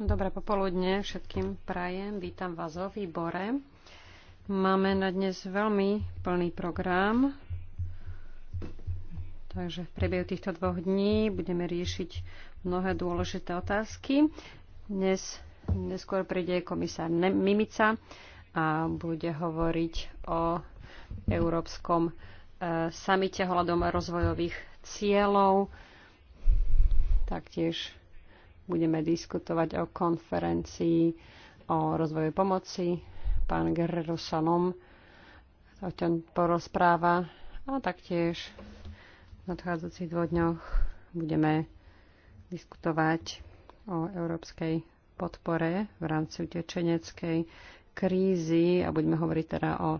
Dobré popoludne všetkým prajem. Vítam vás vo výbore. Máme na dnes veľmi plný program. Takže v priebehu týchto dvoch dní budeme riešiť mnohé dôležité otázky. Dnes neskôr príde komisár Mimica a bude hovoriť o európskom eh, samite hľadom rozvojových cieľov. Taktiež budeme diskutovať o konferencii o rozvoju pomoci. Pán Guerrero Salom o tom porozpráva a taktiež v nadchádzajúcich dvoch dňoch budeme diskutovať o európskej podpore v rámci utečeneckej krízy a budeme hovoriť teda o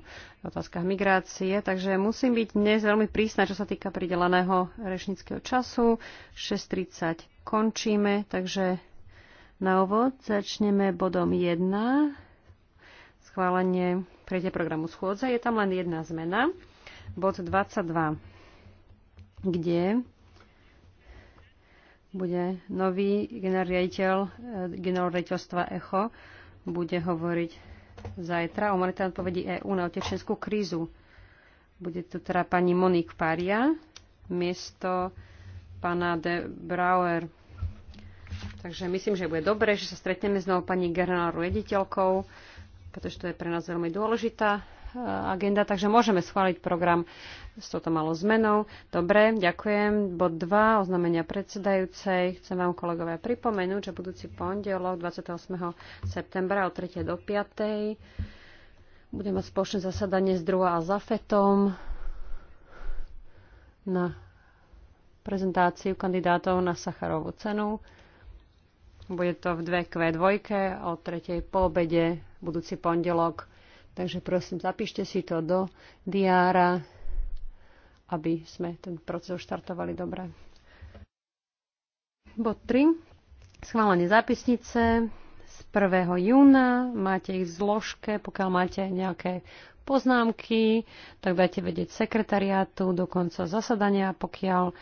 otázkach migrácie. Takže musím byť dnes veľmi prísna, čo sa týka prideleného rečníckého času. 6.30 končíme, takže na ovod začneme bodom 1. Schválenie prejde programu schôdza. Je tam len jedna zmena. Bod 22, kde bude nový generál riaditeľ eh, generál riaditeľstva ECHO bude hovoriť zajtra o monetárnej odpovedi EÚ na utečenskú krízu. Bude tu teda pani Monique Paria, miesto pana de Brauer. Takže myslím, že bude dobre, že sa stretneme znovu pani generálnou rediteľkou, pretože to je pre nás veľmi dôležitá agenda, takže môžeme schváliť program s toto malou zmenou. Dobre, ďakujem. Bod 2, oznamenia predsedajúcej. Chcem vám kolegovia pripomenúť, že budúci pondelok 28. septembra od 3. do 5. budeme mať spoločné zasadanie s druhou a zafetom na prezentáciu kandidátov na Sacharovú cenu. Bude to v 2Q2 o 3. po obede budúci pondelok Takže prosím, zapíšte si to do diára, aby sme ten proces štartovali dobre. Bod 3. Schválenie zápisnice z 1. júna. Máte ich v zložke, pokiaľ máte nejaké poznámky, tak dajte vedieť sekretariátu do konca zasadania. Pokiaľ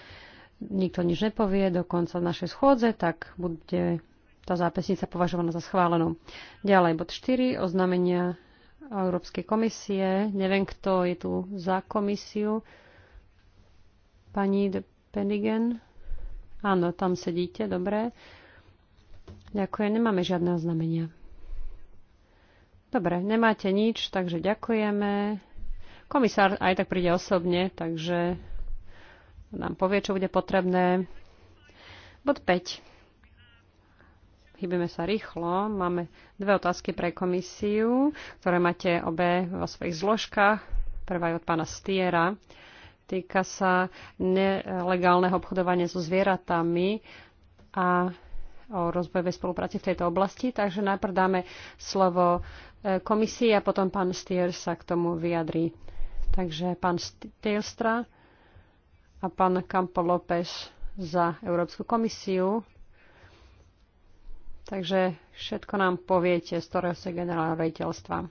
nikto nič nepovie do konca našej schôdze, tak bude tá zápisnica považovaná za schválenú. Ďalej bod 4, oznamenia. Európskej komisie. Neviem, kto je tu za komisiu. Pani de Penigen? Áno, tam sedíte, dobre. Ďakujem, nemáme žiadne oznámenia. Dobre, nemáte nič, takže ďakujeme. Komisár aj tak príde osobne, takže nám povie, čo bude potrebné. Bod 5. Hýbeme sa rýchlo. Máme dve otázky pre komisiu, ktoré máte obe vo svojich zložkách. Prvá je od pána Stiera. Týka sa nelegálneho obchodovania so zvieratami a o rozvojovej spolupráci v tejto oblasti. Takže najprv dáme slovo e, komisii a potom pán Stier sa k tomu vyjadrí. Takže pán Stielstra a pán Campo López za Európsku komisiu. Takže všetko nám poviete z ktorého sa generálneho rejiteľstva.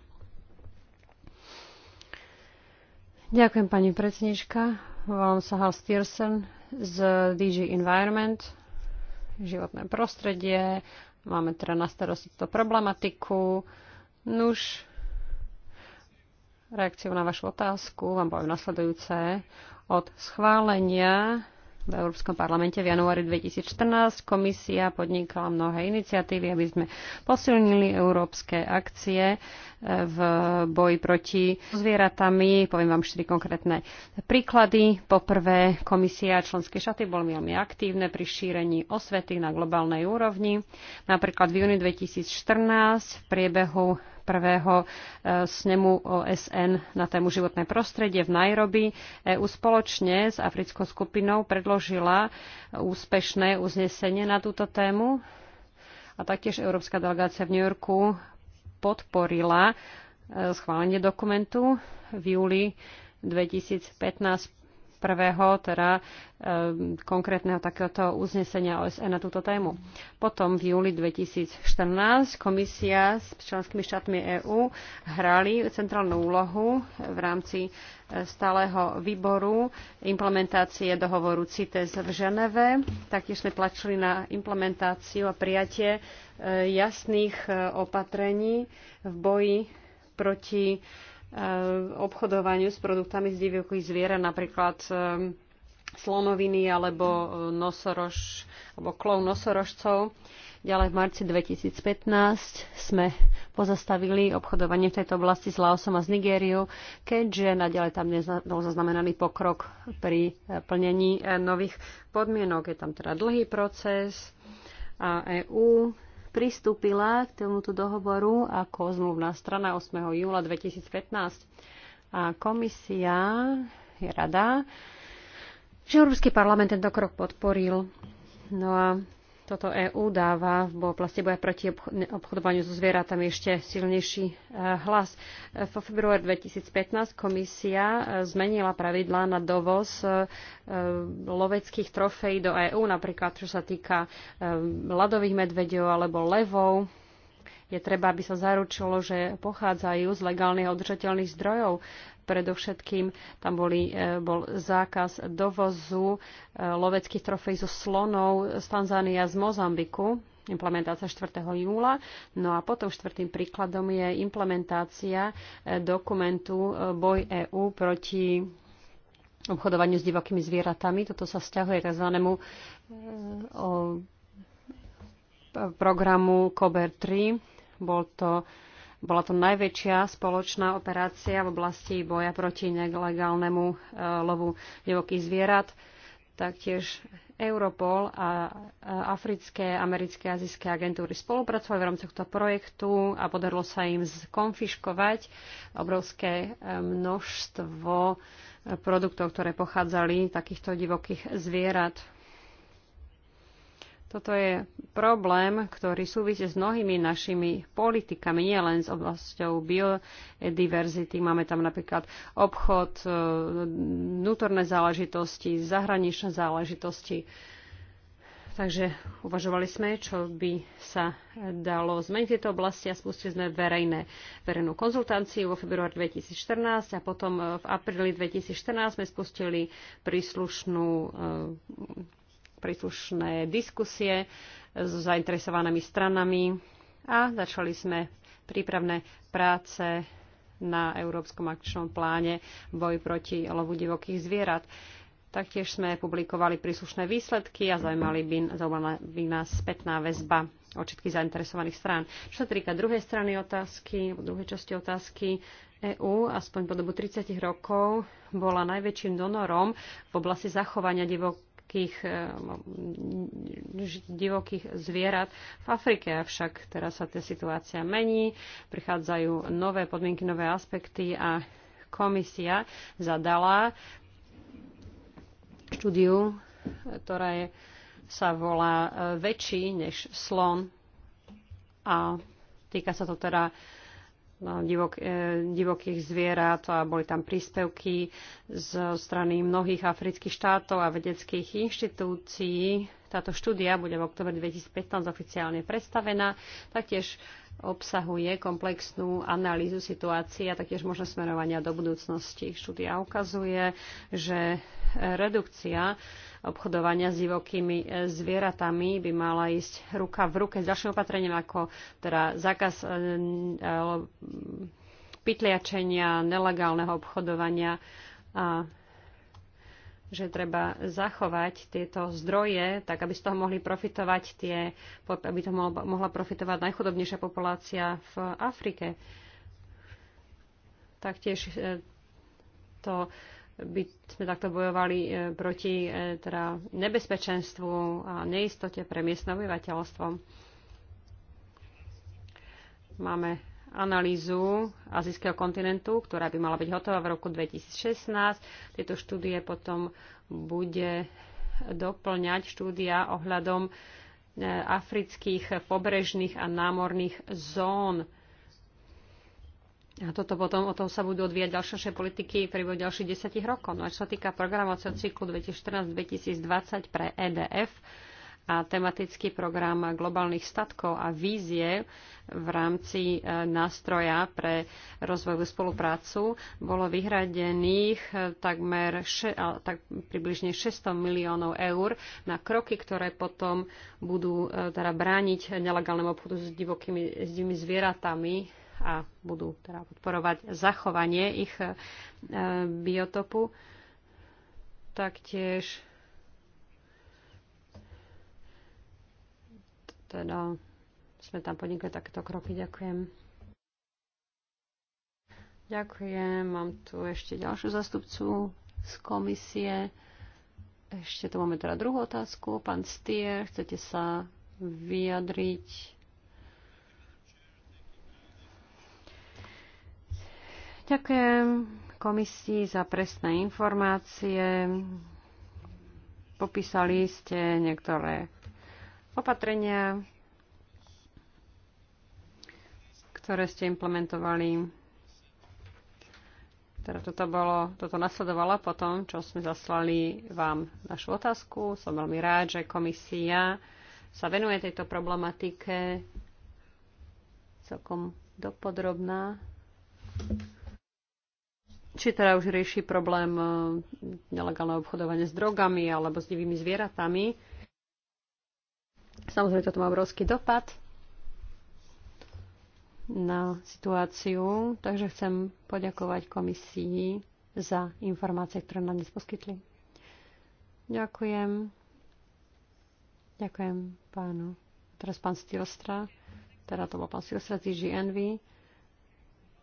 Ďakujem pani predsednička. Volám sa Hal Stiersen z DG Environment, životné prostredie. Máme teda na starosti túto problematiku. Nuž, reakciu na vašu otázku vám poviem nasledujúce. Od schválenia v Európskom parlamente v januári 2014. Komisia podnikala mnohé iniciatívy, aby sme posilnili európske akcie e, v boji proti zvieratami. Poviem vám štyri konkrétne príklady. Poprvé, komisia a členské šaty boli veľmi aktívne pri šírení osvety na globálnej úrovni. Napríklad v júni 2014 v priebehu prvého e, snemu OSN na tému životné prostredie v Nairobi. EU spoločne s africkou skupinou predložila úspešné uznesenie na túto tému a taktiež Európska delegácia v New Yorku podporila e, schválenie dokumentu v júli 2015 prvého teda, konkrétneho takéhoto uznesenia OSN na túto tému. Potom v júli 2014 komisia s členskými štátmi EÚ hrali centrálnu úlohu v rámci e, stáleho výboru implementácie dohovoru CITES v Ženeve. Taktiež sme tlačili na implementáciu a prijatie e, jasných e, opatrení v boji proti obchodovaniu s produktami z divokých zvierat, napríklad e, slonoviny alebo e, nosorož, alebo klov nosorožcov. Ďalej v marci 2015 sme pozastavili obchodovanie v tejto oblasti s Laosom a s Nigériou, keďže naďalej tam bol zaznamenaný pokrok pri e, plnení nových podmienok. Je tam teda dlhý proces a EÚ pristúpila k tomuto dohovoru ako zmluvná strana 8. júla 2015. A komisia je rada, že Európsky parlament tento krok podporil. No a toto EÚ dáva v oblasti boja proti obchodovaniu so zvieratami ešte silnejší e, hlas. V február 2015 komisia e, zmenila pravidlá na dovoz e, loveckých trofejí do EÚ, napríklad čo sa týka ľadových medvedov alebo levov je treba, aby sa zaručilo, že pochádzajú z legálnych a udržateľných zdrojov. Predovšetkým tam boli, e, bol zákaz dovozu e, loveckých trofej zo slonov z Tanzánia z Mozambiku implementácia 4. júla. No a potom štvrtým príkladom je implementácia e, dokumentu Boj EÚ proti obchodovaniu s divokými zvieratami. Toto sa vzťahuje tzv programu COBER 3. Bol to, bola to najväčšia spoločná operácia v oblasti boja proti nelegálnemu e, lovu divokých zvierat. Taktiež Europol a e, africké, americké, azijské agentúry spolupracovali v rámci tohto projektu a podarilo sa im skonfiškovať obrovské e, množstvo produktov, ktoré pochádzali takýchto divokých zvierat toto je problém, ktorý súvisí s mnohými našimi politikami, nielen s oblasťou biodiverzity. Máme tam napríklad obchod, e, vnútorné záležitosti, zahraničné záležitosti. Takže uvažovali sme, čo by sa dalo zmeniť v tejto oblasti a spustili sme verejné, verejnú konzultáciu vo februári 2014 a potom e, v apríli 2014 sme spustili príslušnú e, príslušné diskusie s zainteresovanými stranami a začali sme prípravné práce na Európskom akčnom pláne boj proti lovu divokých zvierat. Taktiež sme publikovali príslušné výsledky a zaujímali by, zaujímala by nás spätná väzba od všetkých zainteresovaných strán. Čo sa týka druhej strany otázky, druhej časti otázky, EÚ aspoň po dobu 30 rokov bola najväčším donorom v oblasti zachovania divokých divokých, eh, divokých zvierat v Afrike. Avšak teraz sa tá situácia mení, prichádzajú nové podmienky, nové aspekty a komisia zadala štúdiu, ktorá je, sa volá eh, Väčší než slon a týka sa to teda divok, e, divokých zvierat a boli tam príspevky zo strany mnohých afrických štátov a vedeckých inštitúcií. Táto štúdia bude v oktobre 2015 oficiálne predstavená. Taktiež obsahuje komplexnú analýzu situácie a taktiež možné smerovania do budúcnosti. Štúdia ukazuje, že redukcia obchodovania s divokými e, zvieratami by mala ísť ruka v ruke s ďalším opatrením, ako teda zákaz e, pytliačenia, nelegálneho obchodovania a že treba zachovať tieto zdroje, tak aby z toho mohli profitovať tie, aby to mohla profitovať najchudobnejšia populácia v Afrike. Taktiež e, to by sme takto bojovali e, proti e, teda nebezpečenstvu a neistote pre miestne obyvateľstvo. Máme analýzu azijského kontinentu, ktorá by mala byť hotová v roku 2016. Tieto štúdie potom bude doplňať štúdia ohľadom e, afrických pobrežných a námorných zón a toto potom, o tom sa budú odvíjať ďalšie politiky pri ďalších desiatich rokov. No a čo sa týka programovacieho cyklu 2014-2020 pre EDF a tematický program globálnych statkov a vízie v rámci e, nástroja pre rozvojovú spoluprácu bolo vyhradených e, takmer še, tak približne 600 miliónov eur na kroky, ktoré potom budú e, teda brániť nelegálnemu obchodu s divokými s divými zvieratami a budú teda podporovať zachovanie ich e, biotopu. Taktiež teda sme tam podnikli takéto kroky. Ďakujem. Ďakujem. Mám tu ešte ďalšiu zastupcu z komisie. Ešte tu máme teda druhú otázku. Pán Stier, chcete sa vyjadriť? Ďakujem komisii za presné informácie. Popísali ste niektoré opatrenia, ktoré ste implementovali. Teda toto, bolo, toto nasledovalo po tom, čo sme zaslali vám našu otázku. Som veľmi rád, že komisia sa venuje tejto problematike celkom dopodrobná či teda už rieši problém e, nelegálneho obchodovania s drogami alebo s divými zvieratami. Samozrejme, toto má obrovský dopad na situáciu, takže chcem poďakovať komisii za informácie, ktoré nám dnes poskytli. Ďakujem. Ďakujem pánu. Teraz pán Stilstra, teda to bol pán Stilstra, TG Envy.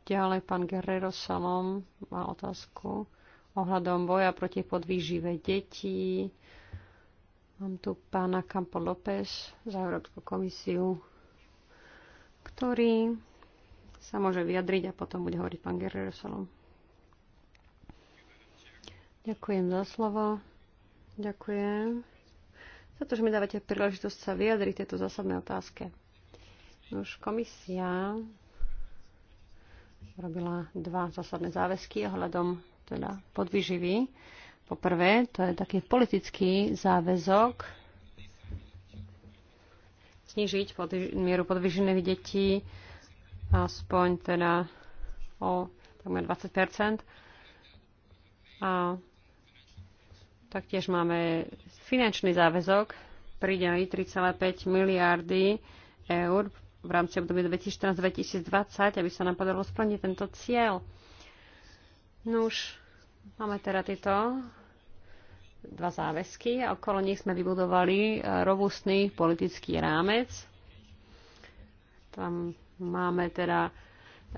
Ďalej pán Guerrero Salom má otázku ohľadom boja proti podvýžive detí. Mám tu pána Campo López za Európsku komisiu, ktorý sa môže vyjadriť a potom bude hovoriť pán Guerrero Salom. Ďakujem za slovo. Ďakujem za to, že mi dávate príležitosť sa vyjadriť tejto zásadnej otázke. Už komisia robila dva zásadné záväzky ohľadom teda podvyživy. Po prvé, to je taký politický záväzok znižiť pod, mieru podvyživy detí aspoň teda o takmer 20 A taktiež máme finančný záväzok prideliť 3,5 miliardy eur v rámci obdobia 2014-2020, aby sa nám podarilo splniť tento cieľ. No už máme teda tieto dva záväzky a okolo nich sme vybudovali e, robustný politický rámec. Tam máme teda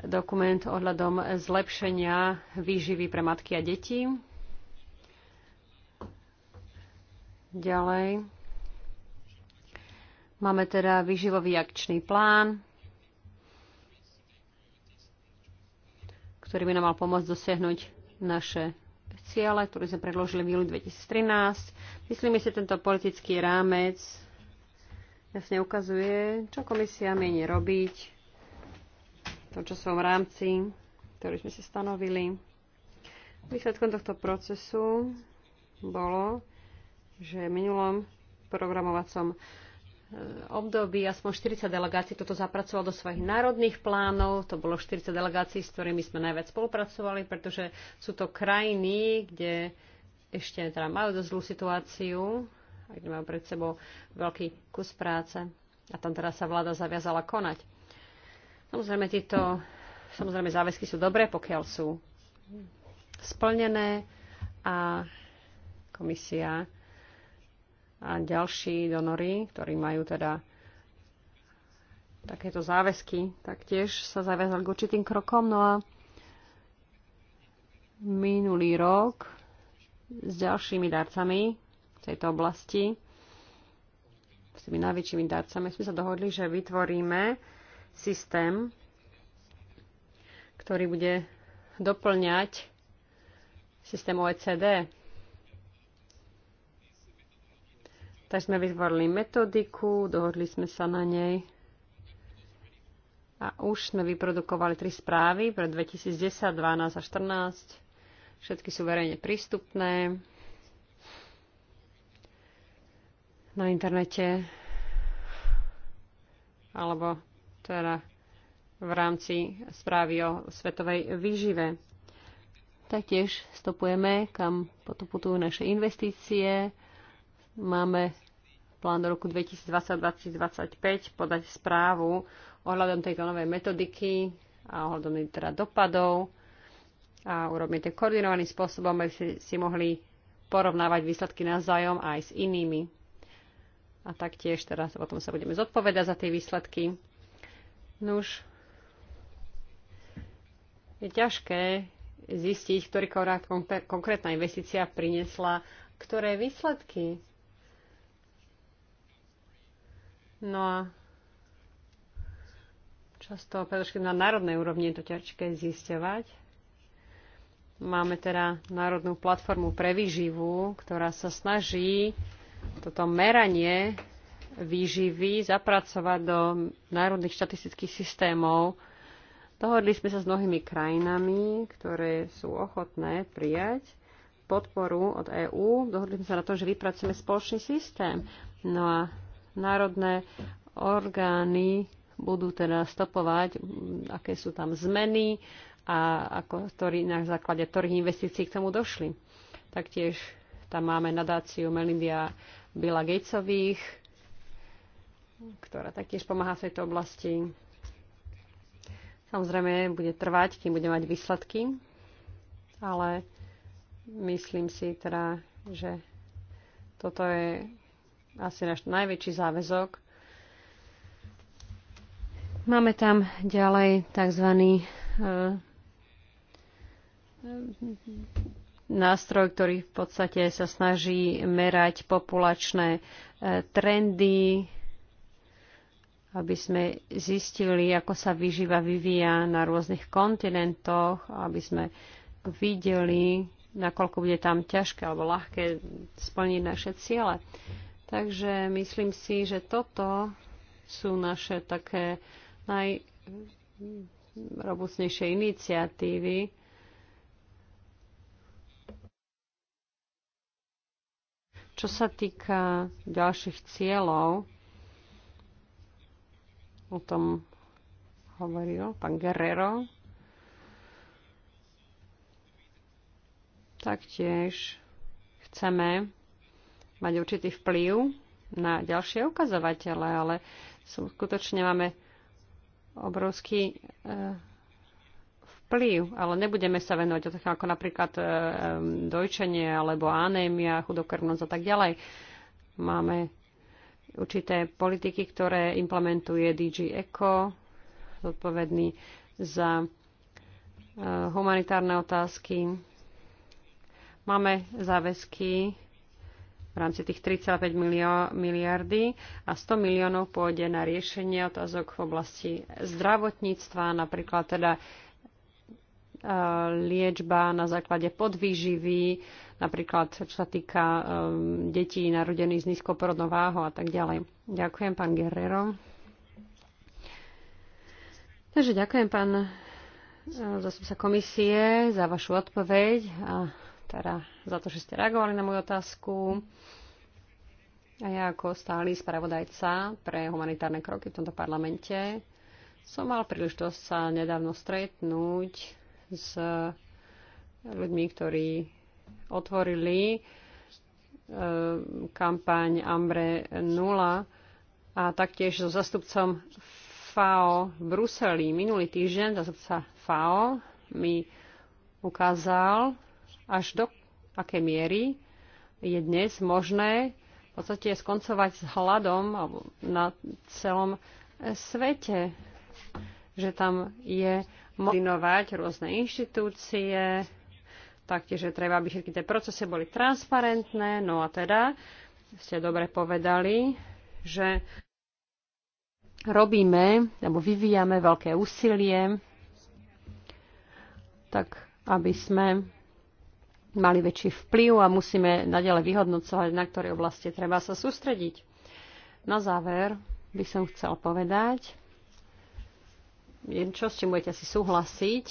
dokument ohľadom zlepšenia výživy pre matky a deti. Ďalej Máme teda vyživový akčný plán, ktorý by nám mal pomôcť dosiahnuť naše ciele, ktoré sme predložili v júli 2013. Myslíme si, tento politický rámec jasne ukazuje, čo komisia mieni robiť v tom časovom rámci, ktorý sme si stanovili. Výsledkom tohto procesu bolo, že v minulom programovacom Eh, období aspoň 40 delegácií toto zapracovalo do svojich národných plánov. To bolo 40 delegácií, s ktorými sme najviac spolupracovali, pretože sú to krajiny, kde ešte teda majú dosť zlú situáciu, a kde majú pred sebou veľký kus práce. A tam teda sa vláda zaviazala konať. Samozrejme, títo samozrejme záväzky sú dobré, pokiaľ sú splnené a komisia a ďalší donory, ktorí majú teda takéto záväzky, tak tiež sa zaviazali k určitým krokom. No a minulý rok s ďalšími darcami v tejto oblasti, s tými najväčšími darcami, sme sa dohodli, že vytvoríme systém, ktorý bude doplňať systém OECD, tak sme vytvorili metodiku, dohodli sme sa na nej a už sme vyprodukovali tri správy pre 2010, 12 a 14. Všetky sú verejne prístupné. Na internete alebo teda v rámci správy o svetovej výžive. Taktiež stopujeme, kam putujú naše investície, máme plán do roku 2020-2025 podať správu ohľadom tejto novej metodiky a ohľadom teda dopadov a urobíme to koordinovaným spôsobom, aby si, si mohli porovnávať výsledky navzájom aj s inými. A taktiež teraz potom sa budeme zodpovedať za tie výsledky. Nuž, je ťažké zistiť, ktorý konkrétna investícia priniesla ktoré výsledky. No a často, predovšetkým na národnej úrovni je to ťažké zisťovať. Máme teda Národnú platformu pre výživu, ktorá sa snaží toto meranie výživy zapracovať do národných štatistických systémov. Dohodli sme sa s mnohými krajinami, ktoré sú ochotné prijať podporu od EÚ. Dohodli sme sa na to, že vypracujeme spoločný systém. No a národné orgány budú teda stopovať, aké sú tam zmeny a ako, ktorý, na základe ktorých investícií k tomu došli. Taktiež tam máme nadáciu Melindia Billa Gatesových, ktorá taktiež pomáha v tejto oblasti. Samozrejme, bude trvať, kým bude mať výsledky, ale myslím si teda, že toto je asi náš najväčší záväzok. Máme tam ďalej tzv. E, nástroj, ktorý v podstate sa snaží merať populačné e, trendy, aby sme zistili, ako sa vyžíva, vyvíja na rôznych kontinentoch, aby sme videli, nakoľko bude tam ťažké alebo ľahké splniť naše ciele. Takže myslím si, že toto sú naše také najrobustnejšie iniciatívy. Čo sa týka ďalších cieľov, o tom hovoril pán Guerrero, taktiež chceme mať určitý vplyv na ďalšie ukazovatele, ale skutočne máme obrovský e, vplyv, ale nebudeme sa venovať otázka ako napríklad e, dojčenie alebo anémia, chudokrvnosť a tak ďalej. Máme určité politiky, ktoré implementuje DG ECO, zodpovedný za e, humanitárne otázky. Máme záväzky v rámci tých 3,5 miliardy a 100 miliónov pôjde na riešenie otázok v oblasti zdravotníctva, napríklad teda e, liečba na základe podvýživy, napríklad čo sa týka e, detí narodených s nízkoporodnou váhou a tak ďalej. Ďakujem, pán Guerrero. Takže ďakujem, pán e, zastupca komisie, za vašu odpoveď a teda za to, že ste reagovali na moju otázku. A ja ako stály spravodajca pre humanitárne kroky v tomto parlamente som mal príležitosť sa nedávno stretnúť s ľuďmi, ktorí otvorili e, kampaň Ambre 0 a taktiež so zastupcom FAO v Bruseli. Minulý týždeň zastupca FAO mi ukázal až do akej miery je dnes možné v podstate skoncovať s hladom na celom svete, že tam je mobinovať rôzne inštitúcie, taktiež že treba, aby všetky tie procesy boli transparentné. No a teda ste dobre povedali, že robíme alebo vyvíjame veľké úsilie, tak aby sme mali väčší vplyv a musíme naďalej vyhodnocovať, na ktoré oblasti treba sa sústrediť. Na záver by som chcel povedať, čo s čím budete asi súhlasiť,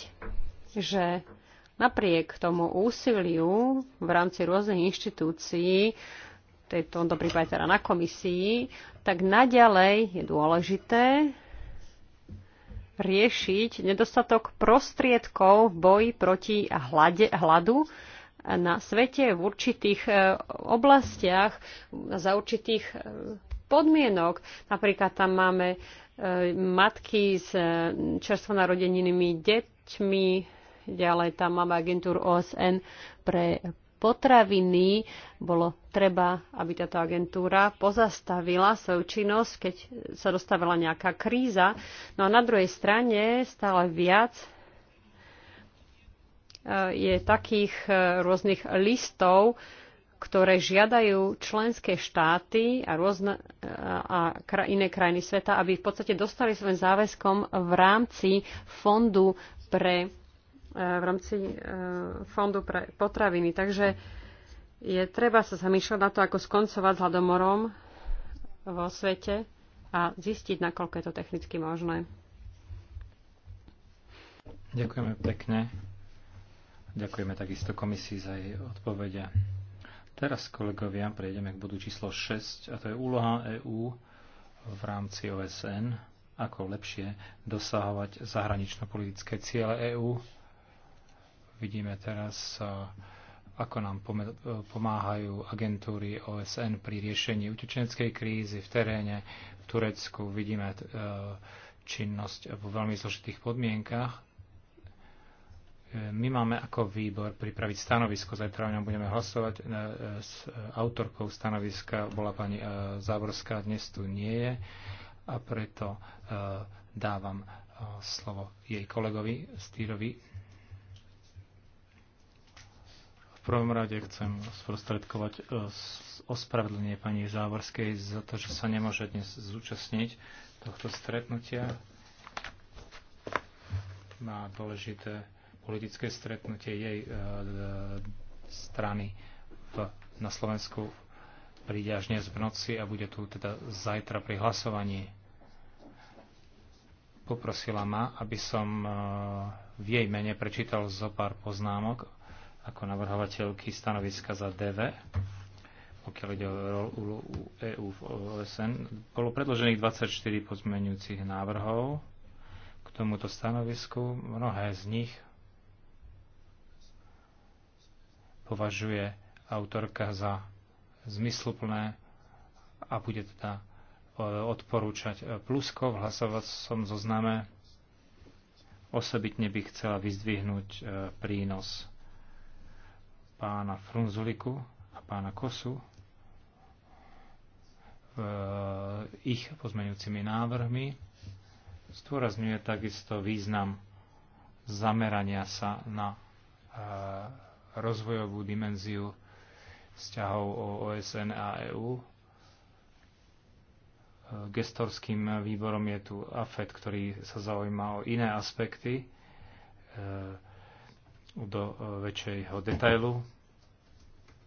že napriek tomu úsiliu v rámci rôznych inštitúcií, v tomto prípade teda na komisii, tak naďalej je dôležité riešiť nedostatok prostriedkov v boji proti hlade, hladu na svete v určitých e, oblastiach za určitých e, podmienok. Napríklad tam máme e, matky s čerstvo narodeninými deťmi, ďalej tam máme agentúru OSN pre potraviny. Bolo treba, aby táto agentúra pozastavila svoju činnosť, keď sa dostavila nejaká kríza. No a na druhej strane stále viac je takých e, rôznych listov, ktoré žiadajú členské štáty a, rôzne, a kra, iné krajiny sveta, aby v podstate dostali svojim záväzkom v rámci fondu pre, e, v rámci e, fondu pre potraviny. Takže je treba sa zamýšľať na to, ako skoncovať s hladomorom vo svete a zistiť, nakoľko je to technicky možné. Ďakujeme pekne. Ďakujeme takisto komisii za jej odpovede. Teraz, kolegovia, prejdeme k bodu číslo 6, a to je úloha EÚ v rámci OSN, ako lepšie dosahovať zahranično-politické ciele EÚ. Vidíme teraz, ako nám pomáhajú agentúry OSN pri riešení utečenskej krízy v teréne v Turecku. Vidíme e, činnosť vo veľmi zložitých podmienkach my máme ako výbor pripraviť stanovisko, zajtra o ňom budeme hlasovať. E, e, s e, autorkou stanoviska bola pani Záborská, dnes tu nie je a preto dávam slovo jej kolegovi Stýrovi. V prvom rade chcem sprostredkovať ospravedlnenie pani Závorskej za to, že sa nemôže dnes zúčastniť tohto stretnutia. Má dôležité politické stretnutie jej e, e, strany v, na Slovensku príde až dnes v noci a bude tu teda zajtra pri hlasovaní. Poprosila ma, aby som e, v jej mene prečítal zo pár poznámok ako navrhovateľky stanoviska za DV, pokiaľ ide o rolu EU v OSN. Bolo predložených 24 pozmeňujúcich návrhov k tomuto stanovisku. Mnohé z nich považuje autorka za zmysluplné a bude teda e, odporúčať e, plusko v hlasovacom zozname. Osobitne by chcela vyzdvihnúť e, prínos pána Frunzuliku a pána Kosu ich pozmeňujúcimi návrhmi. Stôrazňuje takisto význam zamerania sa na rozvojovú dimenziu vzťahov o OSN a EÚ. Gestorským výborom je tu AFED, ktorý sa zaujíma o iné aspekty e, do e, väčšieho detailu.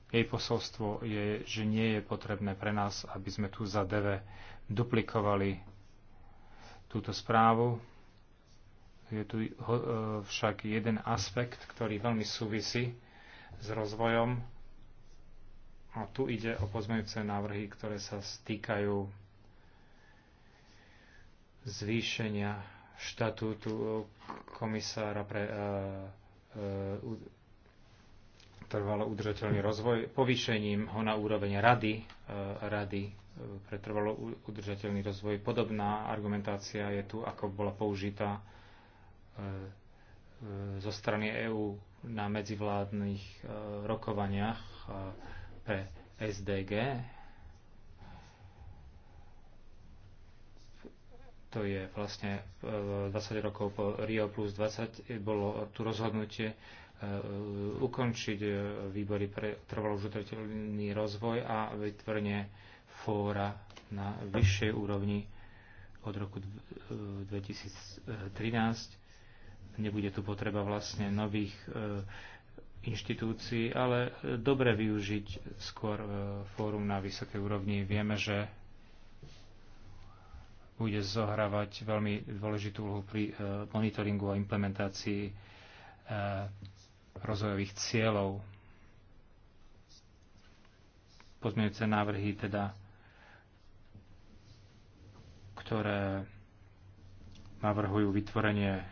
Jej posolstvo je, že nie je potrebné pre nás, aby sme tu za DV duplikovali túto správu. Je tu e, však jeden aspekt, ktorý veľmi súvisí s rozvojom. A tu ide o pozmeňujúce návrhy, ktoré sa stýkajú zvýšenia štatútu komisára pre e, e, trvalo udržateľný rozvoj, povýšením ho na úroveň rady, e, rady pre trvalo udržateľný rozvoj. Podobná argumentácia je tu, ako bola použitá zo strany EÚ na medzivládnych e, rokovaniach e, pre SDG. To je vlastne 20 e, rokov po Rio plus 20 bolo tu rozhodnutie ukončiť výbory pre trvalo užitočný rozvoj a vytvorenie fóra na vyššej úrovni od roku 2013 Nebude tu potreba vlastne nových e, inštitúcií, ale e, dobre využiť skôr e, fórum na vysokej úrovni. Vieme, že bude zohrávať veľmi dôležitú úlohu pri monitoringu a implementácii rozvojových cieľov. Pozmeňujúce návrhy teda, ktoré navrhujú vytvorenie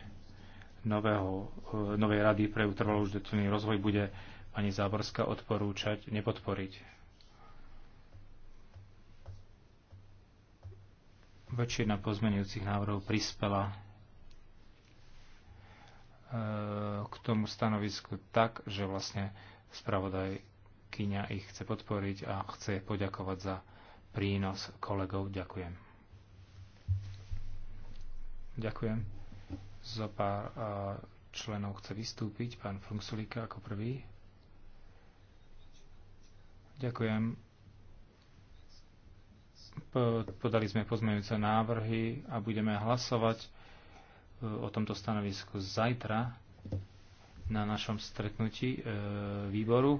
nového, e, novej rady pre utrvalú užitočný rozvoj bude pani Záborská odporúčať nepodporiť. Väčšina pozmenujúcich návrhov prispela e, k tomu stanovisku tak, že vlastne spravodaj Kyňa ich chce podporiť a chce poďakovať za prínos kolegov. Ďakujem. Ďakujem. Zo pár členov chce vystúpiť. Pán Frunzulika ako prvý. Ďakujem. Podali sme pozmeňujúce návrhy a budeme hlasovať e, o tomto stanovisku zajtra na našom stretnutí e, výboru.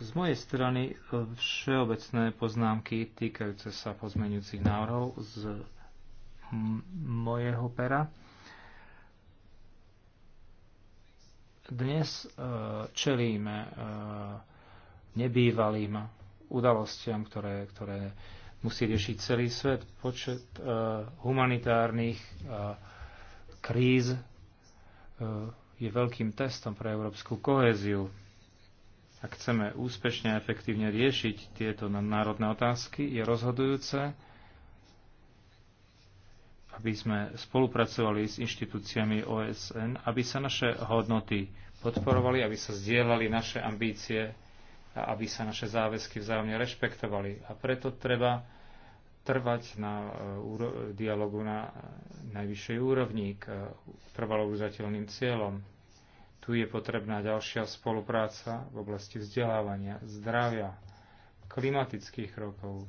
Z mojej strany e, všeobecné poznámky týkajúce sa pozmeňujúcich návrhov z mojeho pera. Dnes e, čelíme e, nebývalým udalostiam, ktoré, ktoré musí riešiť celý svet. Počet e, humanitárnych kríz je veľkým testom pre európsku kohéziu. Ak chceme úspešne a efektívne riešiť tieto národné otázky, je rozhodujúce, aby sme spolupracovali s inštitúciami OSN, aby sa naše hodnoty podporovali, aby sa zdieľali naše ambície a aby sa naše záväzky vzájomne rešpektovali. A preto treba trvať na e, dialogu na najvyššej úrovni k e, trvalo uzateľným cieľom. Tu je potrebná ďalšia spolupráca v oblasti vzdelávania, zdravia, klimatických rokov. E,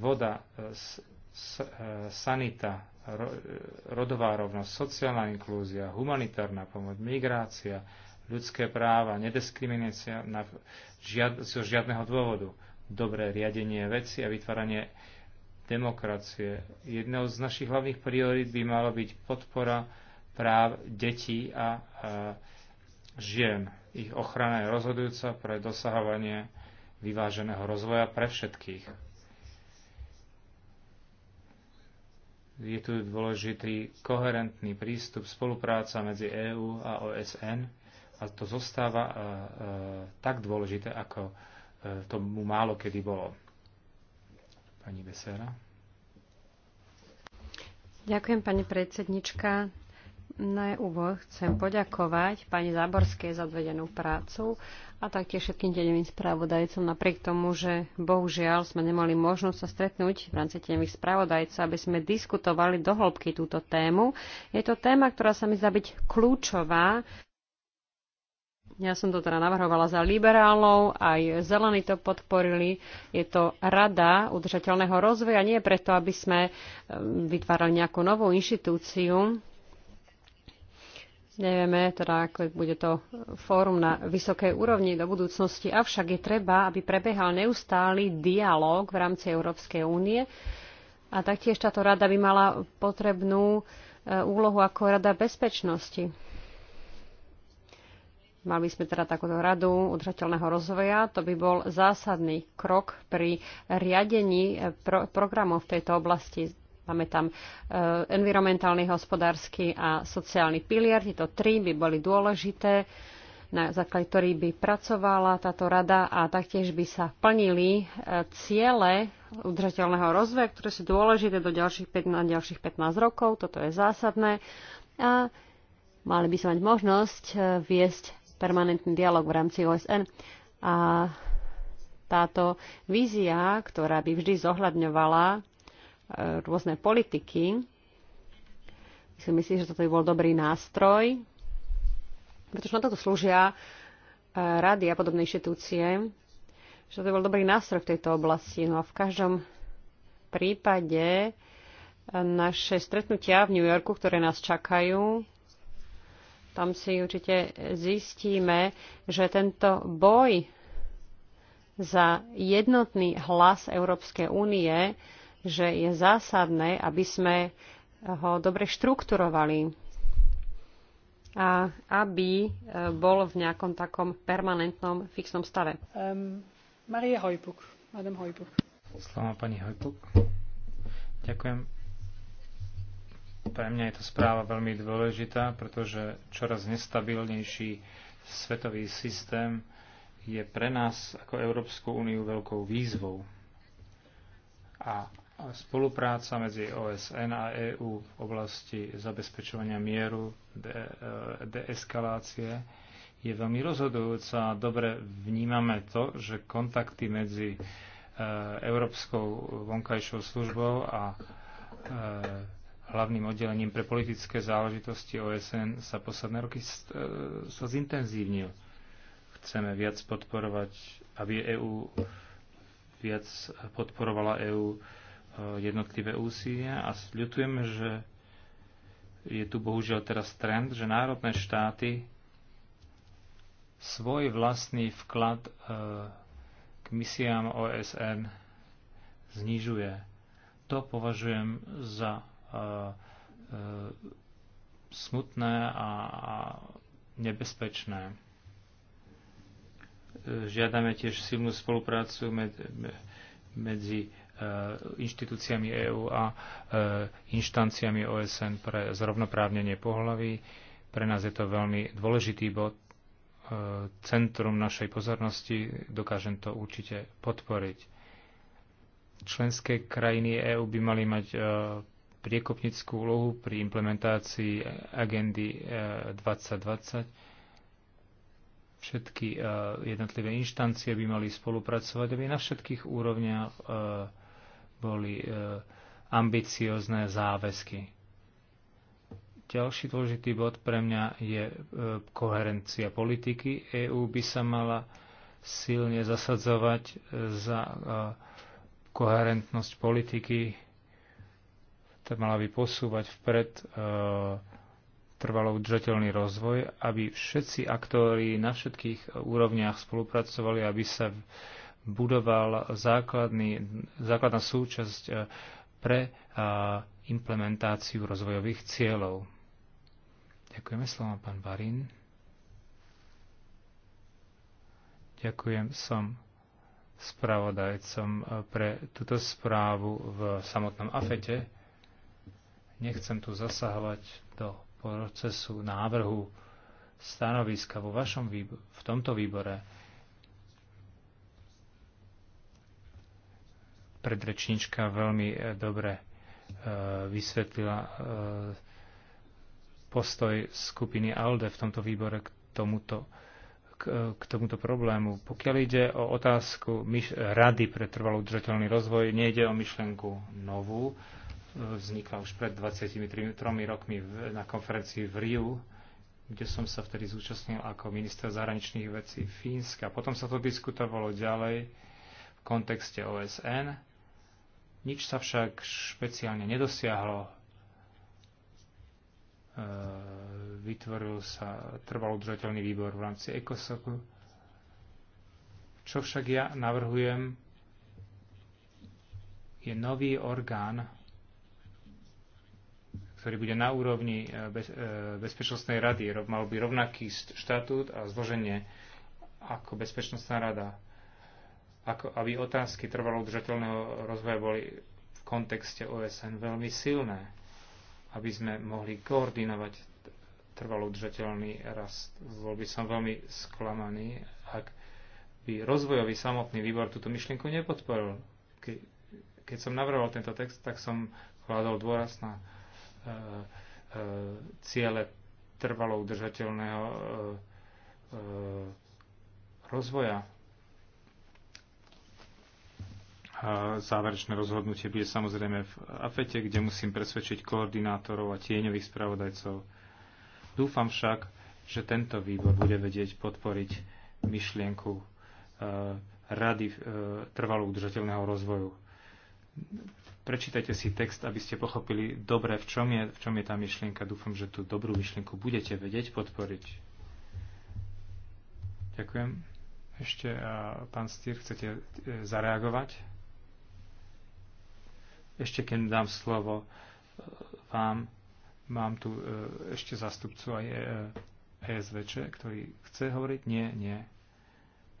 voda, E, sanita, e, rodová rovnosť, sociálna inklúzia, humanitárna pomoc, migrácia, ľudské práva, nediskriminácia na, žiad, zo žiadneho dôvodu, dobré riadenie veci a vytváranie demokracie. Jednou z našich hlavných priorít by mala byť podpora práv detí a, a žien. Ich ochrana je rozhodujúca pre dosahovanie vyváženého rozvoja pre všetkých Je tu dôležitý koherentný prístup, spolupráca medzi EÚ a OSN a to zostáva a, e, a, e, tak dôležité, ako to e, tomu málo kedy bolo. Pani Besera. Ďakujem, pani predsednička. Na úvod chcem poďakovať pani Záborskej za odvedenú prácu a taktiež všetkým deňovým správodajcom, napriek tomu, že bohužiaľ sme nemali možnosť sa stretnúť v rámci deňových správodajcov, aby sme diskutovali do hĺbky túto tému. Je to téma, ktorá sa mi zdá byť kľúčová. Ja som to teda navrhovala za liberálov, aj zelení to podporili. Je to rada udržateľného rozvoja, nie preto, aby sme ehm, vytvárali nejakú novú inštitúciu, Nevieme teda, ako bude to fórum na vysokej úrovni do budúcnosti, avšak je treba, aby prebehal neustály dialog v rámci Európskej únie a taktiež táto rada by mala potrebnú e, úlohu ako rada bezpečnosti. Mali by sme teda takúto radu udržateľného rozvoja. To by bol zásadný krok pri riadení e, pro- programov v tejto oblasti. Máme tam e, environmentálny, hospodársky a sociálny pilier. Tieto tri by boli dôležité na základe ktorých by pracovala táto rada a taktiež by sa plnili e, ciele udržateľného rozvoja, ktoré sú dôležité do ďalších 15, na ďalších 15 rokov. Toto je zásadné. A mali by sa mať možnosť e, viesť permanentný dialog v rámci OSN. A táto vízia, ktorá by vždy zohľadňovala rôzne politiky. Myslím si, že toto by bol dobrý nástroj, pretože na toto slúžia e, rady a podobné inštitúcie, že to bol dobrý nástroj v tejto oblasti. No a v každom prípade e, naše stretnutia v New Yorku, ktoré nás čakajú, tam si určite zistíme, že tento boj za jednotný hlas Európskej únie že je zásadné, aby sme ho dobre štrukturovali a aby e, bol v nejakom takom permanentnom fixnom stave. Um, Maria Hojpuk, Adam Hojpuk. Sláva pani Hojpuk. Ďakujem. Pre mňa je to správa veľmi dôležitá, pretože čoraz nestabilnejší svetový systém je pre nás ako Európsku úniu veľkou výzvou. A spolupráca medzi OSN a EÚ v oblasti zabezpečovania mieru, de, e, je veľmi rozhodujúca. Dobre vnímame to, že kontakty medzi e, Európskou vonkajšou službou a e, hlavným oddelením pre politické záležitosti OSN sa posledné roky sa zintenzívnil. Chceme viac podporovať, aby EÚ viac podporovala EÚ Eh, jednotlivé úsilia a ľutujeme, že je tu bohužiaľ teraz trend, že národné štáty svoj vlastný vklad eh, k misiám OSN znižuje. To považujem za eh, smutné a nebezpečné. Žiadame tiež silnú spoluprácu medzi Eh, inštitúciami EÚ a eh, inštanciami OSN pre zrovnoprávnenie pohlaví. Pre nás je to veľmi dôležitý bod, eh, centrum našej pozornosti, dokážem to určite podporiť. Členské krajiny EÚ by mali mať priekopnickú úlohu pri implementácii agendy 2020. Všetky jednotlivé inštancie by mali spolupracovať, aby na všetkých úrovniach boli e, ambiciozne záväzky. Ďalší dôležitý bod pre mňa je e, koherencia politiky. EÚ by sa mala silne zasadzovať e, za koherentnosť politiky, tá mala by posúvať vpred trvalo udržateľný rozvoj, aby všetci aktóri na všetkých úrovniach spolupracovali, aby sa budoval základný, základná súčasť eh, pre eh, implementáciu rozvojových cieľov. Ďakujeme slova pán Barin. Ďakujem, som spravodajcom eh, pre túto správu v samotnom AFETE. Nechcem tu zasahovať do procesu návrhu stanoviska vo vašom výbor, v tomto výbore predrečnička veľmi e, dobre e, vysvetlila e, postoj skupiny ALDE v tomto výbore k tomuto, k, tomuto problému. Pokiaľ ide o otázku Rady pre trvalo udržateľný rozvoj, nejde o myšlenku novú. Vznikla už pred 23 rokmi na konferencii v Riu, kde som sa vtedy zúčastnil ako minister zahraničných vecí Fínska. Potom sa to diskutovalo ďalej v kontexte OSN nič sa však špeciálne nedosiahlo. E, vytvoril sa trvalo udržateľný výbor v rámci ECOSOCu. Čo však ja navrhujem, je nový orgán, ktorý bude na úrovni e, e, Bezpečnostnej rady. Mal by rovnaký štatút a zloženie ako Bezpečnostná rada ako aby otázky trvalo udržateľného rozvoja boli v kontexte OSN veľmi silné, aby sme mohli koordinovať trvalo udržateľný rast. Bol by som veľmi sklamaný, ak by rozvojový samotný výbor túto myšlienku nepodporil. Ke, keď som navrhol tento text, tak som kladol dôraz na e, e, ciele trvalo udržateľného e, e, rozvoja Záverečné rozhodnutie bude samozrejme v AFETE, kde musím presvedčiť koordinátorov a tieňových spravodajcov. Dúfam však, že tento výbor bude vedieť podporiť myšlienku e, Rady e, trvalo udržateľného rozvoju. Prečítajte si text, aby ste pochopili dobre, v čom je, v čom je tá myšlienka. Dúfam, že tú dobrú myšlienku budete vedieť podporiť. Ďakujem. Ešte e, pán Stier, chcete zareagovať? Ešte keď dám slovo e, vám, mám tu e, ešte zastupcu aj ESVČ, e ktorý chce hovoriť. Nie, nie.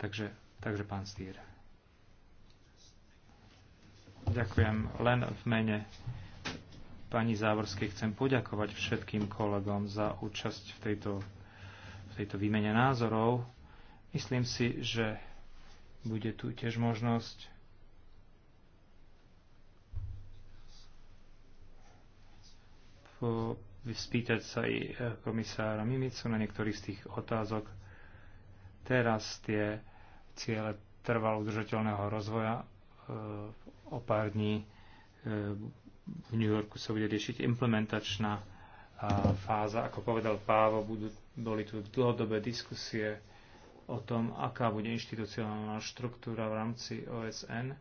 Takže, takže pán Stýr. Ďakujem. Len v mene pani Závorskej chcem poďakovať všetkým kolegom za účasť v tejto, v tejto výmene názorov. Myslím si, že bude tu tiež možnosť spýtať sa aj e, komisára Mimicu na niektorých z tých otázok. Teraz tie ciele trvalo udržateľného rozvoja e, o pár dní e, v New Yorku sa bude riešiť implementačná fáza. Ako povedal Pávo, budú, boli tu dlhodobé diskusie o tom, aká bude inštitucionálna štruktúra v rámci OSN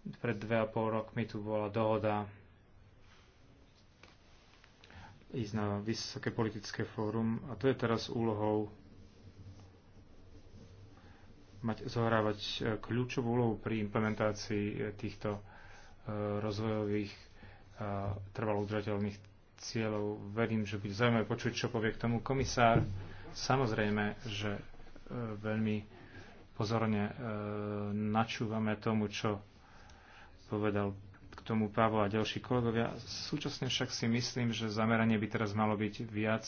Pred dve a pol rokmi tu bola dohoda ísť na vysoké politické fórum a to je teraz úlohou mať, zohrávať e, kľúčovú úlohu pri implementácii e, týchto e, rozvojových a trvalo udržateľných cieľov. Verím, že bude zaujímavé počuť, čo povie k tomu komisár. Samozrejme, že veľmi pozorne načúvame tomu, čo povedal k tomu Pavo a ďalší kolegovia. Súčasne však si myslím, že zameranie by teraz malo byť viac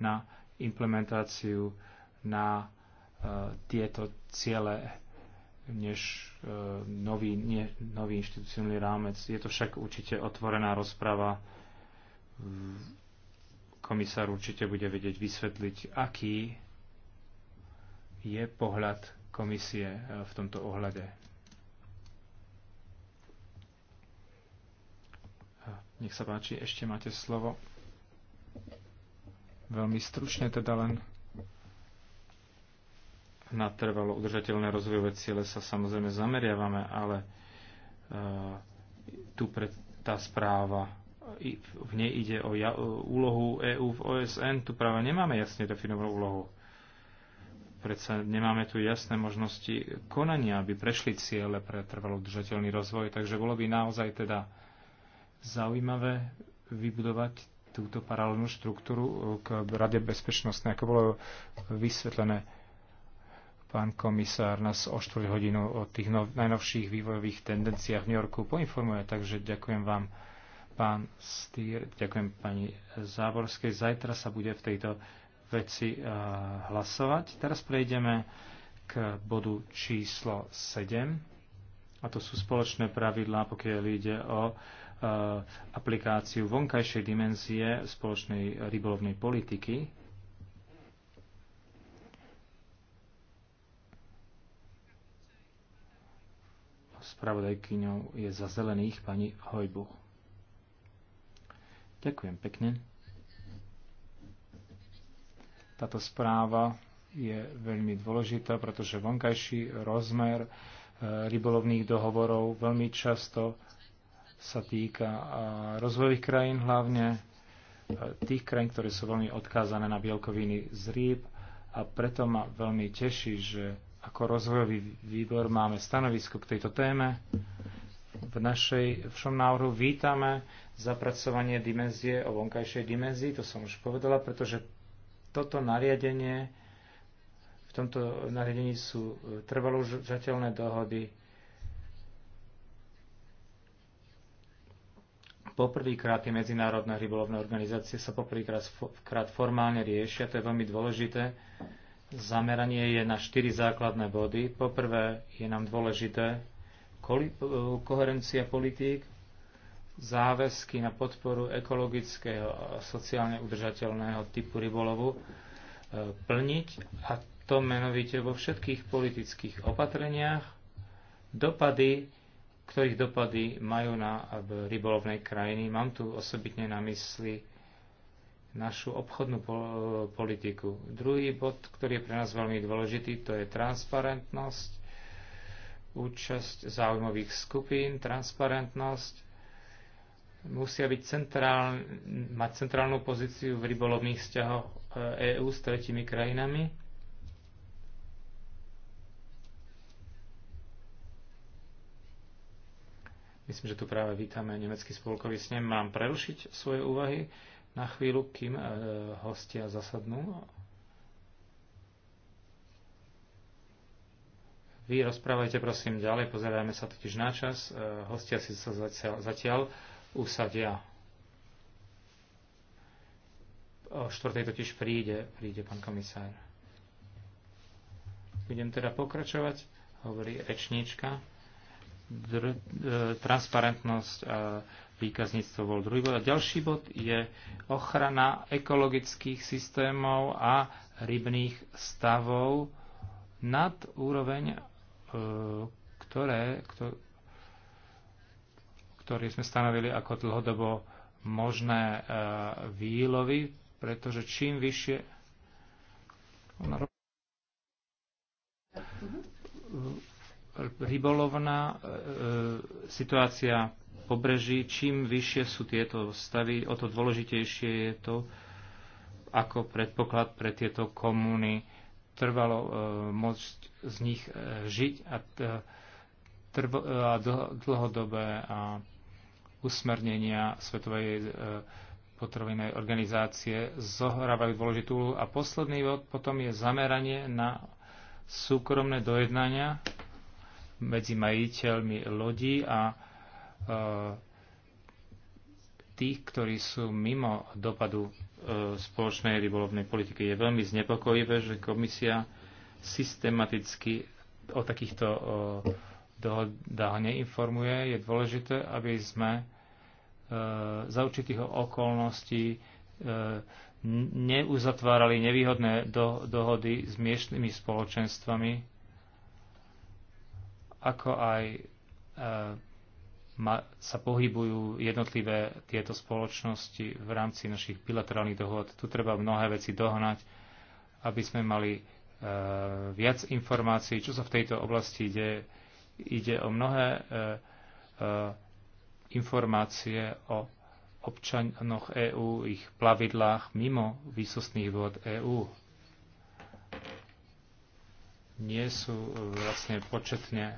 na implementáciu na e, tieto ciele než e, nový, nie, nový inštitucionálny rámec. Je to však určite otvorená rozprava. Komisár určite bude vedieť vysvetliť, aký je pohľad komisie e, v tomto ohľade. Nech sa páči, ešte máte slovo. Veľmi stručne teda len na trvalo udržateľné rozvojové ciele sa samozrejme zameriavame, ale uh, tu pre tá správa i, v nej ide o ja, úlohu EÚ v OSN, tu práve nemáme jasne definovanú úlohu. Predsa nemáme tu jasné možnosti konania, aby prešli ciele pre trvalo udržateľný rozvoj, takže bolo by naozaj teda zaujímavé vybudovať túto paralelnú štruktúru eh, k Rade bezpečnostnej, ako bolo vysvetlené pán komisár nás o 4 hodinu o tých no, najnovších vývojových tendenciách v New Yorku poinformuje, takže ďakujem vám, pán Stýr, ďakujem pani Záborskej. Zajtra sa bude v tejto veci uh, hlasovať. Teraz prejdeme k bodu číslo 7, a to sú spoločné pravidlá, pokiaľ ide o Eh, aplikáciu vonkajšej dimenzie spoločnej rybolovnej politiky. Spravodajkyňou je za zelených pani Hojbuch. Ďakujem pekne. Táto správa je veľmi dôležitá, pretože vonkajší rozmer eh, rybolovných dohovorov veľmi často sa týka rozvojových krajín, hlavne tých krajín, ktoré sú veľmi odkázané na bielkoviny z rýb a preto ma veľmi teší, že ako rozvojový výbor máme stanovisko k tejto téme. V našej všom návrhu vítame zapracovanie dimenzie o vonkajšej dimenzii, to som už povedala, pretože toto nariadenie, v tomto nariadení sú e, trvalo dohody Poprvýkrát tie medzinárodné rybolovné organizácie sa poprvýkrát formálne riešia, to je veľmi dôležité. Zameranie je na štyri základné body. Poprvé je nám dôležité eh, koherencia politík, záväzky na podporu ekologického a sociálne udržateľného typu rybolovu eh, plniť a to menovite vo všetkých politických opatreniach, dopady ktorých dopady majú na rybolovnej krajiny. Mám tu osobitne na mysli našu obchodnú politiku. Druhý bod, ktorý je pre nás veľmi dôležitý, to je transparentnosť, účasť záujmových skupín, transparentnosť, musia byť centrál, mať centrálnu pozíciu v rybolovných vzťahoch EÚ e s tretimi krajinami Myslím, že tu práve vítame nemecký spolkový snem. Mám prerušiť svoje úvahy na chvíľu, kým e, hostia zasadnú. Vy rozprávajte prosím ďalej, pozerajme sa totiž na čas. E, hostia si sa zatiaľ, zatiaľ usadia. O štvrtej totiž príde, príde pán komisár. Budem teda pokračovať, hovorí rečníčka dr- e, transparentnosť a výkazníctvo bol druhý bod. A ďalší bod je ochrana ekologických systémov a rybných stavov nad úroveň, e, ktoré, ktoré sme stanovili ako dlhodobo možné e, výlovy, pretože čím vyššie mhm. Mhm rybolovná e, e, situácia pobreží, čím vyššie sú tieto stavy, o to dôležitejšie je to ako predpoklad pre tieto komúny trvalo e, môcť z nich e, žiť a, e, trvo, a dlhodobé a usmernenia Svetovej e, potravinovej organizácie zohrávajú dôležitú úlohu. A posledný bod potom je zameranie na súkromné dojednania medzi majiteľmi lodí a e, tých, ktorí sú mimo dopadu e, spoločnej rybolovnej politiky. Je veľmi znepokojivé, že komisia systematicky o takýchto e, dohodách neinformuje. Je dôležité, aby sme za určitých okolností neuzatvárali nevýhodné do, dohody s mieštnymi spoločenstvami, ako aj eh, sa pohybujú jednotlivé tieto spoločnosti v rámci našich bilaterálnych dohod. Tu treba mnohé veci dohnať, aby sme mali eh, viac informácií, čo sa v tejto oblasti ide. Ide o mnohé eh, informácie o občanoch EÚ, ich plavidlách mimo výsostných vôd EÚ nie sú e, vlastne početne e,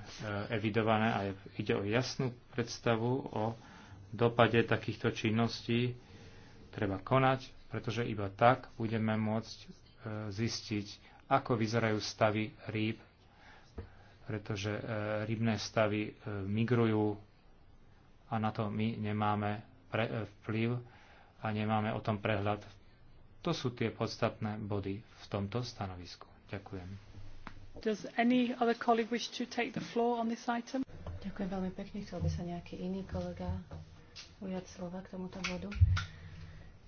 evidované a ide o jasnú predstavu o dopade takýchto činností. Treba konať, pretože iba tak budeme môcť e, zistiť, ako vyzerajú stavy rýb, pretože rybné stavy migrujú a na to my nemáme vplyv a nemáme o tom prehľad. To sú tie podstatné body v tomto stanovisku. Ďakujem. Ďakujem veľmi pekne. Chcel by sa nejaký iný kolega ujať slova k tomuto bodu?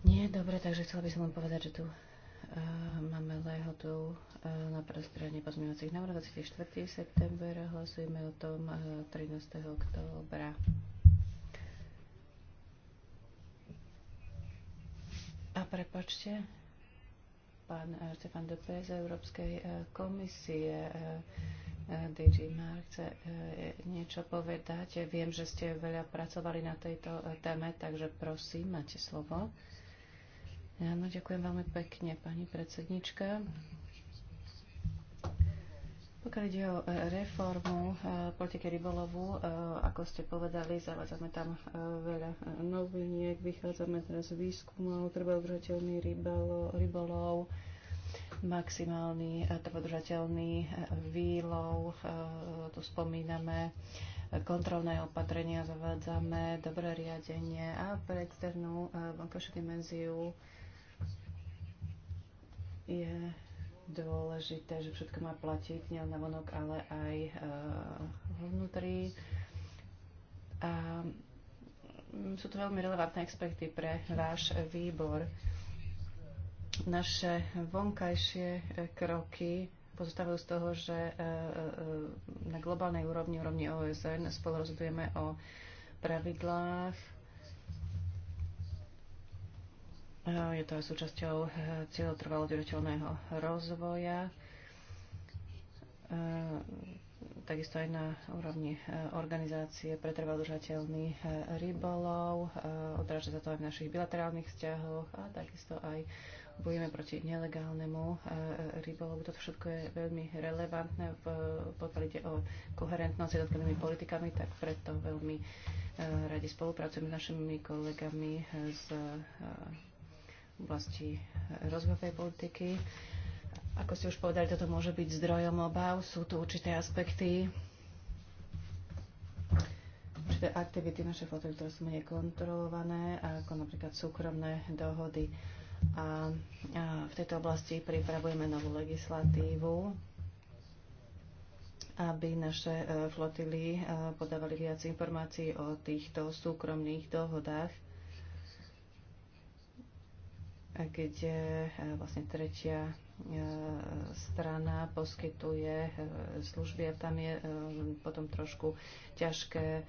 Nie, dobre, takže chcela by som len povedať, že tu uh, máme lehotu uh, na prestranie pozmeňovacích návrhov 24. september. Hlasujeme o tom uh, e, 13. októbra. A prepačte, pán eh, Stefan de z Európskej eh, komisie. Eh, DG Mar chce niečo povedať. Viem, že ste veľa pracovali na tejto téme, takže prosím, máte slovo. Áno, ďakujem veľmi pekne, pani predsednička. Pokiaľ ide o e, reformu e, politiky rybolovu, e, ako ste povedali, zavádzame tam veľa noviniek, vychádzame teraz z výskumov, treba udržateľný rybolov, rybolov maximálny trvodržateľný výlov, tu spomíname kontrolné opatrenia zavádzame, dobré riadenie a pre externú vonkajšiu dimenziu je dôležité, že všetko má platiť nielen na vonok, ale aj uh, vnútri. A mm, sú to veľmi relevantné aspekty pre váš výbor. Naše vonkajšie eh, kroky pozostávajú z toho, že eh, na globálnej úrovni, úrovni OSN, spolu rozhodujeme o pravidlách Eh, je to aj súčasťou eh, cieľov trvalo udržateľného rozvoja. Eh, takisto aj na úrovni organizácie pre trvalo udržateľný rybolov. Odráža sa to aj v našich bilaterálnych vzťahoch a takisto aj bojujeme proti nelegálnemu rybolovu. Toto všetko je veľmi relevantné, pokiaľ ide o koherentnosť s jednotlivými politikami, tak preto veľmi radi spolupracujeme s našimi kolegami z oblasti rozvojovej politiky. Ako ste už povedali, toto môže byť zdrojom obav. Sú tu určité aspekty, určité aktivity naše flotily, ktoré sú menej kontrolované, ako napríklad súkromné dohody. A, a v tejto oblasti pripravujeme novú legislatívu, aby naše e, flotily e, podávali viac informácií o týchto súkromných dohodách kde vlastne tretia e, strana poskytuje e, služby a tam je e, potom trošku ťažké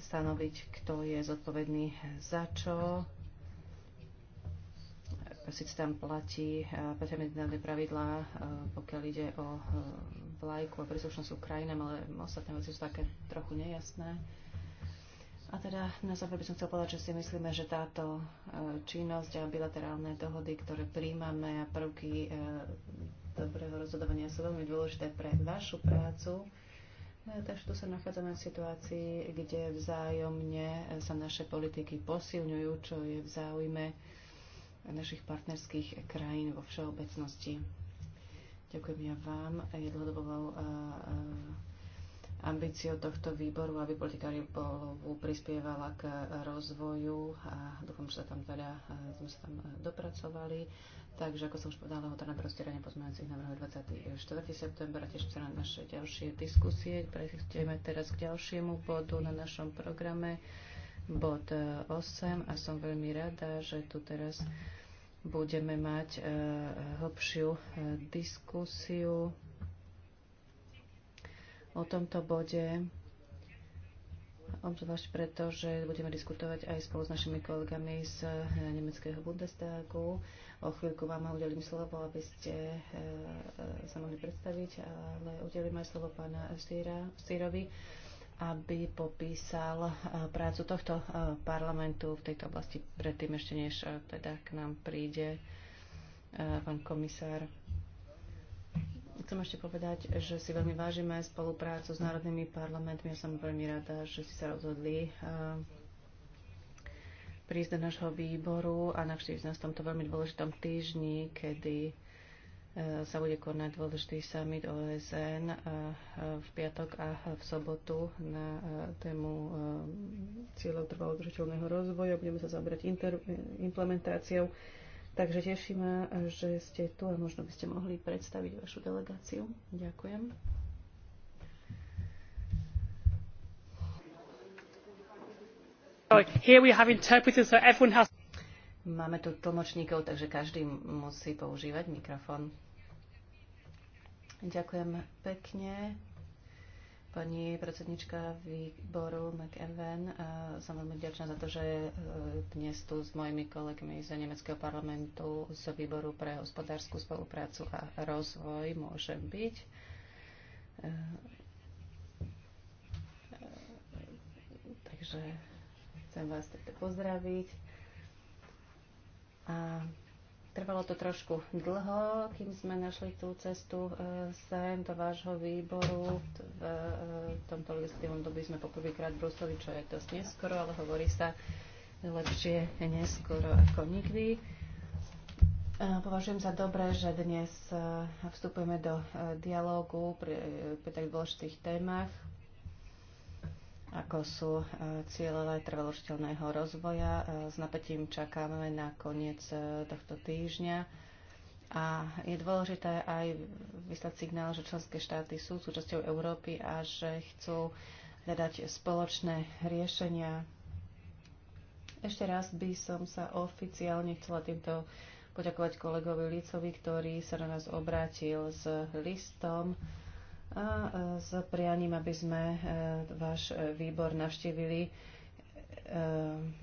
stanoviť, kto je zodpovedný za čo. Sice tam platí platia medzinárodné pravidlá, pokiaľ ide o vlajku a príslušnosť Ukrajinám, ale ostatné veci sú také trochu nejasné. A teda na záver by som chcel povedať, že si myslíme, že táto e, činnosť a bilaterálne dohody, ktoré príjmame a prvky e, dobrého rozhodovania sú veľmi dôležité pre vašu prácu. E, takže tu sa nachádzame v situácii, kde vzájomne sa naše politiky posilňujú, čo je v záujme našich partnerských krajín vo všeobecnosti. Ďakujem ja vám. Je dlhodobou ambíciou tohto výboru, aby politika rybolovu prispievala k rozvoju a dúfam, že sa tam teda, e, sme sa tam e, dopracovali. Takže, ako som už povedala, lehota na prostieranie pozmeňujúcich návrhov 24. september a teším sa na naše ďalšie diskusie. Prejdeme teraz k ďalšiemu bodu na našom programe, bod 8 e, a som veľmi rada, že tu teraz budeme mať hlbšiu hĺbšiu diskusiu o tomto bode, obzvlášť preto, že budeme diskutovať aj spolu s našimi kolegami z eh, nemeckého Bundestagu. O chvíľku vám udelím slovo, aby ste eh, eh, sa mohli predstaviť, ale udelím aj slovo pána Stýrovi, aby popísal prácu tohto parlamentu v tejto oblasti predtým, ešte než teda k nám príde pán komisár. Chcem ešte povedať, že si veľmi vážime spoluprácu s národnými parlamentmi. Ja som veľmi rada, že ste sa rozhodli eh, prísť do nášho výboru a navštíviť nás v tomto veľmi dôležitom týždni, kedy eh, sa bude konať dôležitý summit OSN eh, v piatok a v sobotu na tému cieľov trvalo rozvoja. Budeme sa zaoberať implementáciou Takže teší ma, že ste tu a možno by ste mohli predstaviť vašu delegáciu. Ďakujem. Here we have interpreters, so everyone has... Máme tu tlmočníkov, takže každý musí používať mikrofón. Ďakujem pekne. Pani predsednička výboru McEwen, e, som veľmi vďačná za to, že e, dnes tu s mojimi kolegmi z Nemeckého parlamentu z výboru pre hospodárskú spoluprácu a rozvoj môžem byť. E, takže chcem vás takto teda pozdraviť. A Trvalo to trošku dlho, kým sme našli tú cestu e, sem do vášho výboru. V e, tomto legislatívnom dobi sme poprvýkrát v Bruseli, čo je dosť neskoro, ale hovorí sa lepšie neskoro ako nikdy. E, považujem za dobré, že dnes vstupujeme do dialógu pri, pri tak dôležitých témach ako sú e, cieľové trvaložiteľného rozvoja. E, s napätím čakáme na koniec e, tohto týždňa. A je dôležité aj vyslať signál, že členské štáty sú súčasťou Európy a že chcú hľadať spoločné riešenia. Ešte raz by som sa oficiálne chcela týmto poďakovať kolegovi Licovi, ktorý sa na nás obrátil s listom a s prianím, aby sme e, váš e, výbor navštívili. E,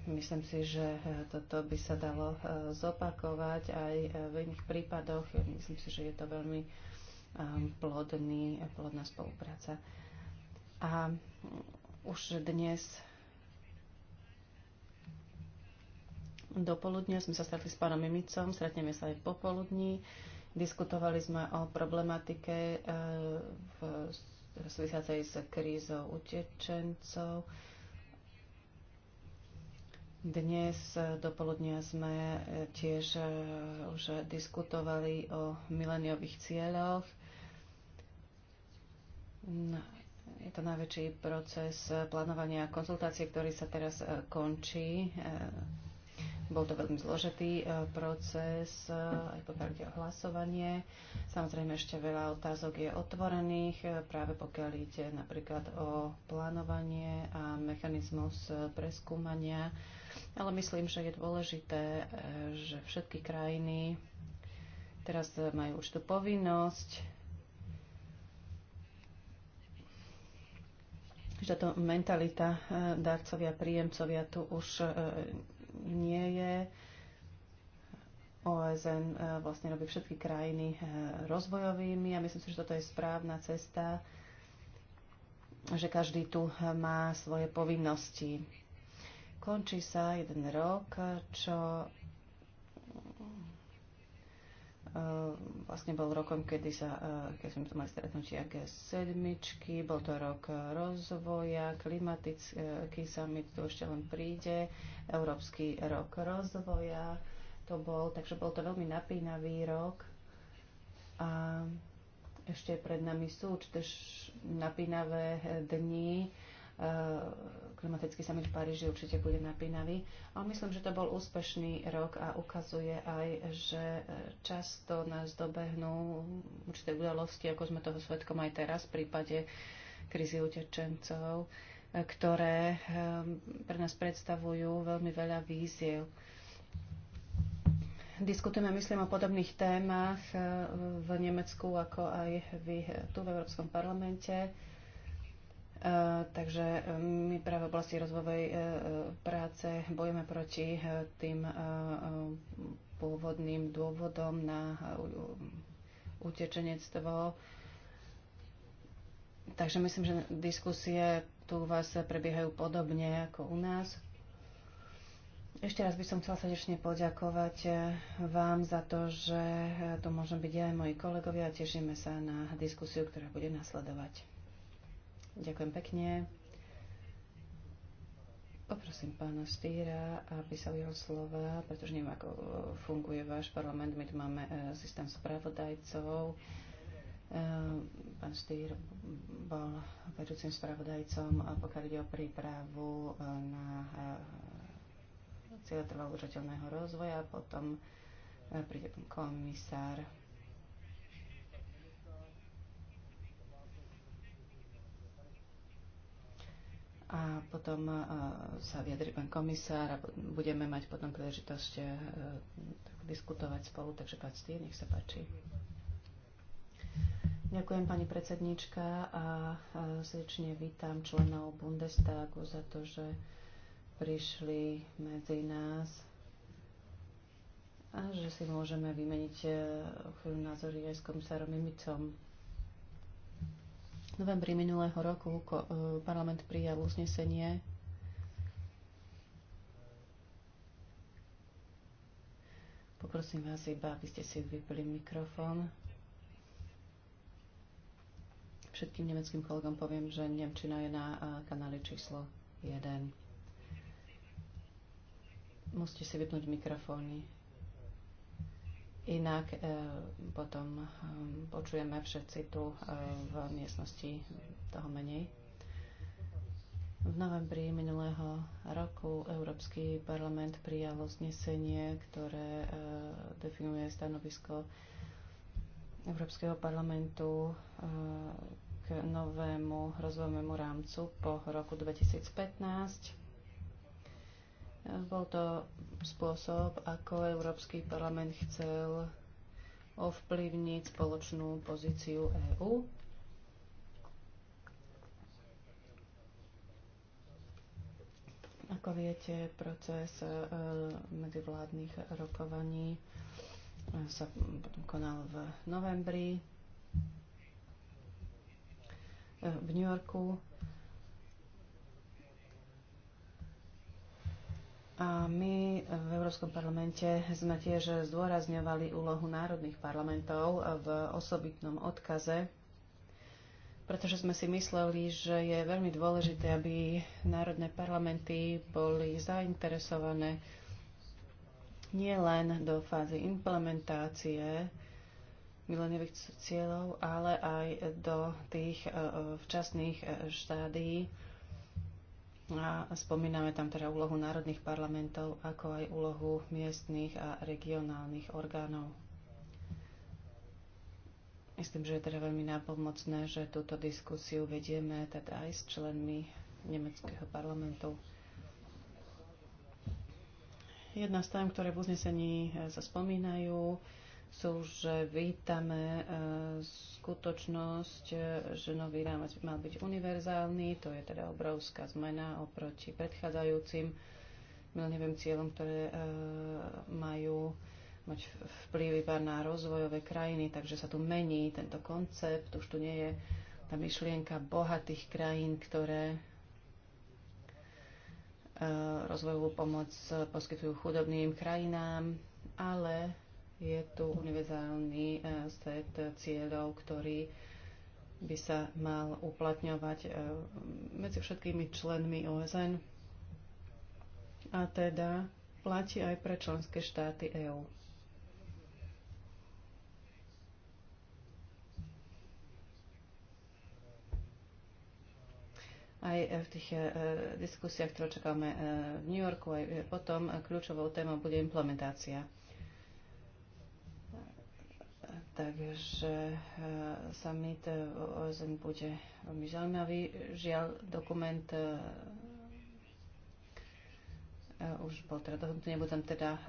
myslím si, že toto by sa dalo zopakovať aj v iných prípadoch. Myslím si, že je to veľmi plodný, plodná spolupráca. A mm, už dnes do poludnia sme sa stretli s pánom Mimicom, stretneme sa aj popoludní. poludní Diskutovali sme o problematike e, v súvisiacej s krízou utečencov. Dnes do poludnia sme e, tiež e, už diskutovali o mileniových cieľoch. Je to najväčší proces plánovania a konzultácie, ktorý sa teraz končí bol to veľmi zložitý e, proces, e, aj pokiaľ ide o hlasovanie. Samozrejme, ešte veľa otázok je otvorených, e, práve pokiaľ ide napríklad o plánovanie a mechanizmus preskúmania. Ale myslím, že je dôležité, že všetky krajiny teraz majú tú povinnosť že táto mentalita darcovia, príjemcovia tu už nie je. OSN e, vlastne robí všetky krajiny e, rozvojovými a myslím si, že toto je správna cesta, že každý tu e, má svoje povinnosti. Končí sa jeden rok, čo Eh, vlastne bol rokom, kedy, sa, eh, keď sme tu mali stretnutie G7, bol to rok rozvoja, klimatický summit tu ešte len príde, Európsky rok rozvoja to bol, takže bol to veľmi napínavý rok a ešte pred nami sú určite napínavé dni, Eh, klimatický summit v Paríži určite bude napínavý. Ale myslím, že to bol úspešný rok a ukazuje aj, že eh, často nás dobehnú určité udalosti, ako sme toho svetkom aj teraz v prípade krízy utečencov, eh, ktoré pre nás predstavujú veľmi veľa víziev. Diskutujeme, myslím, o podobných témach v Nemecku, ako aj vy tu v Európskom parlamente Eh, takže eh, my práve v oblasti rozvojovej eh, práce bojujeme proti tým pôvodným dôvodom na utečenectvo. Takže myslím, že diskusie tu u vás prebiehajú podobne ako u nás. Ešte raz by som chcela srdečne poďakovať vám za to, že tu môžem byť aj moji kolegovia a tešíme sa na diskusiu, ktorá bude nasledovať. Ďakujem pekne. Poprosím pána Stýra, aby sa jeho slova, pretože neviem, ako e, funguje váš parlament. My tu máme e, systém spravodajcov. E, pán Stýr bol vedúcim spravodajcom, pokiaľ ide o prípravu na cieľe trvalo udržateľného rozvoja. Potom príde pán komisár a potom e, sa vyjadri pán komisár a budeme mať potom príležitosť e, diskutovať spolu. Takže pán Stýr, nech sa páči. Ďakujem pani predsednička a e, srdečne vítam členov Bundestagu za to, že prišli medzi nás a že si môžeme vymeniť chvíľu názory aj s komisárom Imicom. V novembri minulého roku e, parlament prijal uznesenie Poprosím vás iba, aby ste si vypili mikrofón. Všetkým nemeckým kolegom poviem, že Nemčina je na e, kanáli číslo 1. Musíte si vypnúť mikrofóny. Inak e, potom e, počujeme všetci tu e, v miestnosti toho menej. V novembri minulého roku Európsky parlament prijal uznesenie, ktoré definuje stanovisko Európskeho parlamentu k novému rozvojovému rámcu po roku 2015 bol to spôsob, ako Európsky parlament chcel ovplyvniť spoločnú pozíciu EÚ. Ako viete, proces e, medzivládnych rokovaní e, sa potom konal v novembri e, v New Yorku A my v Európskom parlamente sme tiež zdôrazňovali úlohu národných parlamentov v osobitnom odkaze, pretože sme si mysleli, že je veľmi dôležité, aby národné parlamenty boli zainteresované nielen do fázy implementácie mileniových cieľov, ale aj do tých eh, včasných eh, štádií a spomíname tam teda úlohu národných parlamentov, ako aj úlohu miestných a regionálnych orgánov. Myslím, že je teda veľmi nápomocné, že túto diskusiu vedieme teda aj s členmi nemeckého parlamentu. Jedna z tém, ktoré v uznesení sa spomínajú, sú, že vítame e, skutočnosť, e, že nový rámec by mal byť univerzálny, to je teda obrovská zmena oproti predchádzajúcim, no, neviem, cieľom, ktoré e, majú mať vplyv iba na rozvojové krajiny, takže sa tu mení tento koncept, už tu nie je tá myšlienka bohatých krajín, ktoré rozvojovú pomoc poskytujú chudobným krajinám, ale je tu univerzálny e, set cieľov, ktorý by sa mal uplatňovať e, medzi všetkými členmi OSN a teda platí aj pre členské štáty EÚ. Aj v tých e, diskusiách, ktoré čakáme v New Yorku, aj potom kľúčovou témou bude implementácia. Takže e, summit e, OSN bude veľmi zaujímavý. Žiaľ, dokument e, už bol teda dohodnutý, nebudú tam teda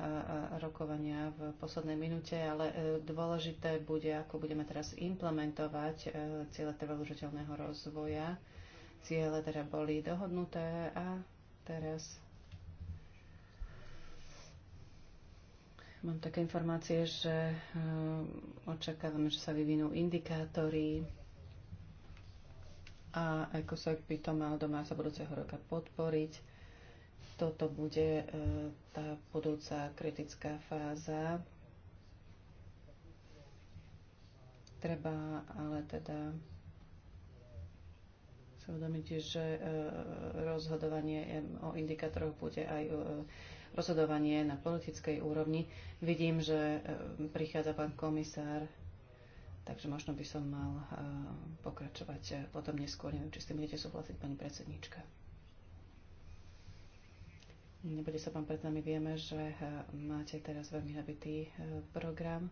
rokovania v poslednej minúte, ale dôležité bude, ako budeme teraz implementovať ciele trvalúžiteľného rozvoja. Ciele teda boli dohodnuté a teraz Mám také informácie, že eh, očakávame, že sa vyvinú indikátory a ECOSOC by to mal do marca budúceho roka podporiť. Toto bude eh, tá budúca kritická fáza. Treba ale teda sa uvedomiť, že eh, rozhodovanie o indikátoroch bude aj rozhodovanie na politickej úrovni. Vidím, že e, prichádza pán komisár, takže možno by som mal e, pokračovať e, potom neskôr. Neviem, či s tým budete súhlasiť, pani predsednička. Nebude sa pán pred nami, vieme, že máte teraz veľmi nabitý program.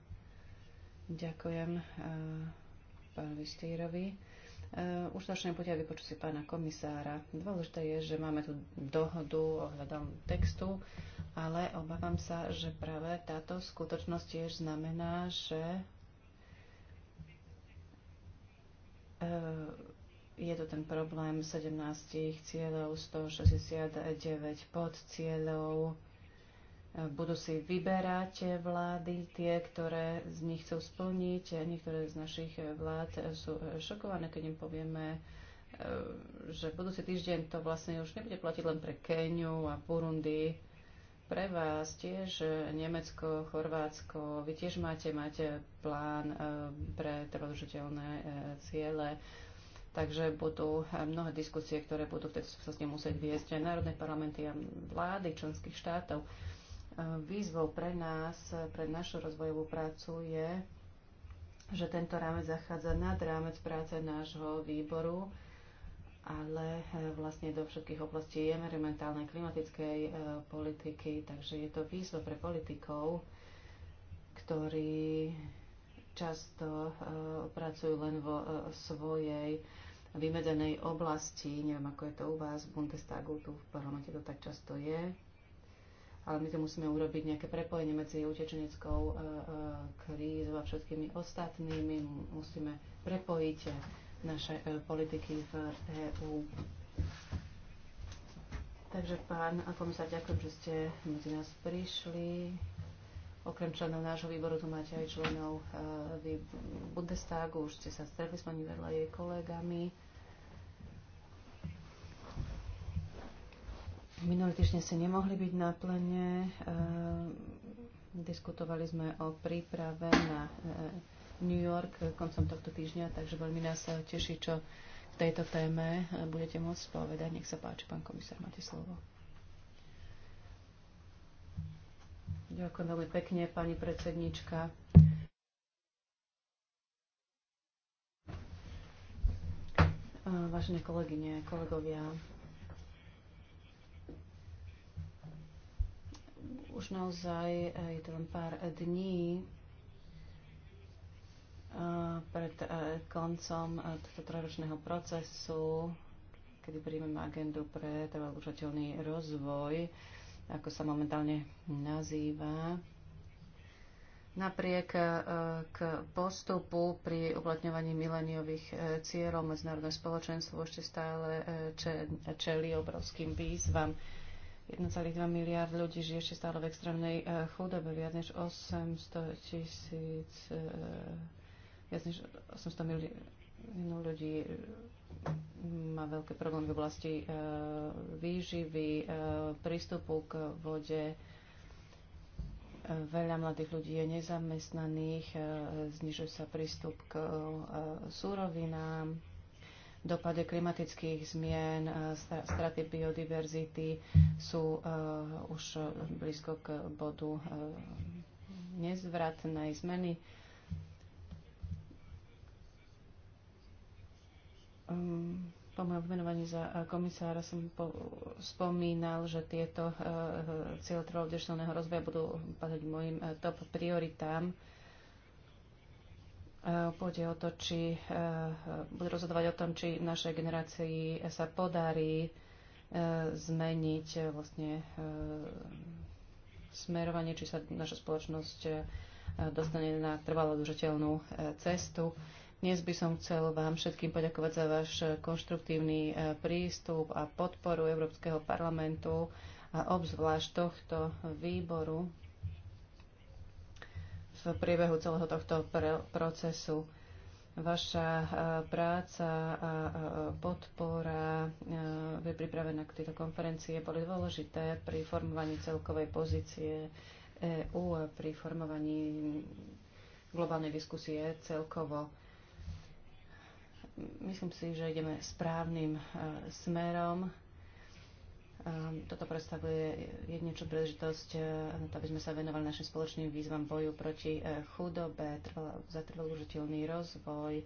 Ďakujem pánovi Listírovi. Eh, už bude aj vypočuť si pána komisára. Dôležité je, že máme tu dohodu ohľadom textu, ale obávam sa, že práve táto skutočnosť tiež znamená, že eh, je to ten problém 17 cieľov, 169 podcieľov. cieľov, budú si vyberať vlády, tie, ktoré z nich chcú splniť. Niektoré z našich vlád sú šokované, keď im povieme, e, že budúci týždeň to vlastne už nebude platiť len pre Keniu a Burundi. Pre vás tiež Nemecko, Chorvátsko, vy tiež máte, máte plán e, pre trvodržiteľné e, ciele. Takže budú mnohé diskusie, ktoré budú v tejto súvislosti musieť viesť aj národné parlamenty a vlády členských štátov výzvou pre nás, pre našu rozvojovú prácu je, že tento rámec zachádza nad rámec práce nášho výboru, ale eh, vlastne do všetkých oblastí environmentálnej, klimatickej eh, politiky, takže je to výzva pre politikov, ktorí často eh, pracujú len vo svojej vymedzenej oblasti. Neviem, ako je to u vás v Bundestagu, tu v parlamente to tak často je ale my tu musíme urobiť nejaké prepojenie medzi utečeneckou e, e, krízou a všetkými ostatnými. Musíme prepojiť e, naše politiky v EÚ. Takže pán komisár, ďakujem, že ste medzi nás prišli. Okrem členov nášho výboru tu máte aj členov uh, Bundestagu, už ste sa stretli s pani vedľa jej kolegami. Minulý týždeň ste nemohli byť na plene. Ehm, diskutovali sme o príprave na e, New York koncom tohto týždňa, takže veľmi nás teší, čo v tejto téme budete môcť povedať. Nech sa páči, pán komisár, máte slovo. Ďakujem veľmi pekne, pani predsednička. Ehm, vážené kolegyne, kolegovia, už naozaj eh, je to len pár eh, dní eh, pred koncom tohto trojročného procesu, kedy príjmeme agendu pre trvalúčateľný rozvoj, ako sa momentálne nazýva. Napriek k postupu pri uplatňovaní mileniových cieľov medzinárodné spoločenstvo ešte stále čelí obrovským výzvam. 1,2 miliard ľudí žije ešte stále v extrémnej e, chudobe, viac než 800 tisíc, e, viac než 800 miliónov ľudí mm, má veľké problémy v oblasti e, výživy, prístupu k vode. Veľa mladých ľudí je nezamestnaných, znižuje sa prístup k súrovinám dopady klimatických zmien, e, straty biodiverzity sú e, už blízko k bodu e, nezvratnej zmeny. Ehm, po mojom venovaní za komisára som po, spomínal, že tieto e, cieľe trvalodržateľného rozvoja budú patriť mojim top prioritám. E, pôjde o to, či e, bude rozhodovať o tom, či našej generácii sa podarí e, zmeniť vlastne smerovanie, či sa naša spoločnosť dostane na trvalo udržateľnú cestu. Dnes by som chcel vám všetkým poďakovať za váš konštruktívny prístup a podporu Európskeho parlamentu a obzvlášť tohto výboru v priebehu celého tohto procesu. Vaša e, práca a e, podpora je pripravená k tejto konferencii, boli dôležité pri formovaní celkovej pozície EÚ a pri formovaní globálnej diskusie celkovo. Myslím si, že ideme správnym e, smerom Ehm, toto predstavuje jedinečnú príležitosť eh, to, aby sme sa venovali našim spoločným výzvam boju proti eh, chudobe, za trvalúžiteľný rozvoj.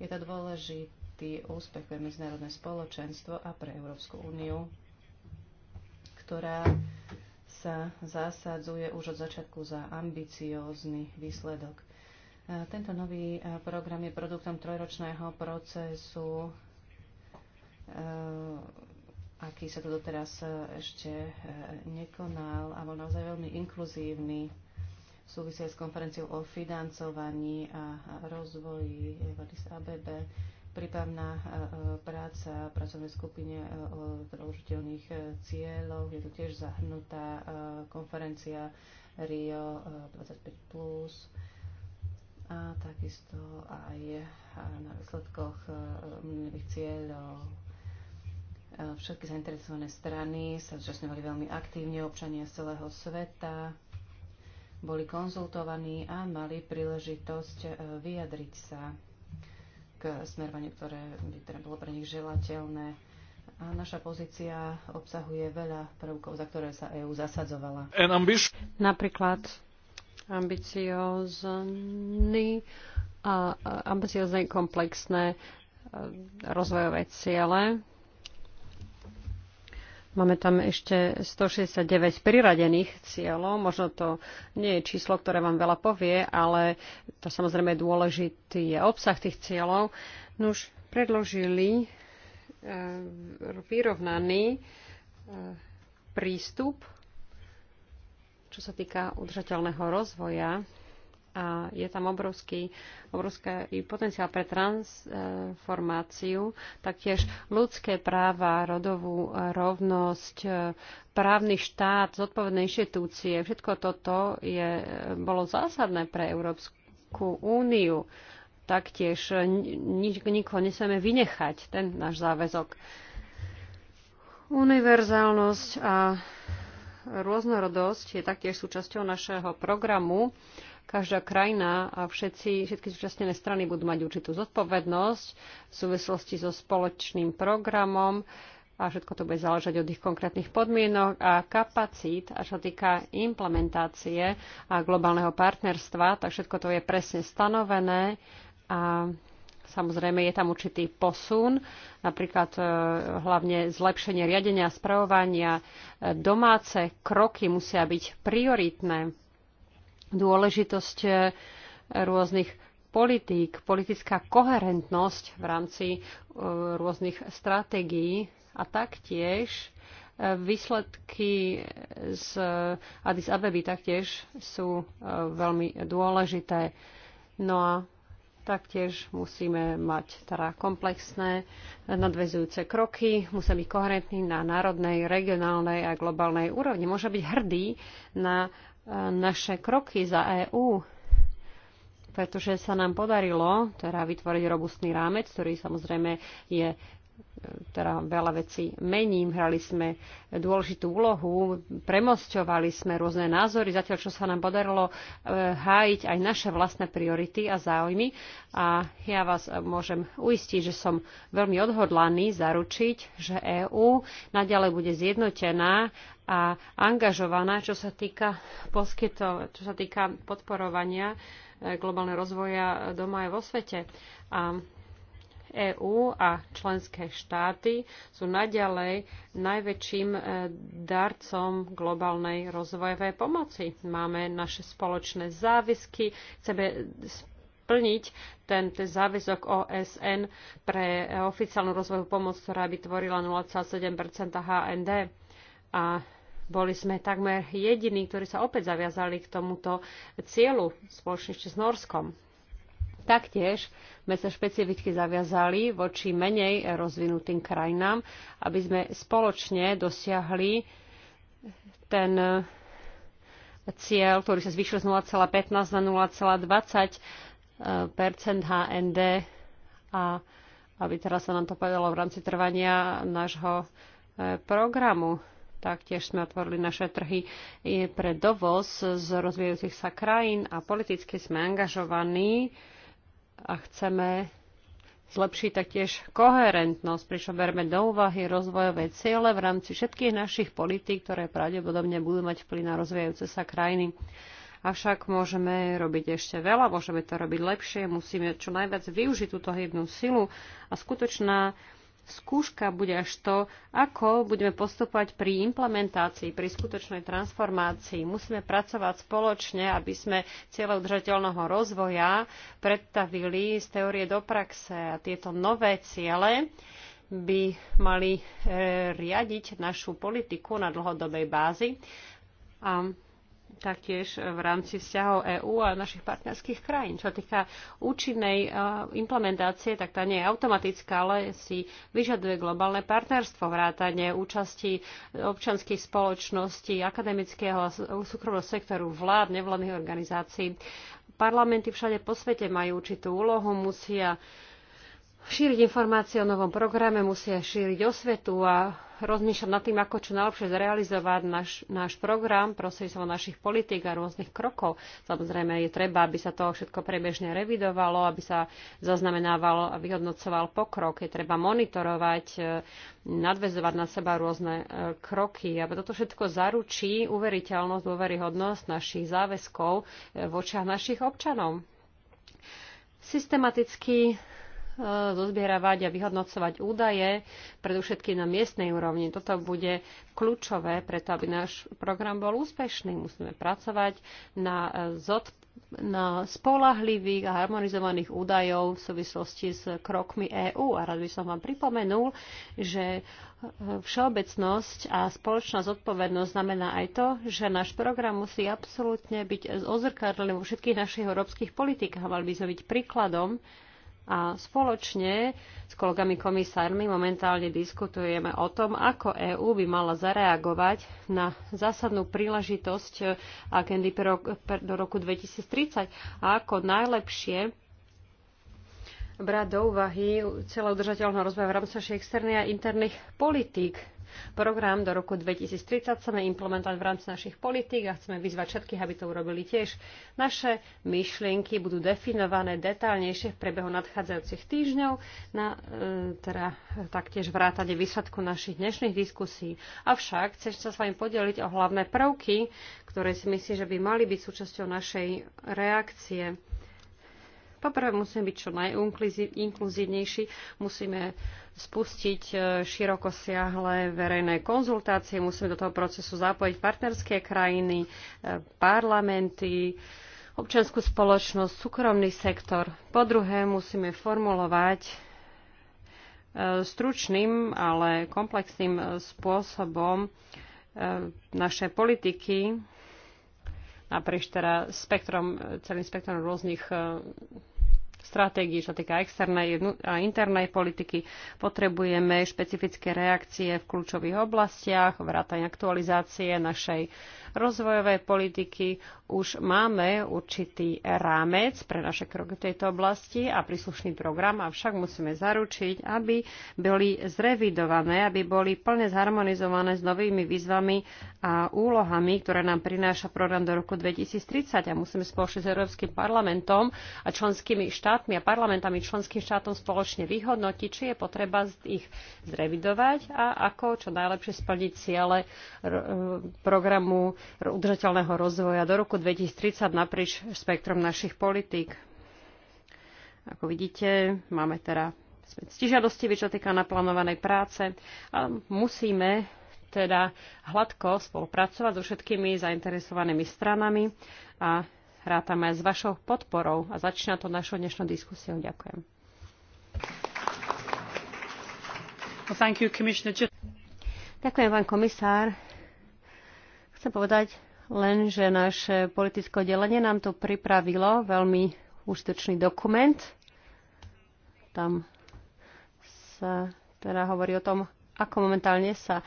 Je to dôležitý úspech pre medzinárodné spoločenstvo a pre Európsku úniu, ktorá sa zasadzuje už od začiatku za ambiciózny výsledok. Eh, tento nový program je produktom trojročného procesu aký sa to doteraz e, ešte e, nekonal a bol naozaj veľmi inkluzívny súvisia s konferenciou o financovaní a rozvoji v Addis Abebe. Prípravná e, práca pracovnej skupine o doložiteľných cieľoch. Je tu tiež zahrnutá konferencia Rio 25+, a takisto aj na výsledkoch minulých cieľov E, všetky zainteresované strany sa zúčastňovali veľmi aktívne, občania z celého sveta boli konzultovaní a mali príležitosť e, vyjadriť sa k smerovaniu, ktoré by teda bolo pre nich želateľné. A naša pozícia obsahuje veľa prvkov, za ktoré sa EÚ zasadzovala. Napríklad ambiciózny a ambiciozne komplexné e, rozvojové ciele Máme tam ešte 169 priradených cieľov. Možno to nie je číslo, ktoré vám veľa povie, ale to samozrejme je dôležitý je obsah tých cieľov. No už predložili e, vyrovnaný e, prístup, čo sa týka udržateľného rozvoja a je tam obrovský, obrovský potenciál pre transformáciu, taktiež ľudské práva, rodovú rovnosť, právny štát, zodpovedné inštitúcie, všetko toto je, bolo zásadné pre Európsku úniu. Taktiež nikoho nesmieme vynechať, ten náš záväzok. Univerzálnosť a rôznorodosť je taktiež súčasťou našeho programu každá krajina a všetci, všetky súčasnené strany budú mať určitú zodpovednosť v súvislosti so spoločným programom a všetko to bude záležať od ich konkrétnych podmienok a kapacít a čo týka implementácie a globálneho partnerstva, tak všetko to je presne stanovené a Samozrejme, je tam určitý posun, napríklad e, hlavne zlepšenie riadenia a spravovania. E, domáce kroky musia byť prioritné dôležitosť eh, rôznych politík, politická koherentnosť v rámci eh, rôznych stratégií a taktiež eh, výsledky z Addis Abeby taktiež sú veľmi dôležité. No a taktiež musíme mať teda komplexné nadvezujúce kroky, musia byť koherentní na národnej, regionálnej a globálnej úrovni. Môže byť hrdí na naše kroky za EÚ, pretože sa nám podarilo teda vytvoriť robustný rámec, ktorý samozrejme je teda veľa vecí mením, hrali sme dôležitú úlohu, premosťovali sme rôzne názory, zatiaľ čo sa nám podarilo e, hájiť aj naše vlastné priority a záujmy. A ja vás môžem uistiť, že som veľmi odhodlaný zaručiť, že EÚ naďalej bude zjednotená a angažovaná, čo sa týka, poskyto, čo sa týka podporovania e, globálneho rozvoja doma aj vo svete. A EÚ a členské štáty sú naďalej najväčším e, darcom globálnej rozvojovej pomoci. Máme naše spoločné závisky, chceme splniť ten, ten záväzok OSN pre e, oficiálnu rozvojovú pomoc, ktorá by tvorila 0,7 HND. A boli sme takmer jediní, ktorí sa opäť zaviazali k tomuto cieľu spoločne ešte s Norskom. Taktiež sme sa špecificky zaviazali voči menej rozvinutým krajinám, aby sme spoločne dosiahli ten cieľ, ktorý sa zvýšil z 0,15 na 0,20 HND a aby teraz sa nám to povedalo v rámci trvania nášho e, programu. Taktiež sme otvorili naše trhy pre dovoz z rozvíjajúcich sa krajín a politicky sme angažovaní a chceme zlepšiť taktiež koherentnosť, pričom berme do úvahy rozvojové ciele v rámci všetkých našich politík, ktoré pravdepodobne budú mať vplyv na rozvíjajúce sa krajiny. Avšak môžeme robiť ešte veľa, môžeme to robiť lepšie, musíme čo najviac využiť túto hybnú silu a skutočná skúška bude až to, ako budeme postupovať pri implementácii, pri skutočnej transformácii. Musíme pracovať spoločne, aby sme cieľe udržateľného rozvoja predstavili z teórie do praxe a tieto nové ciele by mali e, riadiť našu politiku na dlhodobej bázi. A taktiež v rámci vzťahov EÚ a našich partnerských krajín. Čo týka účinnej e, implementácie, tak tá nie je automatická, ale si vyžaduje globálne partnerstvo, vrátanie účasti občanských spoločností, akademického a súkromného sektoru, vlád, nevládnych organizácií. Parlamenty všade po svete majú určitú úlohu, musia šíriť informácie o novom programe, musia šíriť osvetu a rozmýšľať nad tým, ako čo najlepšie zrealizovať náš, náš program prostredníctvom našich politik a rôznych krokov. Samozrejme je treba, aby sa to všetko prebežne revidovalo, aby sa zaznamenával a vyhodnocoval pokrok. Je treba monitorovať, e, nadvezovať na seba rôzne e, kroky. A toto všetko zaručí uveriteľnosť, dôveryhodnosť našich záväzkov e, v očiach našich občanov. Systematicky zozbieravať a vyhodnocovať údaje, predovšetkým na miestnej úrovni. Toto bude kľúčové, preto aby náš program bol úspešný. Musíme pracovať na, e, zod, na spolahlivých a harmonizovaných údajov v súvislosti s krokmi EÚ. A rád by som vám pripomenul, že e, všeobecnosť a spoločná zodpovednosť znamená aj to, že náš program musí absolútne byť ozrkadlený vo všetkých našich európskych politikách. Mali by sme byť príkladom a spoločne s kolegami komisármi momentálne diskutujeme o tom, ako EÚ by mala zareagovať na zásadnú príležitosť agendy do roku 2030 a ako najlepšie brať do úvahy celé udržateľného rozvoja v rámci našich externej a interných politík program do roku 2030 chceme implementovať v rámci našich politík a chceme vyzvať všetkých, aby to urobili tiež. Naše myšlienky budú definované detálnejšie v priebehu nadchádzajúcich týždňov, na, e, teda e, taktiež vrátane výsledku našich dnešných diskusí. Avšak chcem sa s vami podeliť o hlavné prvky, ktoré si myslím, že by mali byť súčasťou našej reakcie Poprvé musíme byť čo najinkluzívnejší, musíme spustiť e, široko siahle verejné konzultácie, musíme do toho procesu zapojiť partnerské krajiny, e, parlamenty, občianskú spoločnosť, súkromný sektor. Po druhé, musíme formulovať e, stručným, ale komplexným spôsobom naše politiky naprieč teda spektrom, celým spektrom rôznych e, stratégií, čo týka externej a internej politiky. Potrebujeme špecifické reakcie v kľúčových oblastiach, vrátanie aktualizácie našej rozvojovej politiky už máme určitý rámec pre naše kroky v tejto oblasti a príslušný program, avšak musíme zaručiť, aby boli zrevidované, aby boli plne zharmonizované s novými výzvami a úlohami, ktoré nám prináša program do roku 2030 a musíme spoločne s Európskym parlamentom a členskými štátmi a parlamentami členským štátom spoločne vyhodnotiť, či je potreba ich zrevidovať a ako čo najlepšie splniť ciele e, programu udržateľného rozvoja do roku 2030 naprieč spektrom našich politík. Ako vidíte, máme teda stižadosti, čo týka naplánovanej práce a musíme teda hladko spolupracovať so všetkými zainteresovanými stranami a rátame aj s vašou podporou a začína to našou dnešnou diskusiou. Ďakujem. Well, you, Ďakujem, pán komisár. Chcem povedať len, že naše politické oddelenie nám tu pripravilo veľmi užitočný dokument. Tam sa teda hovorí o tom, ako momentálne sa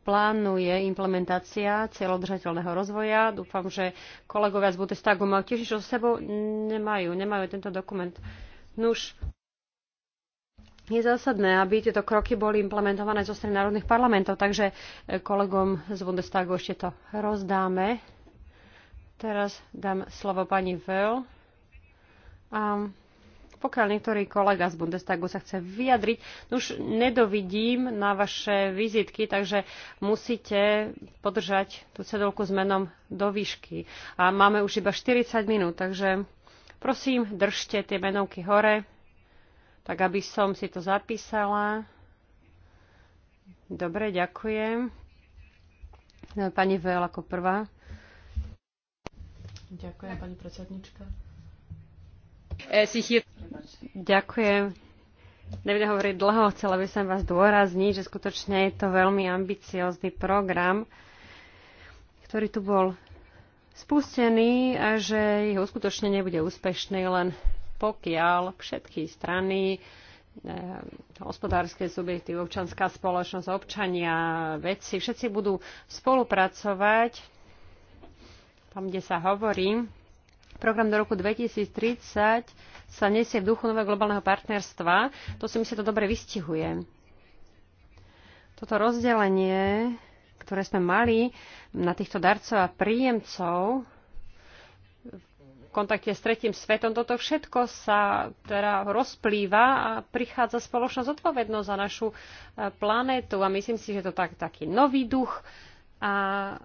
plánuje implementácia cieľodržateľného rozvoja. Dúfam, že kolegovia z Bundestagu majú tiež so sebou. Nemajú, nemajú tento dokument. Nuž, je zásadné, aby tieto kroky boli implementované zo strany národných parlamentov, takže e, kolegom z Bundestagu ešte to rozdáme. Teraz dám slovo pani Vell. A pokiaľ niektorý kolega z Bundestagu sa chce vyjadriť, no už nedovidím na vaše vizitky, takže musíte podržať tú cedulku s menom do výšky. A máme už iba 40 minút, takže prosím, držte tie menovky hore tak aby som si to zapísala. Dobre, ďakujem. No, pani Veľ ako prvá. Ďakujem, pani predsednička. Ďakujem. Nebudem hovoriť dlho, chcela by som vás dôrazniť, že skutočne je to veľmi ambiciózny program, ktorý tu bol spustený a že jeho uskutočnenie bude úspešné len pokiaľ všetky strany, eh, hospodárske subjekty, občanská spoločnosť, občania, vedci, všetci budú spolupracovať tam, kde sa hovorí. Program do roku 2030 sa nesie v duchu nového globálneho partnerstva. To si myslím, to dobre vystihuje. Toto rozdelenie, ktoré sme mali na týchto darcov a príjemcov, kontakte s tretím svetom. Toto všetko sa teda rozplýva a prichádza spoločná zodpovednosť za našu e, planétu a myslím si, že to tak, taký nový duch a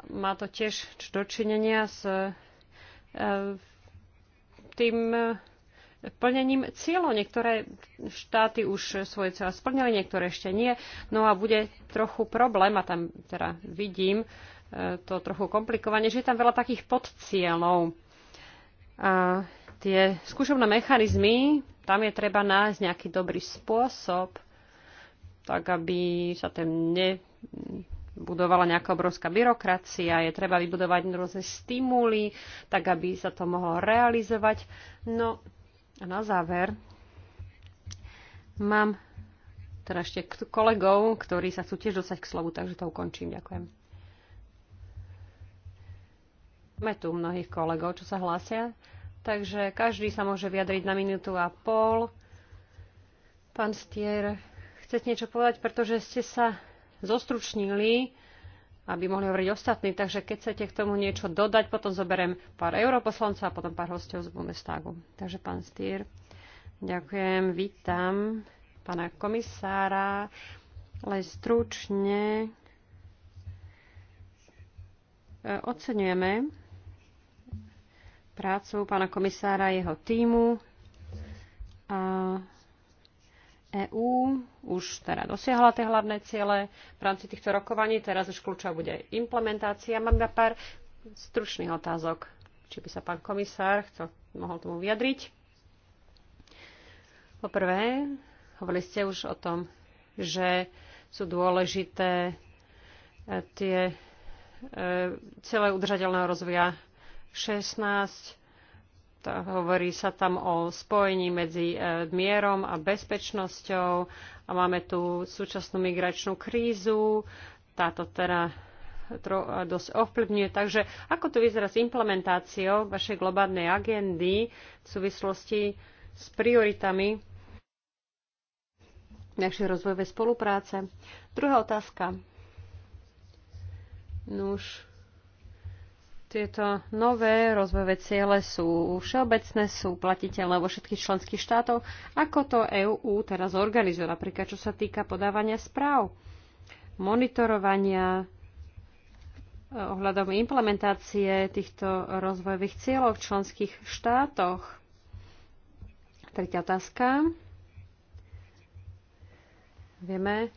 má to tiež dočinenia s e, tým e, plnením cieľov. Niektoré štáty už svoje cieľa splnili, niektoré ešte nie. No a bude trochu problém, a tam teda vidím to trochu komplikovanie, že je tam veľa takých podcieľov. A tie skúšobné mechanizmy, tam je treba nájsť nejaký dobrý spôsob, tak aby sa tam nebudovala nejaká obrovská byrokracia, je treba vybudovať rôzne stimuly, tak aby sa to mohlo realizovať. No a na záver mám teda ešte kolegov, ktorí sa chcú tiež dostať k slovu, takže to ukončím. Ďakujem. Máme tu mnohých kolegov, čo sa hlásia, takže každý sa môže vyjadriť na minútu a pol. Pán Stier, chcete niečo povedať, pretože ste sa zostručnili, aby mohli hovoriť ostatní, takže keď chcete k tomu niečo dodať, potom zoberiem pár europoslancov a potom pár hostov z Bundestagu. Takže pán Stier, ďakujem, vítam pána komisára, ale stručne e, oceňujeme prácu pána komisára, jeho týmu. A EÚ už teda dosiahla tie hlavné ciele v rámci týchto rokovaní. Teraz už kľúčov bude implementácia. Mám iba pár stručných otázok, či by sa pán komisár chcel, mohol tomu vyjadriť. Poprvé, hovorili ste už o tom, že sú dôležité tie e, celé udržateľného rozvoja 16 hovorí sa tam o spojení medzi e, mierom a bezpečnosťou a máme tu súčasnú migračnú krízu, táto teda e, dosť ovplyvňuje. Takže ako to vyzerá s implementáciou vašej globálnej agendy v súvislosti s prioritami našej rozvojovej spolupráce? Druhá otázka. Nuž, tieto nové rozvojové ciele sú všeobecné, sú platiteľné vo všetkých členských štátov. Ako to EÚ teraz organizuje, napríklad čo sa týka podávania správ, monitorovania e, ohľadom implementácie týchto rozvojových cieľov v členských štátoch. Tretia otázka. Vieme,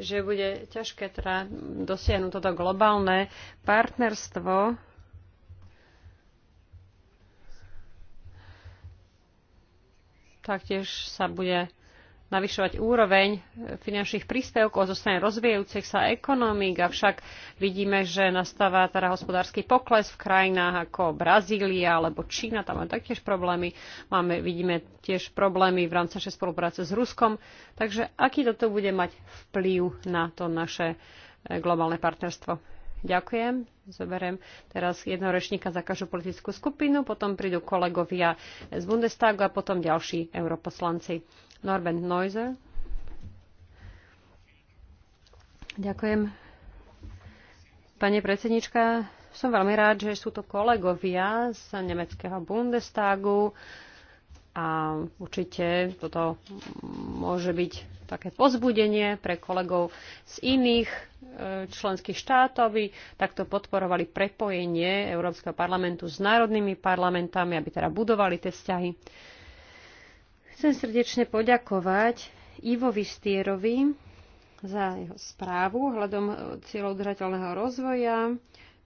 že bude ťažké teda dosiahnuť toto globálne partnerstvo Taktiež sa bude navyšovať úroveň finančných príspevkov zo strany rozvíjajúcich sa ekonomík, avšak vidíme, že nastáva teda hospodársky pokles v krajinách ako Brazília alebo Čína, tam máme taktiež problémy. Máme, vidíme tiež problémy v rámci našej spolupráce s Ruskom. Takže aký toto bude mať vplyv na to naše eh, globálne partnerstvo? Ďakujem. Zoberiem teraz jedného rečníka za každú politickú skupinu, potom prídu kolegovia z Bundestagu a potom ďalší europoslanci. Norben Neuser. Ďakujem. Pani predsednička, som veľmi rád, že sú to kolegovia z nemeckého Bundestagu a určite toto môže byť také pozbudenie pre kolegov z iných e, členských štátov, aby takto podporovali prepojenie Európskeho parlamentu s národnými parlamentami, aby teda budovali tie vzťahy. Chcem srdečne poďakovať Ivovi Stierovi za jeho správu hľadom e, cieľov udržateľného rozvoja.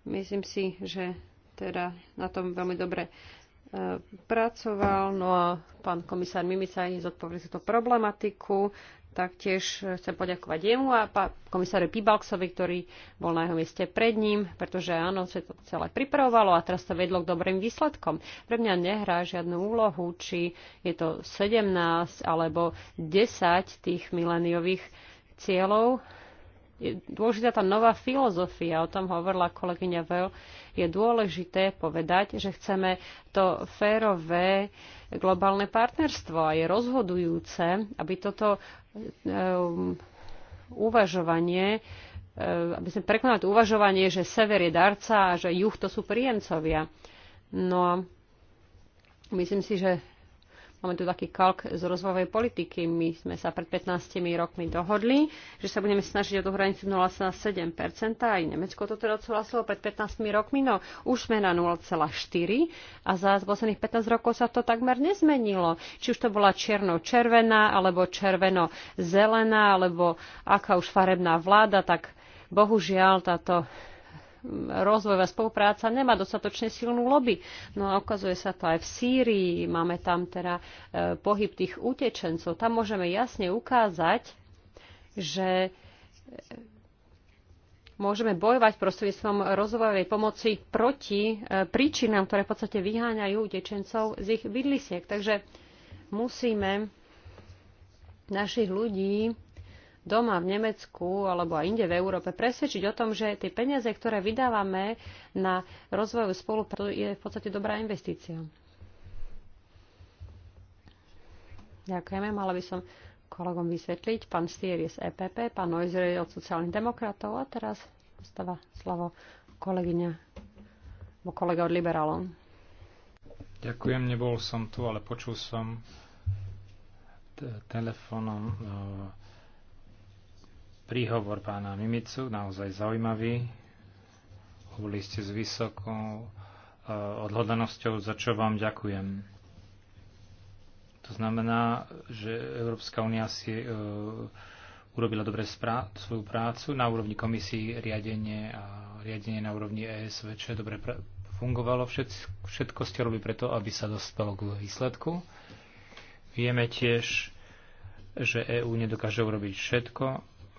Myslím si, že teda na tom veľmi dobre e, pracoval, no a pán komisár Mimica je zodpovedný za tú problematiku. Taktiež e, chcem poďakovať jemu a komisáru Pibalksovi, ktorý bol na jeho mieste pred ním, pretože áno, sa to celé pripravovalo a teraz to vedlo k dobrým výsledkom. Pre mňa nehrá žiadnu úlohu, či je to 17 alebo 10 tých mileniových cieľov je dôležitá tá nová filozofia, o tom hovorila kolegyňa Veľ, je dôležité povedať, že chceme to férové globálne partnerstvo a je rozhodujúce, aby toto um, uvažovanie ehm, aby sme prekonali to uvažovanie, že sever je darca a že juh to sú príjemcovia. No a myslím si, že Máme tu taký kalk z rozvojovej politiky. My sme sa pred 15 rokmi dohodli, že sa budeme snažiť o tú hranicu 0,7%. Aj Nemecko to teda odsúhlasilo pred 15 rokmi, no už sme na 0,4 a za posledných 15 rokov sa to takmer nezmenilo. Či už to bola černo-červená, alebo červeno-zelená, alebo aká už farebná vláda, tak bohužiaľ táto rozvojová spolupráca nemá dostatočne silnú lobby. No a ukazuje sa to aj v Sýrii, máme tam teda e, pohyb tých utečencov. Tam môžeme jasne ukázať, že e, môžeme bojovať prostredníctvom rozvojovej pomoci proti e, príčinám, ktoré v podstate vyháňajú utečencov z ich bydlisiek. Takže musíme našich ľudí doma v Nemecku alebo aj inde v Európe presvedčiť o tom, že tie peniaze, ktoré vydávame na rozvoju spoluprácu, je v podstate dobrá investícia. Ďakujeme. Mala by som kolegom vysvetliť. Pán Stier je z EPP, pán Neuser je od sociálnych demokratov a teraz dostáva slovo kolegyňa, bo kolega od liberálov. Ďakujem, nebol som tu, ale počul som telefónom no, príhovor pána Mimicu, naozaj zaujímavý. Hovorili ste s vysokou eh, odhodlanosťou, za čo vám ďakujem. To znamená, že Európska únia si e, urobila dobre sprá- svoju prácu na úrovni komisii riadenie a riadenie na úrovni ESVČ dobre fungovalo. Všetko, všetko ste robili preto, aby sa dostalo k výsledku. Vieme tiež, že EÚ nedokáže urobiť všetko,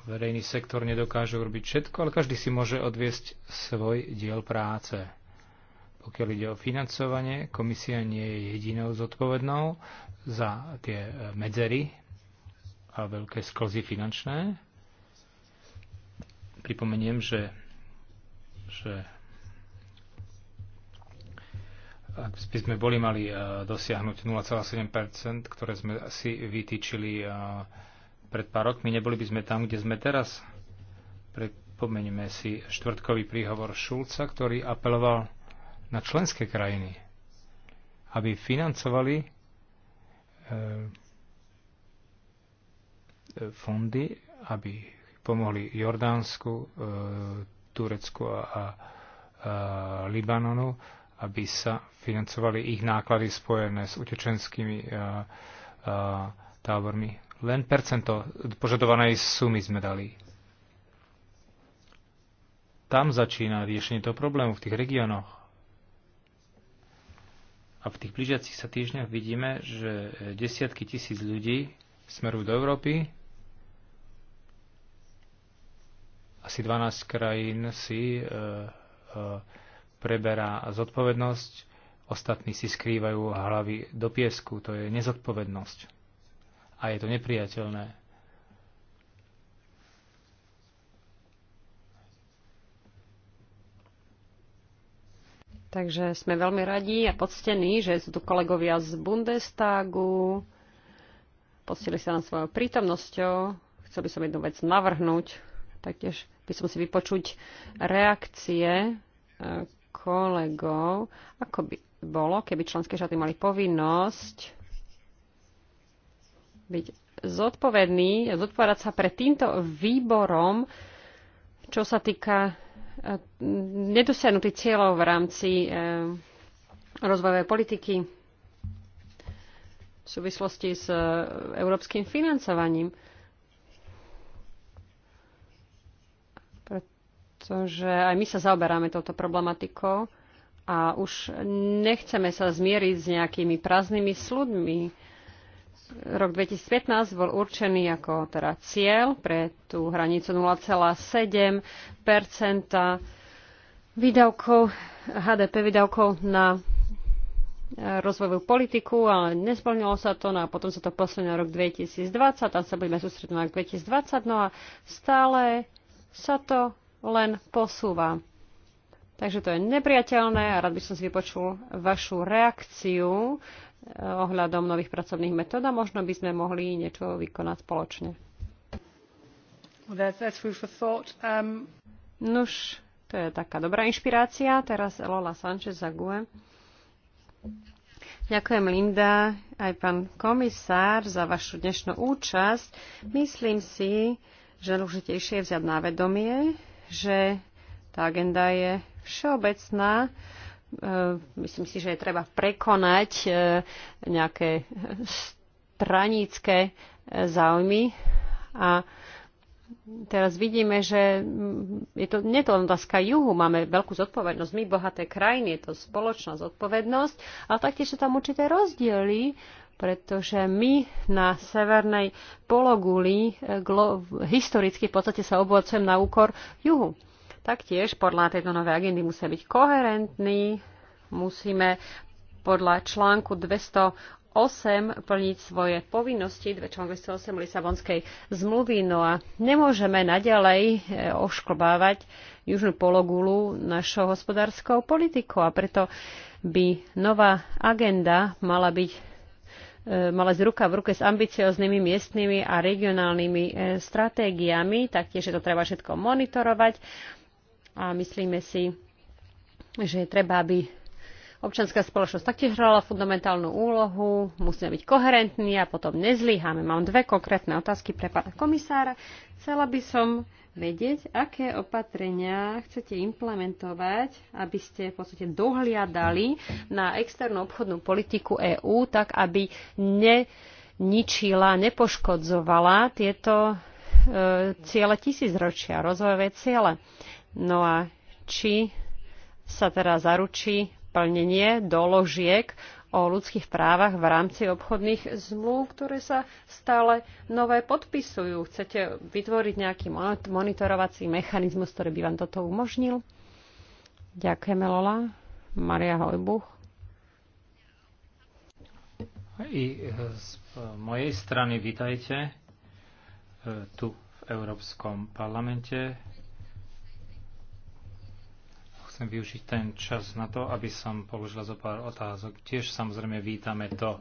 verejný sektor nedokáže urobiť všetko, ale každý si môže odviesť svoj diel práce. Pokiaľ ide o financovanie, komisia nie je jedinou zodpovednou za tie medzery a veľké sklzy finančné. Pripomeniem, že, že ak by sme boli mali eh, dosiahnuť 0,7%, ktoré sme si vytýčili eh, pred pár rokmi, neboli by sme tam, kde sme teraz. Prepomenieme si štvrtkový príhovor Šulca, ktorý apeloval na členské krajiny, aby financovali e, e, fondy, aby pomohli Jordánsku, e, Turecku a, a Libanonu, aby sa financovali ich náklady spojené s utečenskými a, a, tábormi. Len percento požadovanej sumy sme dali. Tam začína riešenie toho problému v tých regiónoch. A v tých blížiacich sa týždňoch vidíme, že desiatky tisíc ľudí smerujú do Európy. Asi 12 krajín si e, e, preberá zodpovednosť, ostatní si skrývajú hlavy do piesku. To je nezodpovednosť a je to nepriateľné. Takže sme veľmi radi a poctení, že sú tu kolegovia z Bundestagu. Poctili sa nám svojou prítomnosťou. Chcel by som jednu vec navrhnúť. Taktiež by som si vypočuť reakcie e, kolegov. Ako by bolo, keby členské štáty mali povinnosť byť zodpovedný, zodpovedať sa pre týmto výborom, čo sa týka e, nedosiahnutých cieľov v rámci e, rozvojovej politiky v súvislosti s e, európskym financovaním. Pretože aj my sa zaoberáme touto problematikou a už nechceme sa zmieriť s nejakými prázdnymi sludmi Rok 2015 bol určený ako teda cieľ pre tú hranicu 0,7 výdavkov, HDP výdavkov na e, rozvojovú politiku, ale nesplnilo sa to, no a potom sa to posunulo na rok 2020, tam sa budeme sústrediť na rok 2020, no a stále sa to len posúva. Takže to je nepriateľné a rád by som si vypočul vašu reakciu Eh, ohľadom nových pracovných metód a možno by sme mohli niečo vykonať spoločne. Um, Nuž, to je taká dobrá inšpirácia. Teraz Lola Sanchez za GUE. Ďakujem Linda, aj pán komisár za vašu dnešnú účasť. Myslím si, že dôležitejšie je vziať na vedomie, že tá agenda je všeobecná E, myslím si, že je treba prekonať e, nejaké stranícke záujmy a teraz vidíme, že je to nie to otázka juhu, máme veľkú zodpovednosť, my bohaté krajiny, je to spoločná zodpovednosť, ale taktiež sú tam určité rozdiely, pretože my na severnej pologuli e, historicky v podstate sa obohacujem na úkor juhu. Taktiež podľa tejto novej agendy musia byť koherentní, musíme podľa článku 208 plniť svoje povinnosti, článok 208 Lisabonskej zmluvy. No a nemôžeme naďalej e, ošklbávať južnú pologulu našou hospodárskou politikou a preto by nová agenda mala byť e, mala z ruka v ruke s ambicioznými miestnymi a regionálnymi e, stratégiami. Taktiež je to treba všetko monitorovať a myslíme si, že treba, aby občianská spoločnosť taktiež hrala fundamentálnu úlohu, musíme byť koherentní a potom nezlyháme. Mám dve konkrétne otázky pre pána komisára. Chcela by som vedieť, aké opatrenia chcete implementovať, aby ste v podstate dohliadali na externú obchodnú politiku EÚ, tak aby neničila, nepoškodzovala tieto e, ciele tisícročia, rozvojové ciele. No a či sa teda zaručí plnenie doložiek o ľudských právach v rámci obchodných zmluv, ktoré sa stále nové podpisujú. Chcete vytvoriť nejaký monitorovací mechanizmus, ktorý by vám toto umožnil? Ďakujeme, Lola. Maria Hojbuch. I z mojej strany vítajte eh, tu v Európskom parlamente. Chcem využiť ten čas na to, aby som položila zo pár otázok. Tiež samozrejme vítame to,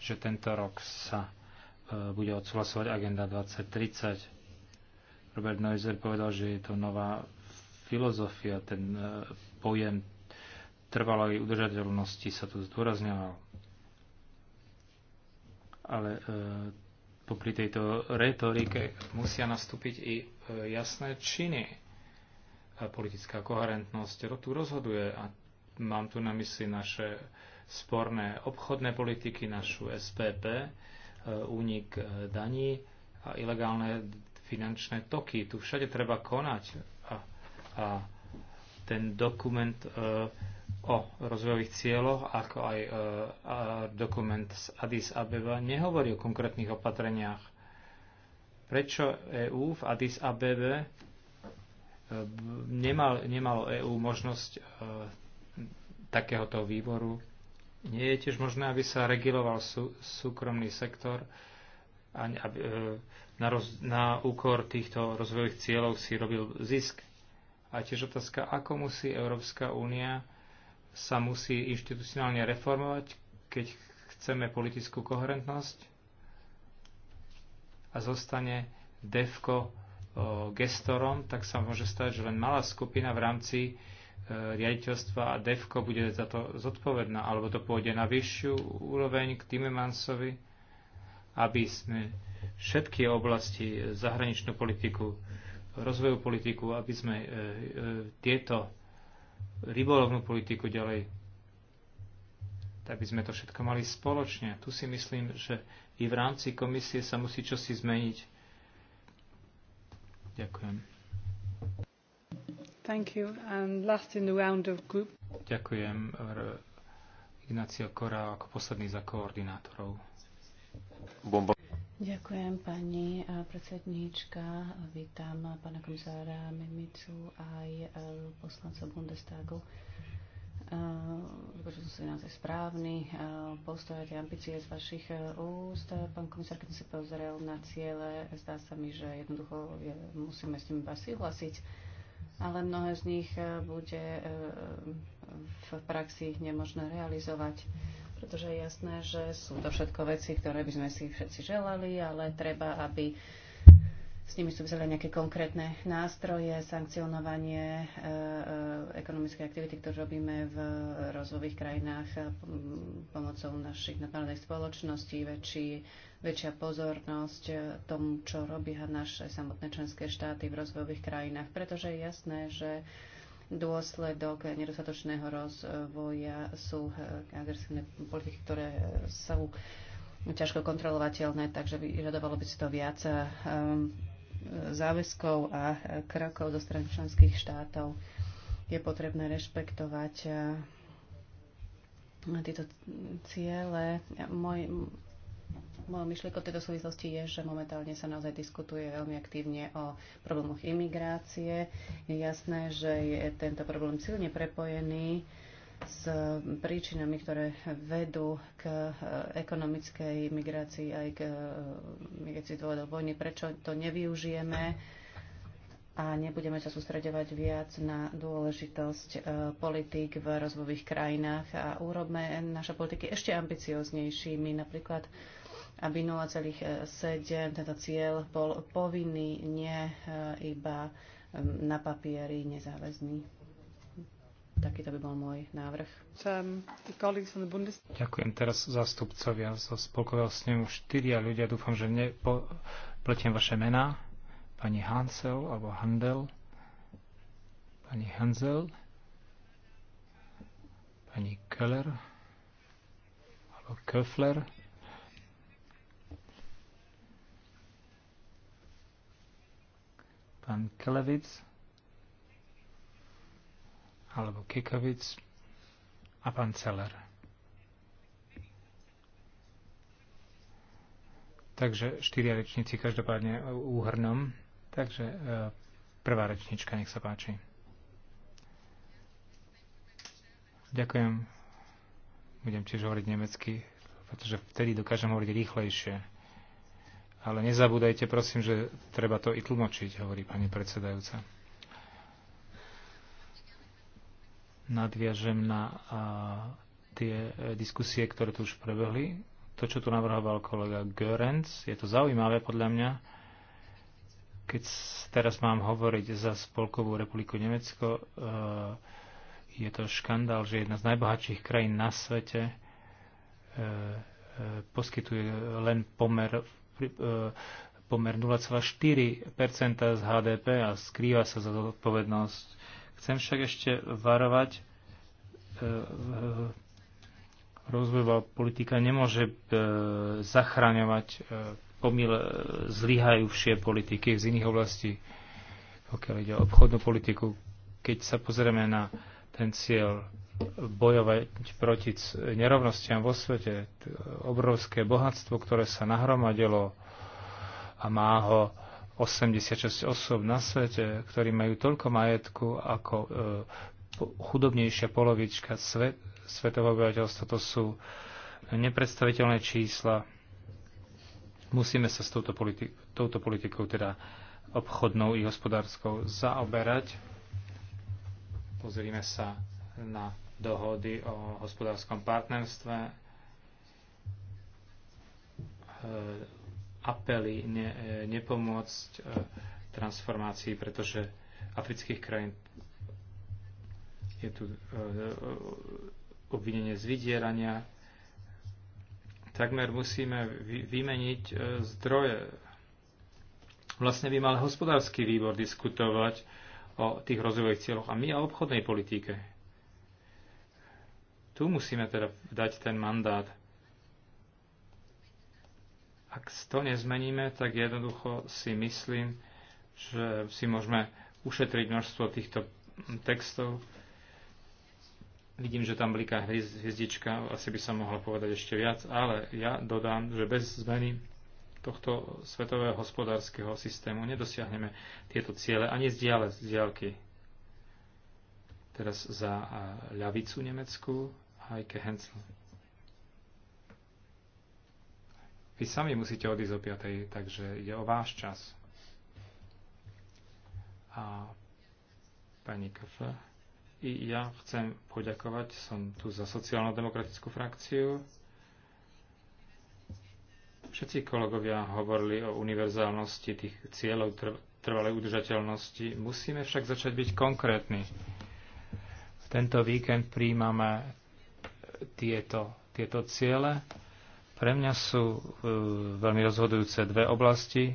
že tento rok sa e, bude odsúhlasovať Agenda 2030. Robert Neuser povedal, že je to nová filozofia, ten e, pojem trvalej udržateľnosti sa tu zdôrazňoval. Ale e, popri tejto retorike musia nastúpiť i e, jasné činy politická koherentnosť tu rozhoduje a mám tu na mysli naše sporné obchodné politiky, našu SPP, e, únik e, daní a ilegálne finančné toky. Tu všade treba konať a, a ten dokument e, o rozvojových cieľoch, ako aj dokument z Addis Abeba, nehovorí o konkrétnych opatreniach. Prečo EÚ v Addis Abebe Nemal, nemalo EÚ možnosť e, takéhoto výboru. Nie je tiež možné, aby sa reguloval sú, súkromný sektor a aby, e, na, roz, na úkor týchto rozvojových cieľov si robil zisk. A tiež otázka, ako musí Európska únia sa musí inštitucionálne reformovať, keď chceme politickú koherentnosť a zostane DEFCO gestorom, tak sa môže stať, že len malá skupina v rámci e, riaditeľstva a DEFCO bude za to zodpovedná, alebo to pôjde na vyššiu úroveň k Timemansovi, aby sme všetky oblasti, e, zahraničnú politiku, rozvojovú politiku, aby sme e, tieto rybolovnú politiku ďalej, aby sme to všetko mali spoločne. Tu si myslím, že i v rámci komisie sa musí čosi zmeniť Ďakujem. Thank you. And last in the round of group. Ďakujem Ignacio Kora ako posledný za koordinátorov. Bomba. Ďakujem pani predsedníčka. Vítam pána komisára Mimicu aj e, poslanca Bundestagu vypočul som si naozaj správny eh, postoj tie ambície z vašich eh, úst. Pán komisár, keď som si pozrel na ciele, zdá sa mi, že jednoducho je, musíme s nimi iba súhlasiť, ale mnohé z nich eh, bude v praxi nemožné realizovať, pretože je jasné, že sú to všetko veci, ktoré by sme si všetci želali, ale treba, aby s nimi sú vzali nejaké konkrétne nástroje, sankcionovanie e, e, ekonomickej aktivity, ktorú robíme v rozvojových krajinách e, pomocou našich nadnárodných spoločností, väčší, väčšia pozornosť e, tomu, čo robia naše samotné členské štáty v rozvojových krajinách, pretože je jasné, že dôsledok nedostatočného rozvoja sú e, agresívne politiky, ktoré sú ťažko kontrolovateľné, takže vyžadovalo by si to viac záväzkov a krokov zo strany členských štátov. Je potrebné rešpektovať eh, tieto ciele. Môj, Mojou o tejto súvislosti je, že momentálne sa naozaj diskutuje veľmi aktívne o problémoch imigrácie. Je jasné, že je tento problém silne prepojený s príčinami, ktoré vedú k eh, ekonomickej migrácii aj k eh, migrácii dôvodov vojny. Prečo to nevyužijeme a nebudeme sa sústredovať viac na dôležitosť eh, politík v rozvojových krajinách a urobme naše politiky ešte ambicioznejšími, napríklad aby 0,7, tento cieľ, bol povinný, nie iba na papieri nezáväzný to by bol môj návrh. Ďakujem teraz zástupcovia zo Spolkového snemu. Štyria ľudia, dúfam, že nepletiem vaše mená. Pani Hansel alebo Handel. Pani Hansel. Pani Keller. Alebo Köfler. Pán Kelevic alebo Kikovic a pán Celer. Takže štyria rečníci každopádne úhrnom. Takže e, prvá rečnička, nech sa páči. Ďakujem. Budem tiež hovoriť nemecky, pretože vtedy dokážem hovoriť rýchlejšie. Ale nezabúdajte, prosím, že treba to i tlmočiť, hovorí pani predsedajúca. nadviažem na tie e, diskusie, ktoré tu už prebehli. To, čo tu navrhoval kolega Görenc, je to zaujímavé podľa mňa. Keď teraz mám hovoriť za Spolkovú republiku Nemecko, e, je to škandál, že jedna z najbohatších krajín na svete e, poskytuje len pomer, pomer 0,4 z HDP a skrýva sa za zodpovednosť Chcem však ešte varovať, e, e, rozvojová politika nemôže e, zachraňovať pomil zlyhajúšie politiky z iných oblastí, pokiaľ ide o obchodnú politiku. Keď sa pozrieme na ten cieľ bojovať proti nerovnostiam vo svete, obrovské bohatstvo, ktoré sa nahromadilo a má ho 86 osôb na svete, ktorí majú toľko majetku ako e, chudobnejšia polovička svet, svetového obyvateľstva. To sú nepredstaviteľné čísla. Musíme sa s touto, politi- touto politikou, teda obchodnou i hospodárskou, zaoberať. Pozrime sa na dohody o hospodárskom partnerstve e, apely ne, e, nepomôcť e, transformácii, pretože afrických krajín je tu e, obvinenie z vydierania. Takmer musíme vymeniť zdroje. Vlastne by mal hospodársky výbor diskutovať o tých rozvojových cieľoch a my o obchodnej politike. Tu musíme teda dať ten mandát ak to nezmeníme, tak jednoducho si myslím, že si môžeme ušetriť množstvo týchto textov. Vidím, že tam bliká hviezdička, asi by sa mohla povedať ešte viac, ale ja dodám, že bez zmeny tohto svetového hospodárskeho systému nedosiahneme tieto ciele ani z, diálky. Teraz za ľavicu Nemecku Heike Hensel. Vy sami musíte odísť o 5, takže ide o váš čas. A pani Kafe, i ja chcem poďakovať, som tu za sociálno-demokratickú frakciu. Všetci kolegovia hovorili o univerzálnosti tých cieľov trvalej udržateľnosti. Musíme však začať byť konkrétni. Tento víkend príjmame tieto, tieto ciele pre mňa sú e, veľmi rozhodujúce dve oblasti.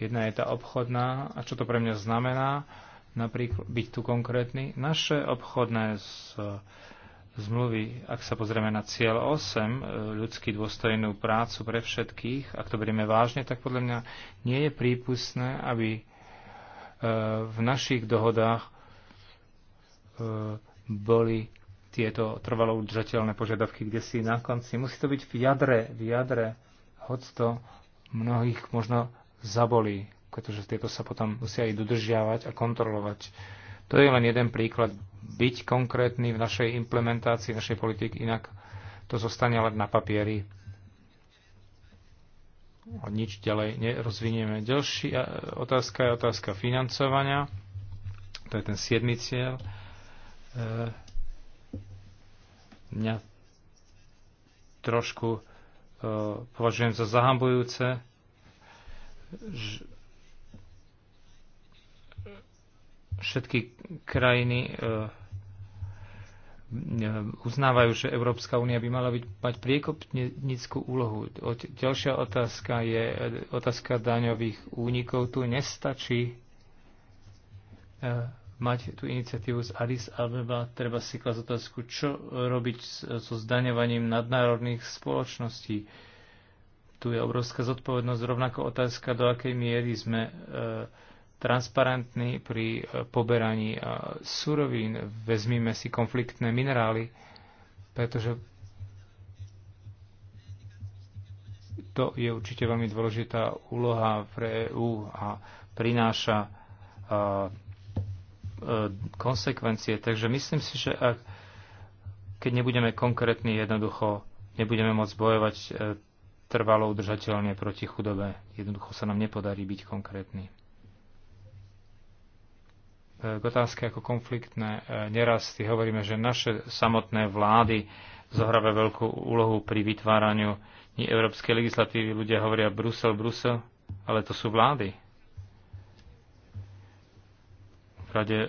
Jedna je tá obchodná a čo to pre mňa znamená, napríklad byť tu konkrétny. Naše obchodné e, zmluvy, ak sa pozrieme na cieľ 8, e, ľudský dôstojnú prácu pre všetkých, ak to berieme vážne, tak podľa mňa nie je prípustné, aby v našich dohodách boli tieto trvalo udržateľné požiadavky, kde si na konci. Musí to byť v jadre, v jadre, hoď to mnohých možno zabolí, pretože tieto sa potom musia aj dodržiavať a kontrolovať. To je len jeden príklad. Byť konkrétny v našej implementácii, našej politiky, inak to zostane len na papieri. A nič ďalej nerozvinieme. Ďalšia e, otázka je otázka financovania. To je ten siedmy cieľ. E Mňa trošku e, považujem za zahambujúce, že všetky krajiny e, e, uznávajú, že Európska únia by mala byť, mať priekopnickú úlohu. Ďalšia otázka je e, otázka daňových únikov. Tu nestačí e, mať tú iniciatívu z Addis Abeba, treba si klasť otázku, čo robiť so zdaňovaním nadnárodných spoločností. Tu je obrovská zodpovednosť, rovnako otázka, do akej miery sme e, transparentní pri e, poberaní e, surovín. Vezmíme si konfliktné minerály, pretože to je určite veľmi dôležitá úloha pre EÚ a prináša e, E, konsekvencie. Takže myslím si, že ak, keď nebudeme konkrétni, jednoducho nebudeme môcť bojovať e, trvalo udržateľne proti chudobe. Jednoducho sa nám nepodarí byť konkrétny. E, k otázke ako konfliktné nerasty hovoríme, že naše samotné vlády zohráva veľkú úlohu pri vytváraniu európskej legislatívy. Ľudia hovoria Brusel, Brusel, ale to sú vlády príklade e,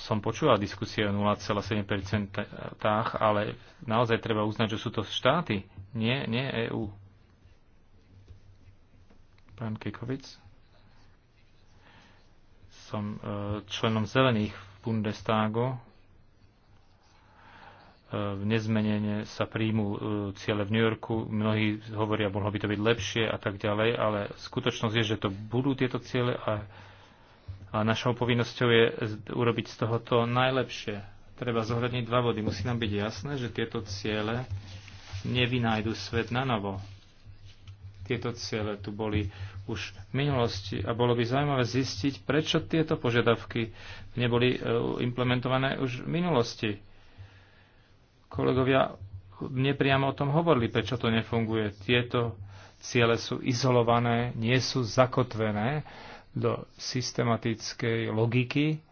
som počúval diskusie o 0,7%, ale naozaj treba uznať, že sú to štáty, nie, nie EÚ. Pán Kekovic. Som e, členom zelených v Bundestagu. E, v nezmenenie sa príjmu ciele v New Yorku. Mnohí hovoria, mohlo by to byť lepšie a tak ďalej, ale skutočnosť je, že to budú tieto ciele a a našou povinnosťou je urobiť z toho to najlepšie. Treba zohľadniť dva vody. Musí nám byť jasné, že tieto ciele nevynájdu svet na novo. Tieto ciele tu boli už v minulosti a bolo by zaujímavé zistiť, prečo tieto požiadavky neboli e, implementované už v minulosti. Kolegovia nepriamo o tom hovorili, prečo to nefunguje. Tieto ciele sú izolované, nie sú zakotvené do systematickej logiky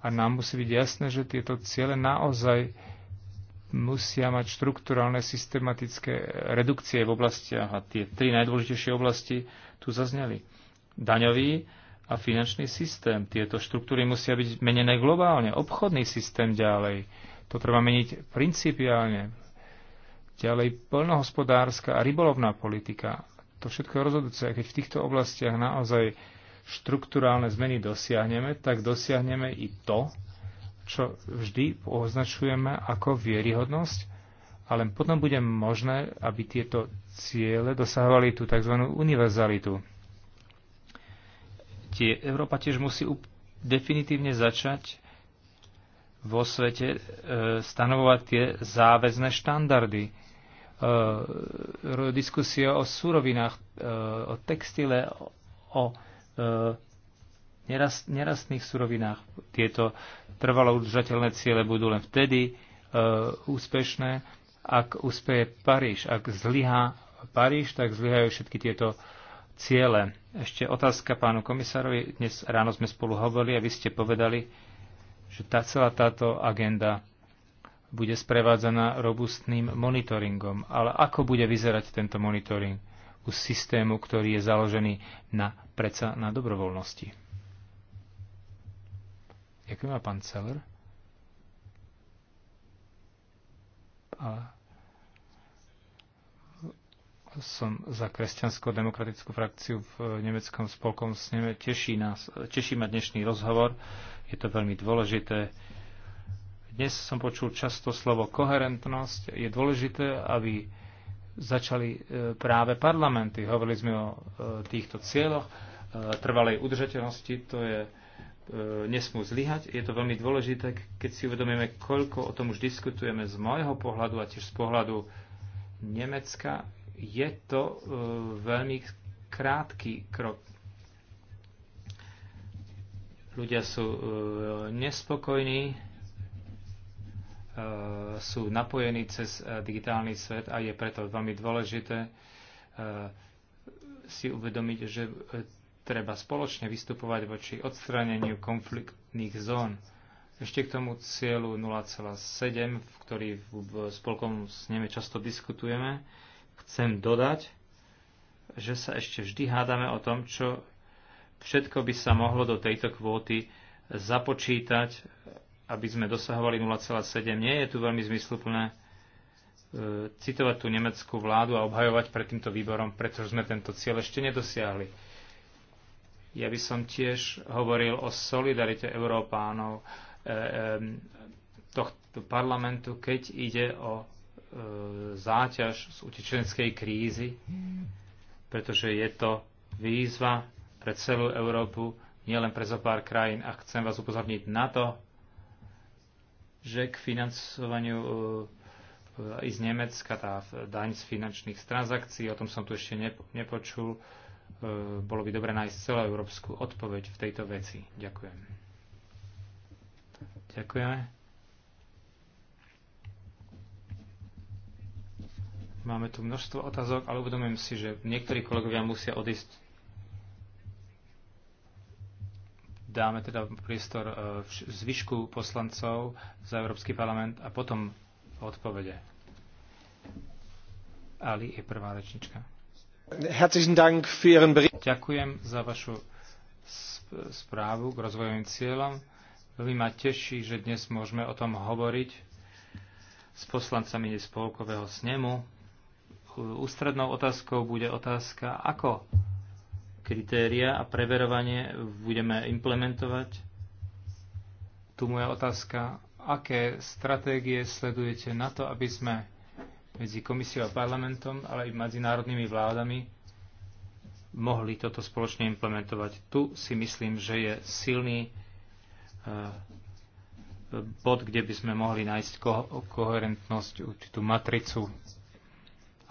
a nám musí byť jasné, že tieto ciele naozaj musia mať štruktúralne systematické redukcie v oblastiach a tie tri najdôležitejšie oblasti tu zazneli. Daňový a finančný systém. Tieto štruktúry musia byť menené globálne. Obchodný systém ďalej. To treba meniť principiálne. Ďalej poľnohospodárska a rybolovná politika. To všetko je rozhodujúce, keď v týchto oblastiach naozaj štruktúrálne zmeny dosiahneme, tak dosiahneme i to, čo vždy označujeme ako vieryhodnosť, ale potom bude možné, aby tieto ciele dosahovali tú tzv. univerzalitu. Tie, Európa tiež musí definitívne začať vo svete e, stanovovať tie záväzné štandardy. E, diskusie o surovinách, e, o textile, o, o Eh, nerastných surovinách. Tieto trvalo udržateľné ciele budú len vtedy eh, úspešné, ak úspeje Paríž. Ak zlyhá Paríž, tak zlyhajú všetky tieto ciele. Ešte otázka pánu komisárovi. Dnes ráno sme spolu hovorili a vy ste povedali, že tá celá táto agenda bude sprevádzaná robustným monitoringom. Ale ako bude vyzerať tento monitoring? u systému, ktorý je založený na, predsa na dobrovoľnosti. Ďakujem a pán Celer. A som za kresťansko-demokratickú frakciu v nemeckom spolkom sneme. Teší, nás, teší ma dnešný rozhovor. Je to veľmi dôležité. Dnes som počul často slovo koherentnosť. Je dôležité, aby začali e, práve parlamenty. Hovorili sme o e, týchto cieľoch e, trvalej udržateľnosti, to je nesmú zlyhať. Je to veľmi dôležité, keď si uvedomíme, koľko o tom už diskutujeme z môjho pohľadu a tiež z pohľadu Nemecka. Je to veľmi krátky krok. Ľudia sú nespokojní, Eh, sú napojení cez eh, digitálny svet a je preto veľmi dôležité eh, si uvedomiť, že treba spoločne vystupovať voči odstráneniu konfliktných zón. Ešte k tomu cieľu 0,7, v ktorý v spolkom s nimi často diskutujeme, chcem dodať, že sa ešte vždy hádame o tom, čo všetko by sa mohlo do tejto kvóty započítať aby sme dosahovali 0,7, nie je tu veľmi zmysluplné e, citovať tú nemeckú vládu a obhajovať pred týmto výborom, pretože sme tento cieľ ešte nedosiahli. Ja by som tiež hovoril o solidarite Európánov e, e, tohto parlamentu, keď ide o záťaž z utečenskej krízy, pretože je to výzva pre celú Európu, nielen pre zo pár krajín. A chcem vás upozorniť na to, že k financovaniu e, i z Nemecka, tá daň z finančných transakcií, o tom som tu ešte nepočul, e, bolo by dobre nájsť európsku odpoveď v tejto veci. Ďakujem. Ďakujeme. Máme tu množstvo otázok, ale uvedomujem si, že niektorí kolegovia musia odísť dáme teda priestor e, zvyšku poslancov za Európsky parlament a potom odpovede. Ali je prvá rečnička. Ďakujem za vašu správu k rozvojovým cieľom. Veľmi ma teší, že dnes môžeme o tom hovoriť s poslancami spolkového snemu. Ústrednou otázkou bude otázka, ako kritéria a preverovanie budeme implementovať. Tu moja otázka, aké stratégie sledujete na to, aby sme medzi komisiou a parlamentom, ale i medzinárodnými vládami mohli toto spoločne implementovať. Tu si myslím, že je silný eh, bod, kde by sme mohli nájsť ko- koherentnosť, určitú matricu,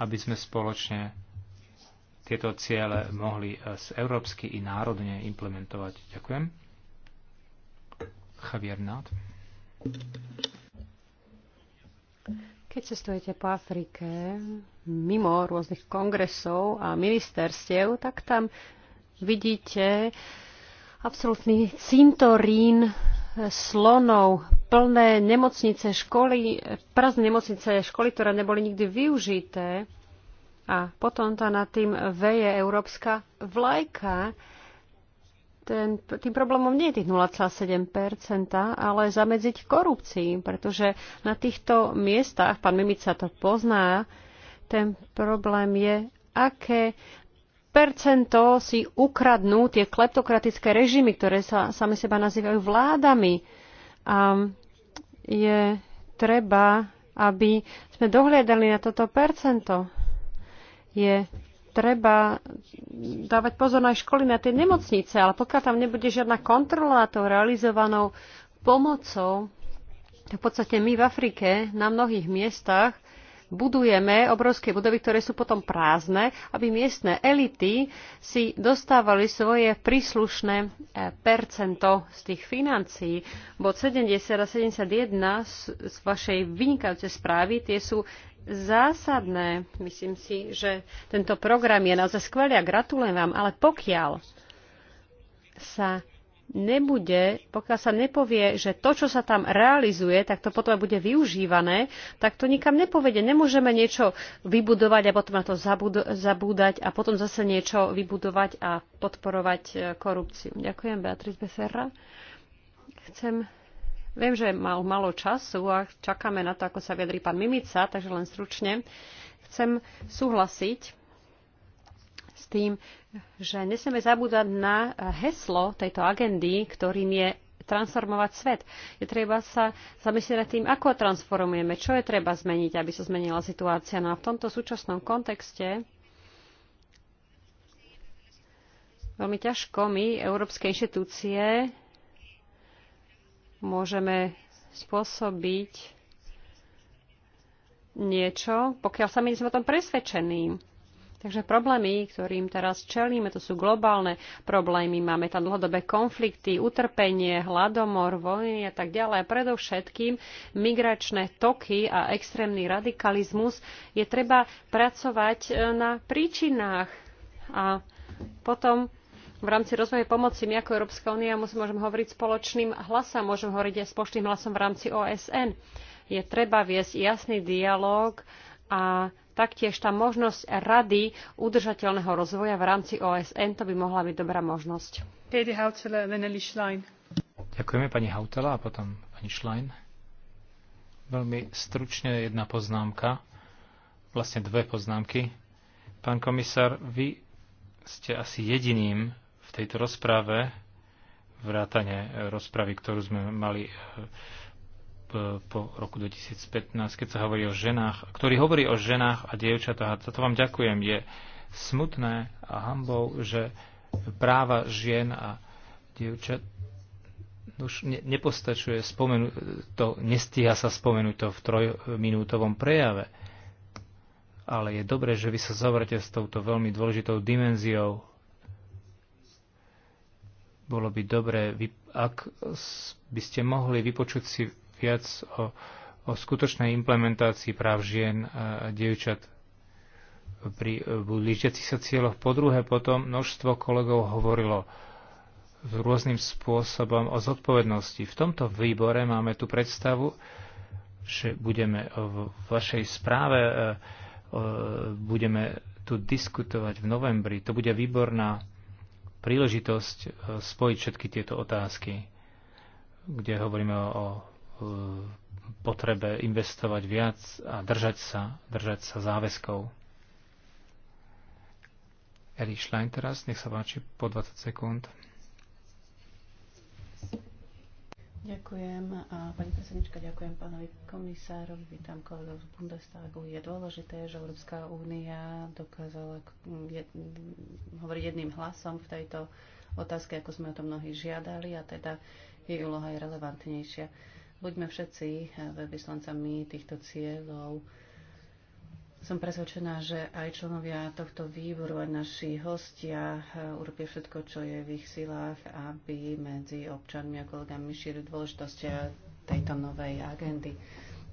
aby sme spoločne tieto ciele mohli z e, európsky i národne implementovať. Ďakujem. Javier Nát. Keď cestujete po Afrike, mimo rôznych kongresov a ministerstiev, tak tam vidíte absolútny cintorín slonov, plné nemocnice, školy, prázdne nemocnice, školy, ktoré neboli nikdy využité a potom tá nad tým veje európska vlajka. Ten, tým problémom nie je tých 0,7%, ale zamedziť korupcii, pretože na týchto miestach, pán Mimica to pozná, ten problém je, aké percento si ukradnú tie kleptokratické režimy, ktoré sa sami seba nazývajú vládami. A je treba, aby sme dohliadali na toto percento je treba dávať pozor na školy, na tie nemocnice, ale pokiaľ tam nebude žiadna kontrola tou realizovanou pomocou, tak v podstate my v Afrike na mnohých miestach budujeme obrovské budovy, ktoré sú potom prázdne, aby miestne elity si dostávali svoje príslušné e, percento z tých financií. Bod 70 a 71 z vašej vynikajúcej správy, tie sú zásadné. Myslím si, že tento program je naozaj skvelý a gratulujem vám, ale pokiaľ sa nebude, pokiaľ sa nepovie, že to, čo sa tam realizuje, tak to potom bude využívané, tak to nikam nepovede. Nemôžeme niečo vybudovať a potom na to zabúdať a potom zase niečo vybudovať a podporovať e, korupciu. Ďakujem, Beatrice Becerra. Chcem Viem, že mal malo času a čakáme na to, ako sa vyjadrí pán Mimica, takže len stručne chcem súhlasiť s tým, že nesmieme zabúdať na heslo tejto agendy, ktorým je transformovať svet. Je treba sa zamyslieť nad tým, ako transformujeme, čo je treba zmeniť, aby sa zmenila situácia. No a v tomto súčasnom kontexte veľmi ťažko my, európske inštitúcie, môžeme spôsobiť niečo, pokiaľ sa my sme o tom presvedčení. Takže problémy, ktorým teraz čelíme, to sú globálne problémy. Máme tam dlhodobé konflikty, utrpenie, hladomor, vojny a tak ďalej. A predovšetkým migračné toky a extrémny radikalizmus je treba pracovať e, na príčinách. A potom v rámci rozvojovej pomoci my ako Európska únia môžeme hovoriť spoločným hlasom, môžeme hovoriť aj spoločným hlasom v rámci OSN. Je treba viesť jasný dialóg a taktiež tá možnosť rady udržateľného rozvoja v rámci OSN, to by mohla byť dobrá možnosť. Ďakujeme pani Hautela a potom pani Schlein. Veľmi stručne jedna poznámka, vlastne dve poznámky. Pán komisár, vy ste asi jediným v tejto rozprave, vrátane rozpravy, ktorú sme mali eh, po roku 2015, keď sa hovorí o ženách, ktorý hovorí o ženách a dievčatách. A za to vám ďakujem. Je smutné a hambou, že práva žien a dievčat už nepostačuje spomenu, to, nestíha sa spomenúť to v trojminútovom prejave. Ale je dobré, že vy sa zavrete s touto veľmi dôležitou dimenziou bolo by dobré, ak by ste mohli vypočuť si viac o, o skutočnej implementácii práv žien a dievčat pri blížiacich e, sa cieľoch. Po druhé, potom množstvo kolegov hovorilo rôznym spôsobom o zodpovednosti. V tomto výbore máme tu predstavu, že budeme v vašej správe e, budeme tu diskutovať v novembri. To bude výborná príležitosť e, spojiť všetky tieto otázky, kde hovoríme o, o e, potrebe investovať viac a držať sa, držať sa záväzkov. Erich Schlein teraz, nech sa páči, po 20 sekúnd. Ďakujem. A pani predsednička, ďakujem pánovi komisárovi, vítam kolegov z Bundestagu. Je dôležité, že Európska únia dokázala jed, hovoriť jedným hlasom v tejto otázke, ako sme o to mnohí žiadali, a teda jej úloha je relevantnejšia. Buďme všetci eh, veľvyslancami týchto cieľov som presvedčená, že aj členovia tohto výboru, aj naši hostia eh, urobia všetko, čo je v ich silách, aby medzi občanmi a kolegami šírili dôležitosť tejto novej agendy.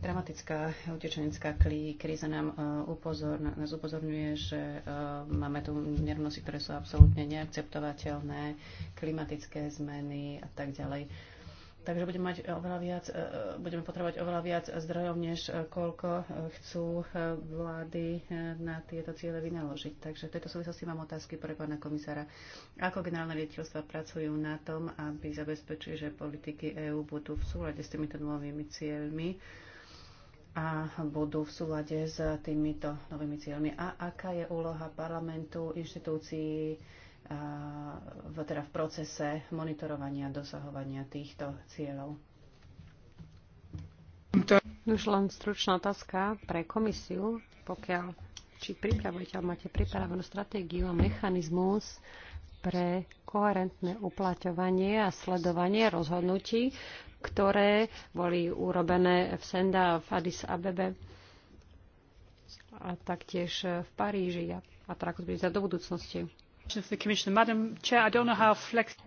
Dramatická utečenická kríza nám, eh, upozor, nás upozorňuje, že eh, máme tu nerovnosti, ktoré sú absolútne neakceptovateľné, klimatické zmeny a tak ďalej. Takže budeme, mať eh, oveľa viac, eh, eh, budeme potrebovať oveľa viac zdrojov, než koľko chcú vlády na tieto ciele vynaložiť. Takže v tejto súvislosti mám otázky pre pána komisára. Ako generálne riaditeľstva pracujú na tom, aby zabezpečili, že politiky EÚ budú v súlade s týmito novými cieľmi a budú v súlade s týmito novými cieľmi? A aká je úloha parlamentu, inštitúcií, v, teda v procese monitorovania a dosahovania týchto cieľov. No už len stručná otázka pre komisiu, pokiaľ či pripravujete, alebo máte pripravenú stratégiu a mechanizmus pre koherentné uplaťovanie a sledovanie rozhodnutí, ktoré boli urobené v Senda v Addis Abebe a taktiež v Paríži a teda za do budúcnosti.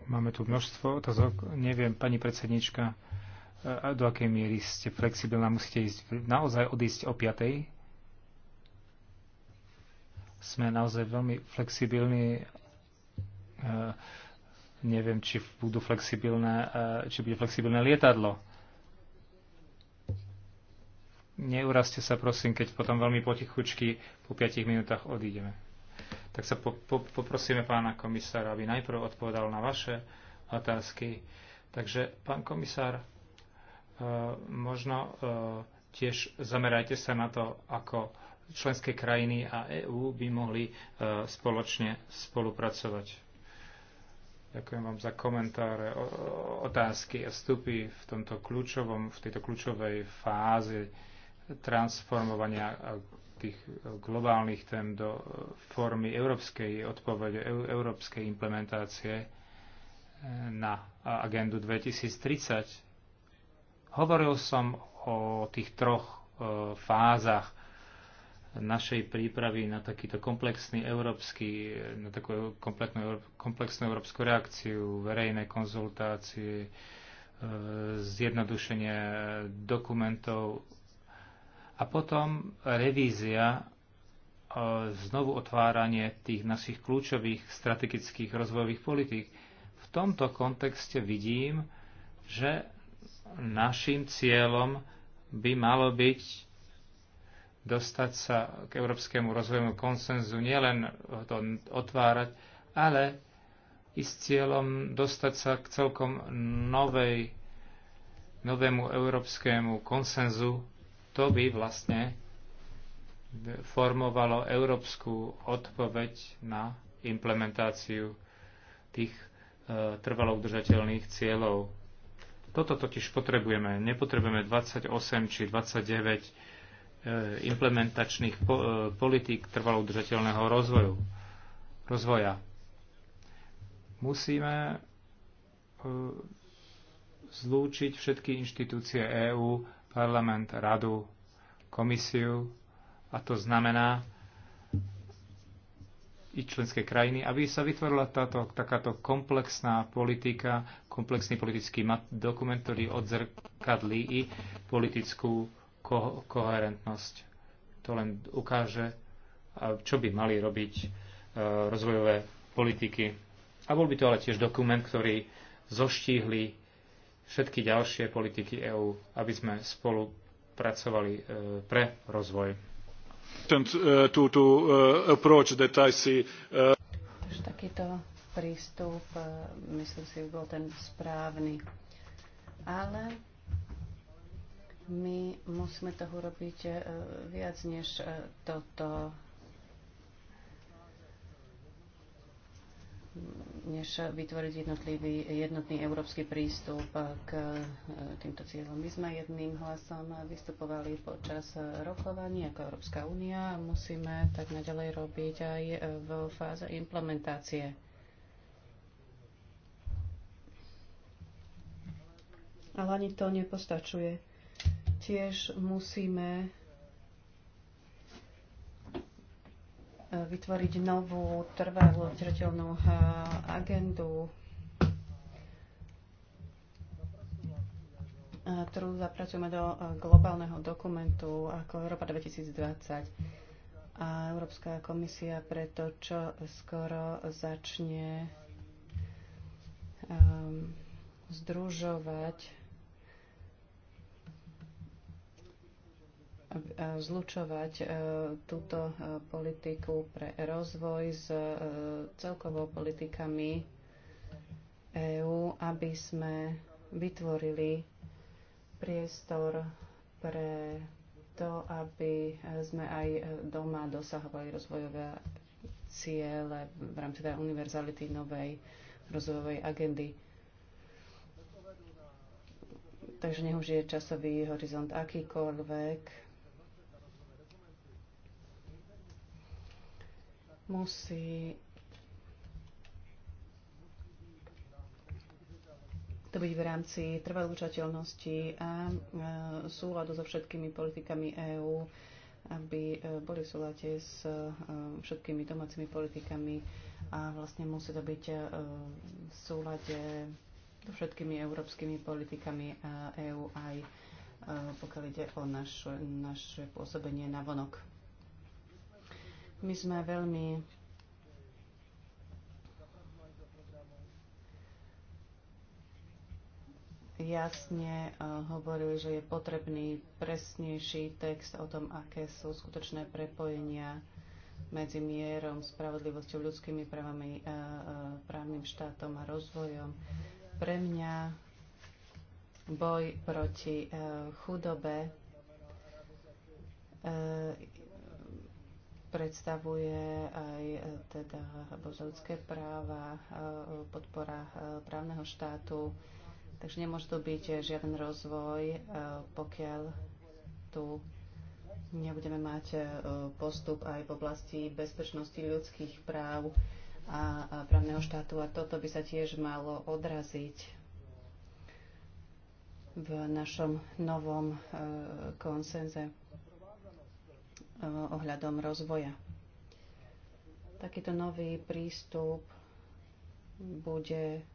Máme tu množstvo otázok. Neviem, pani predsednička, e, do akej miery ste flexibilná, musíte ísť, naozaj odísť o 5. Sme naozaj veľmi flexibilní. E, neviem, či, budú flexibilné, e, či bude flexibilné lietadlo. Neurazte sa, prosím, keď potom veľmi potichučky po 5 minútach odídeme tak sa po, po, poprosíme pána komisára, aby najprv odpovedal na vaše otázky. Takže, pán komisár, e, možno e, tiež zamerajte sa na to, ako členské krajiny a EÚ by mohli e, spoločne spolupracovať. Ďakujem vám za komentáre, otázky a vstupy v, tomto kľúčovom, v tejto kľúčovej fáze transformovania tých e, globálnych tém do e, formy európskej odpovede, e, európskej implementácie na agendu 2030. Hovoril som o tých troch fázach našej prípravy na takýto komplexný európsky, na takú kompletnú, komplexnú európsku reakciu, verejné konzultácie, zjednodušenie dokumentov, a potom revízia, e, znovu otváranie tých našich kľúčových strategických rozvojových politík. V tomto kontexte vidím, že našim cieľom by malo byť dostať sa k európskemu rozvojovému konsenzu, nielen to otvárať, ale i s cieľom dostať sa k celkom novej, novému európskemu konsenzu to by vlastne formovalo európsku odpoveď na implementáciu tých e, trvalo udržateľných cieľov. Toto totiž potrebujeme. Nepotrebujeme 28 či 29 e, implementačných e, politík trvalo udržateľného rozvoju, rozvoja. Musíme zlúčiť všetky inštitúcie EÚ parlament, radu, komisiu a to znamená i členské krajiny, aby sa vytvorila táto, takáto komplexná politika, komplexný politický dokument, ktorý odzrkadlí i politickú ko- koherentnosť. To len ukáže, čo by mali robiť e, rozvojové politiky. A bol by to ale tiež dokument, ktorý zoštíhli všetky ďalšie politiky EÚ, aby sme spolupracovali e, pre rozvoj. Takže e, e, takýto prístup, myslím si, bol ten správny. Ale my musíme toho robiť viac než toto než vytvoriť jednotlivý, jednotný európsky prístup k e, týmto cieľom. My sme jedným hlasom vystupovali počas rokovaní ako Európska únia a musíme tak naďalej robiť aj v fáze implementácie. Ale ani to nepostačuje. Tiež musíme vytvoriť novú trvalú udržateľnú eh, agendu, eh, ktorú zapracujeme do eh, globálneho dokumentu ako Európa 2020. A Európska komisia preto čo skoro začne um, združovať zlučovať e, túto e, politiku pre rozvoj s e, celkovou politikami EÚ, aby sme vytvorili priestor pre to, aby sme aj doma dosahovali rozvojové ciele v rámci teda univerzality novej rozvojovej agendy. Takže nech už je časový horizont akýkoľvek, musí to byť v rámci trvalúčateľnosti a e, súladu so všetkými politikami EÚ, aby e, boli v súlade s e, všetkými domácimi politikami a vlastne musí to byť v súlade so všetkými európskymi politikami EÚ aj pokiaľ ide o naše pôsobenie na vonok. My sme veľmi jasne eh, hovorili, že je potrebný presnejší text o tom, aké sú skutočné prepojenia medzi mierom, spravodlivosťou, ľudskými právami, eh, eh, právnym štátom a rozvojom. Pre mňa boj proti chudobe predstavuje aj e, teda ľudské práva, e, podpora e, právneho štátu. Takže nemôže to byť žiaden rozvoj, pokiaľ tu nebudeme mať postup aj v oblasti bezpečnosti ľudských práv a právneho štátu. A toto by sa tiež malo odraziť v našom novom konsenze. Eh, ohľadom rozvoja. Takýto nový prístup bude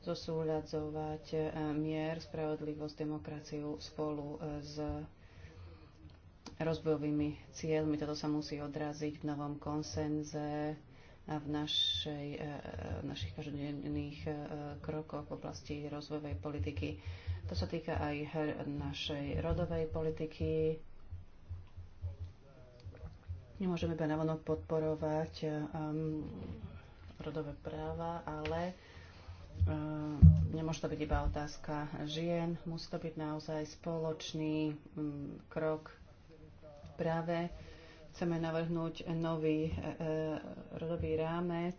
zosúľadzovať eh, mier, spravodlivosť, demokraciu spolu eh, s rozvojovými cieľmi. Toto sa musí odraziť v novom konsenze a v našej, našich každodenných krokoch v oblasti rozvojovej politiky. To sa týka aj našej rodovej politiky. Nemôžeme iba navonok podporovať eh, um, rodové práva, ale um, nemôže to byť iba otázka žien. Musí to byť naozaj spoločný um, krok práve chceme navrhnúť nový e, rodový rámec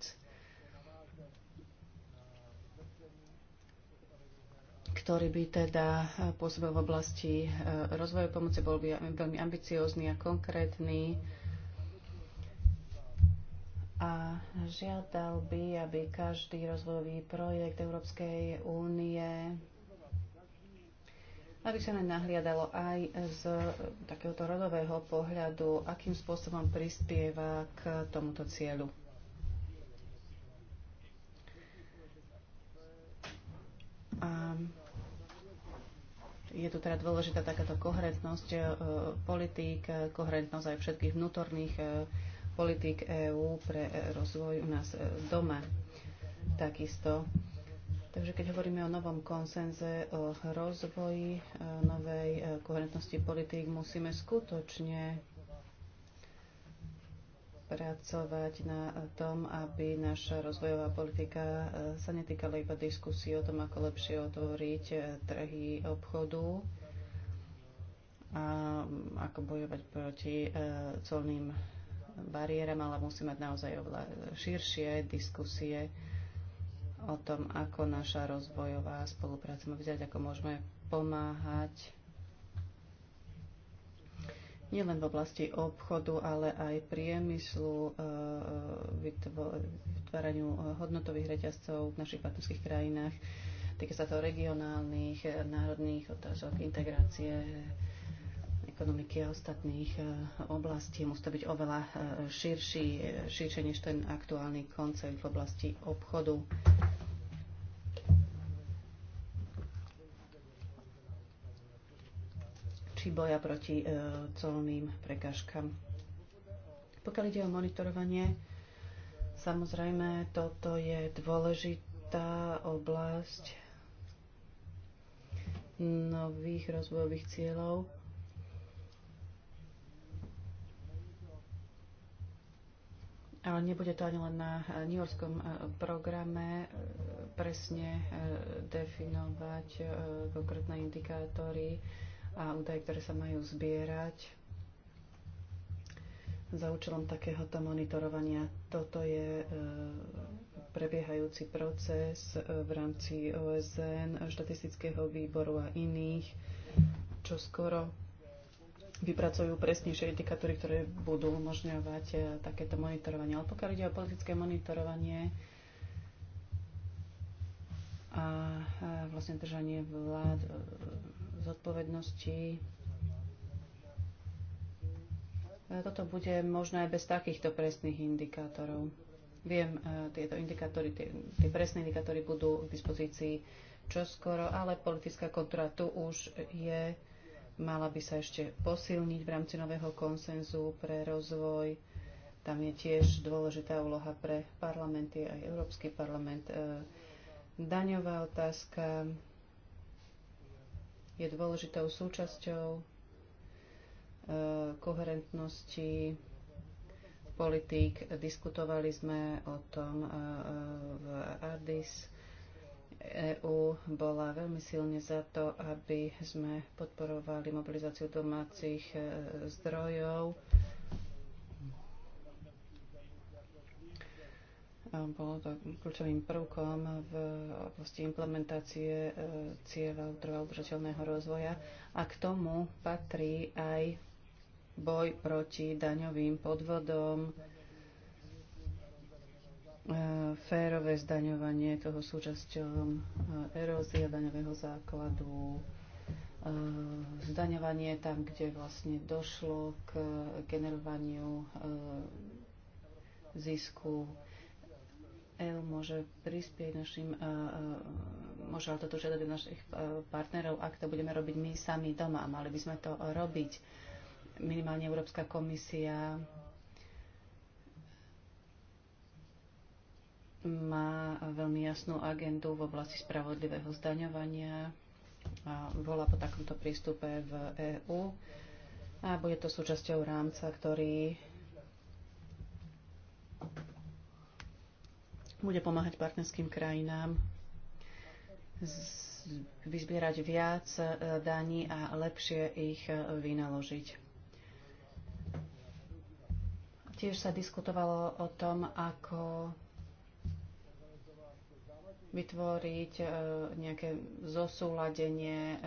ktorý by teda e, pôsobil v oblasti e, rozvoja pomoci, bol by veľmi ambiciózny a konkrétny a žiadal by, aby každý rozvojový projekt Európskej únie aby sa nahliadalo aj z takéhoto rodového pohľadu, akým spôsobom prispieva k tomuto cieľu. A je tu teda dôležitá takáto koherentnosť e, politík, e, koherentnosť aj všetkých vnútorných e, politík EÚ pre rozvoj u nás doma. Takisto Takže keď hovoríme o novom konsenze, o rozvoji novej koherentnosti politík, musíme skutočne pracovať na tom, aby naša rozvojová politika eh, sa netýkala iba diskusí o tom, ako lepšie otvoriť eh, trhy obchodu a mm, ako bojovať proti eh, colným bariéram, ale musí mať naozaj oveľa širšie diskusie o tom, ako naša rozvojová spolupráca má vyzerať, ako môžeme pomáhať nielen v oblasti obchodu, ale aj priemyslu, e, e, vytváraniu e, hodnotových reťazcov v našich partnerských krajinách. Týka sa to regionálnych, národných otázok, integrácie ekonomiky a ostatných oblastí. Musí to byť oveľa širší, širšie než ten aktuálny koncept v oblasti obchodu. či boja proti e, colným prekážkam. Pokiaľ ide o monitorovanie, samozrejme toto je dôležitá oblasť nových rozvojových cieľov. Ale nebude to ani len na New Yorkskom e, programe e, presne definovať konkrétne indikátory a údaje, ktoré sa majú zbierať za účelom takéhoto monitorovania. Toto je e, prebiehajúci proces e, v rámci OSN, štatistického výboru a iných, čo skoro vypracujú presnejšie indikátory, ktoré budú umožňovať e, takéto monitorovanie. Ale pokiaľ ide o politické monitorovanie a vlastne držanie vlád zodpovednosti. Toto bude možné aj bez takýchto presných indikátorov. Viem, e, tieto indikátory, tie, tie presné indikátory budú k dispozícii čoskoro, ale politická kontra tu už je. Mala by sa ešte posilniť v rámci nového konsenzu pre rozvoj. Tam je tiež dôležitá úloha pre parlamenty, aj Európsky parlament. E, daňová otázka, je dôležitou súčasťou e, koherentnosti politík. Diskutovali sme o tom e, v Addis. EÚ bola veľmi silne za to, aby sme podporovali mobilizáciu domácich e, zdrojov Ehm, bolo to kľúčovým prvkom v oblasti implementácie ehm, cieľov trvalo udržateľného rozvoja a k tomu patrí aj boj proti daňovým podvodom, ehm, férové zdaňovanie toho súčasťom, erózia daňového základu, zdaňovanie tam, kde vlastne došlo k generovaniu zisku EÚ môže prispieť našim, e, e, môže ale toto žiadať od našich e, partnerov, ak to budeme robiť my sami doma. Mali by sme to robiť. Minimálne Európska komisia má veľmi jasnú agendu v oblasti spravodlivého zdaňovania a volá po takomto prístupe v EÚ a bude to súčasťou rámca, ktorý bude pomáhať partnerským krajinám vyzbierať viac e, daní a lepšie ich e, vynaložiť. Tiež sa diskutovalo o tom, ako vytvoriť e, nejaké zosúladenie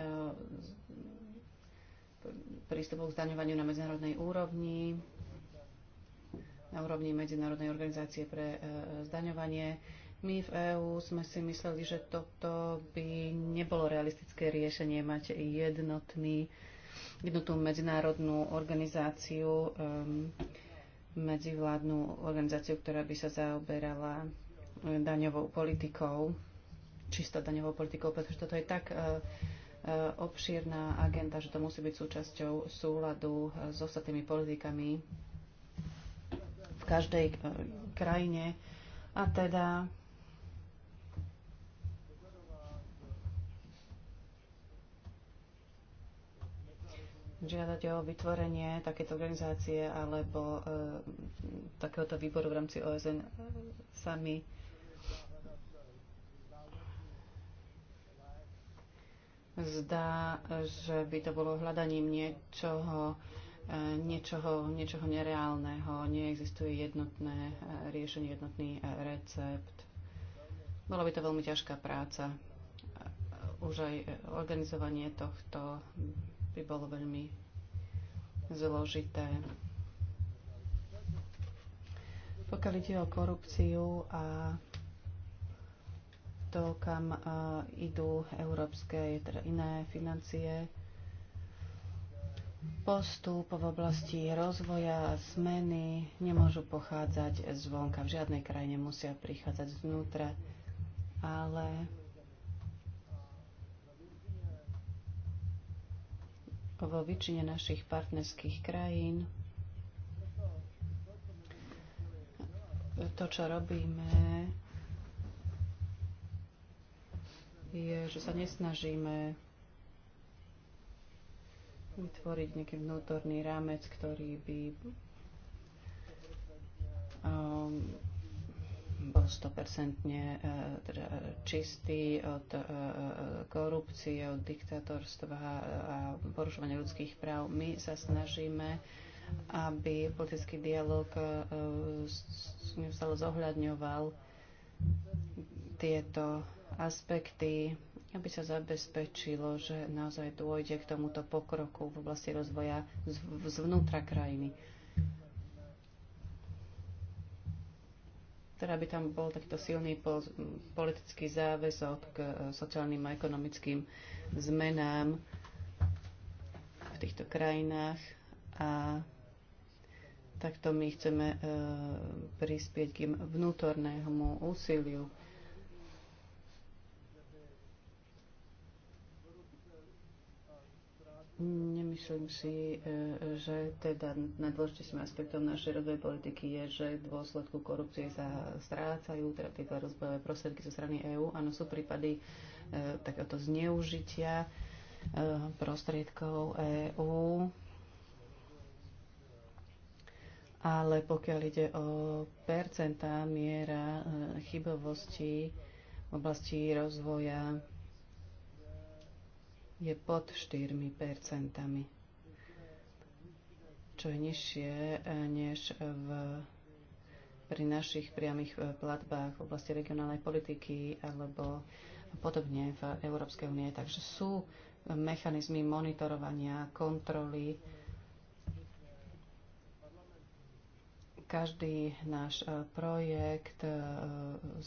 prístupu k zdaňovaniu na medzinárodnej úrovni na úrovni Medzinárodnej organizácie pre e, zdaňovanie. My v EÚ sme si mysleli, že toto by nebolo realistické riešenie mať jednotný, jednotnú medzinárodnú organizáciu, um, medzivládnu organizáciu, ktorá by sa zaoberala e, daňovou politikou, čisto daňovou politikou, pretože toto je tak uh, obšírna agenda, že to musí byť súčasťou súladu s ostatnými politikami v každej e, krajine. A teda žiadať o vytvorenie takéto organizácie alebo e, takéhoto výboru v rámci OSN e, sami. Zdá, že by to bolo hľadaním niečoho, E, niečoho, niečoho nereálneho, neexistuje jednotné e, riešenie, jednotný e, recept. Bola by to veľmi ťažká práca. Už aj organizovanie tohto by bolo veľmi zložité. Pokiaľ ide o korupciu a to, kam idú európske, teda iné financie, postup v oblasti rozvoja a zmeny nemôžu pochádzať zvonka. V žiadnej krajine musia prichádzať zvnútra, ale vo väčšine našich partnerských krajín to, čo robíme, je, že sa nesnažíme vytvoriť nejaký vnútorný rámec, ktorý by um, bol 100% e, teda, čistý od e, e, korupcie, od diktatorstva a porušovania ľudských práv. My sa snažíme, aby politický dialog neustále zohľadňoval tieto aspekty aby sa zabezpečilo, že naozaj dôjde k tomuto pokroku v oblasti rozvoja zvnútra krajiny. Teda by tam bol takýto silný politický záväzok k e, sociálnym a ekonomickým zmenám v týchto krajinách a takto my chceme e, prispieť k vnútornému úsiliu Nemyslím si, e, že teda najdôležitejším aspektom našej rozvoj politiky je, že v dôsledku korupcie sa strácajú teda tieto rozvojové prostriedky zo strany EÚ. Áno, sú prípady e, takéhoto zneužitia e, prostriedkov EÚ. Ale pokiaľ ide o percentá miera chybovosti v oblasti rozvoja je pod 4 percentami, čo je nižšie eh, než v, pri našich priamých eh, platbách v oblasti regionálnej politiky alebo podobne v Európskej únie. Takže sú mechanizmy monitorovania, kontroly. Každý náš eh, projekt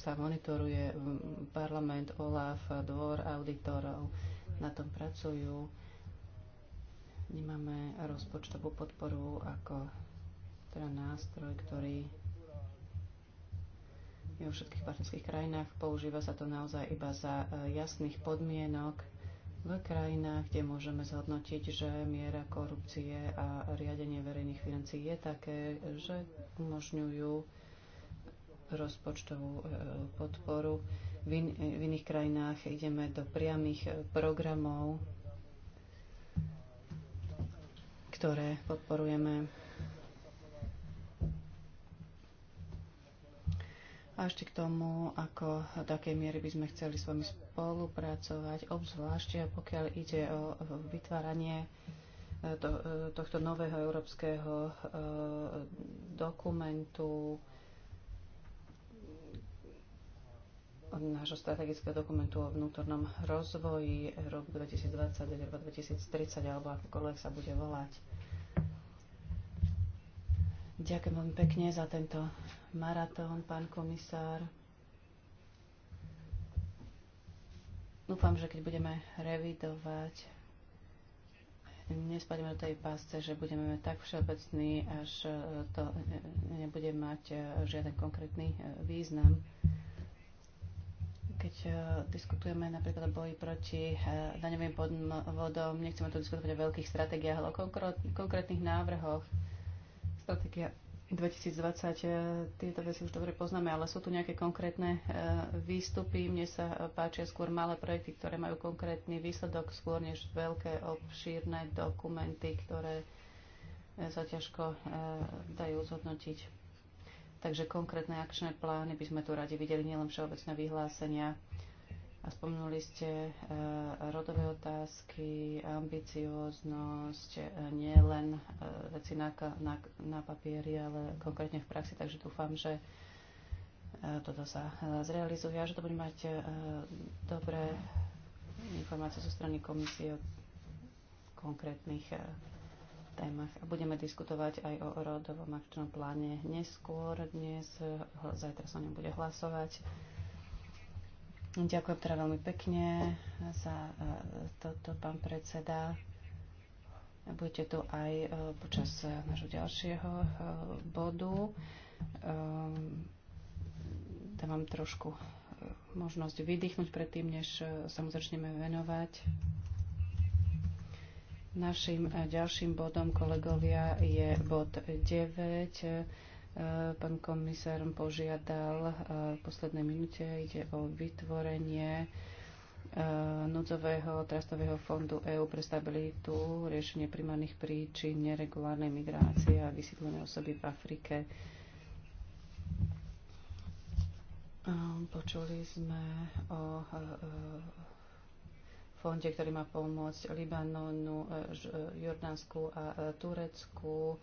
sa monitoruje mm, parlament, OLAF, dvor auditorov na tom pracujú. Nemáme rozpočtovú podporu ako teda nástroj, ktorý je vo všetkých partnerských krajinách. Používa sa to naozaj iba za e, jasných podmienok v krajinách, kde môžeme zhodnotiť, že miera korupcie a riadenie verejných financií je také, že umožňujú rozpočtovú e, podporu. V, in, v iných krajinách ideme do priamých eh, programov, ktoré podporujeme. A ešte k tomu, ako v eh, takej miery by sme chceli s vami spolupracovať, obzvlášť eh, pokiaľ ide o vytváranie to, tohto nového európskeho dokumentu nášho strategického dokumentu o vnútornom rozvoji rok 2020, rok 2030 alebo akokoľvek sa bude volať. Ďakujem veľmi pekne za tento maratón, pán komisár. Dúfam, že keď budeme revidovať, nespademe do tej pásce, že budeme tak všeobecní, až to nebude mať eh, žiaden konkrétny eh, význam. Keď e, diskutujeme napríklad o boji proti e, daňovým podvodom, nechceme tu diskutovať o veľkých stratégiách, ale o konkrétnych návrhoch. Stratégia 2020, e, tieto veci už dobre poznáme, ale sú tu nejaké konkrétne výstupy. Mne sa páčia skôr malé projekty, ktoré majú konkrétny výsledok, skôr než veľké obšírne dokumenty, ktoré sa ťažko dajú zhodnotiť. Takže konkrétne akčné plány by sme tu radi videli, nielen všeobecné vyhlásenia. A spomenuli ste e, rodové otázky, ambicióznosť, e, nielen e, veci na, na, na papieri, ale konkrétne v praxi. Takže dúfam, že toto sa zrealizuje a že to bude mať dobré informácie zo strany komisie o konkrétnych témach. A budeme diskutovať aj o rodovom akčnom pláne neskôr dnes. Zajtra sa ňom bude hlasovať. Ďakujem teda veľmi pekne za e, toto, pán predseda. Budete tu aj e, počas e, nášho ďalšieho bodu. Ehm, vám trošku možnosť vydýchnuť predtým, než sa mu začneme venovať. Našim e, ďalším bodom, kolegovia, je bod 9. E, pán komisár požiadal e, v poslednej minúte, ide o vytvorenie núdzového trastového fondu EÚ pre stabilitu, riešenie primárnych príčin neregulárnej migrácie a vysídlené osoby v Afrike. Ehm, počuli sme o fonde, ktorý má pomôcť Libanonu, e, e, Jordánsku a e, Turecku.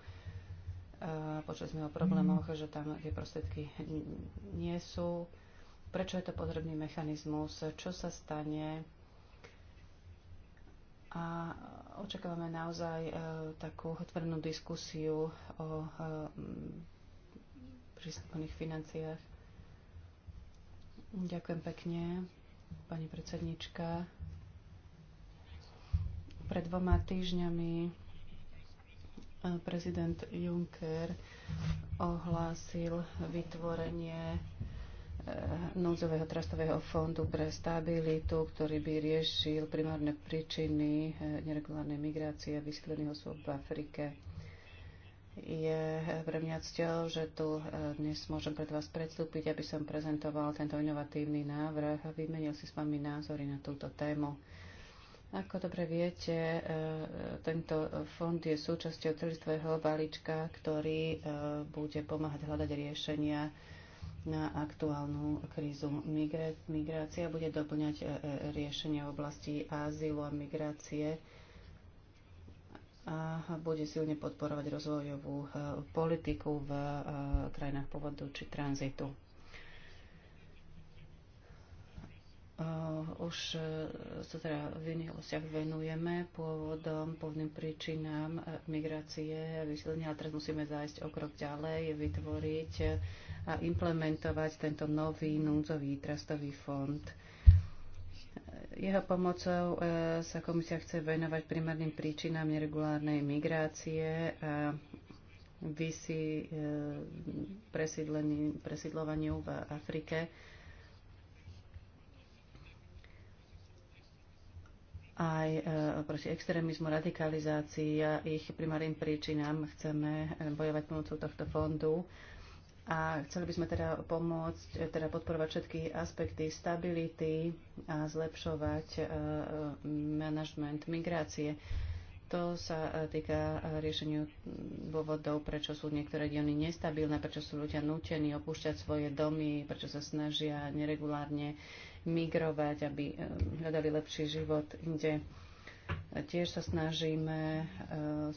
Počuli sme o problémoch, mhm. že tam tie prostriedky nie sú. Prečo je to potrebný mechanizmus? Čo sa stane? A očakávame naozaj takú otvorenú diskusiu o prístupných financiách. Ďakujem pekne, pani predsednička. Pred dvoma týždňami e, prezident Juncker ohlásil vytvorenie e, núdzového trastového fondu pre stabilitu, ktorý by riešil primárne príčiny e, neregulárnej migrácie a vysídlených osôb v Afrike. Je pre mňa cťou, že tu dnes môžem pred vás predstúpiť, aby som prezentoval tento inovatívny návrh a vymenil si s vami názory na túto tému. Ako dobre viete, e, e, tento fond je súčasťou celistvého balíčka, ktorý e, bude pomáhať hľadať riešenia na aktuálnu krízu. Migrácia bude doplňať riešenia v oblasti azylu a migrácie a bude silne podporovať rozvojovú politiku v krajinách povodu či tranzitu. už e, sa teda v iných oblastiach venujeme pôvodom, pôvodným príčinám e, migrácie, vysídlenia a teraz musíme zájsť o krok ďalej, vytvoriť a implementovať tento nový núdzový trastový fond. Jeho pomocou e, sa komisia chce venovať primárnym príčinám neregulárnej migrácie a vysi presídlovaniu v Afrike aj e, proti extrémizmu, radikalizácii a ich primárnym príčinám chceme e, bojovať pomocou tohto fondu. A chceli by sme teda pomôcť, e, teda podporovať všetky aspekty stability a zlepšovať manažment migrácie. To sa týka riešeniu dôvodov, prečo sú niektoré regióny nestabilné, prečo sú ľudia nútení opúšťať svoje domy, prečo sa snažia neregulárne migrovať, aby eh, hľadali lepší život inde. Tiež sa snažíme eh,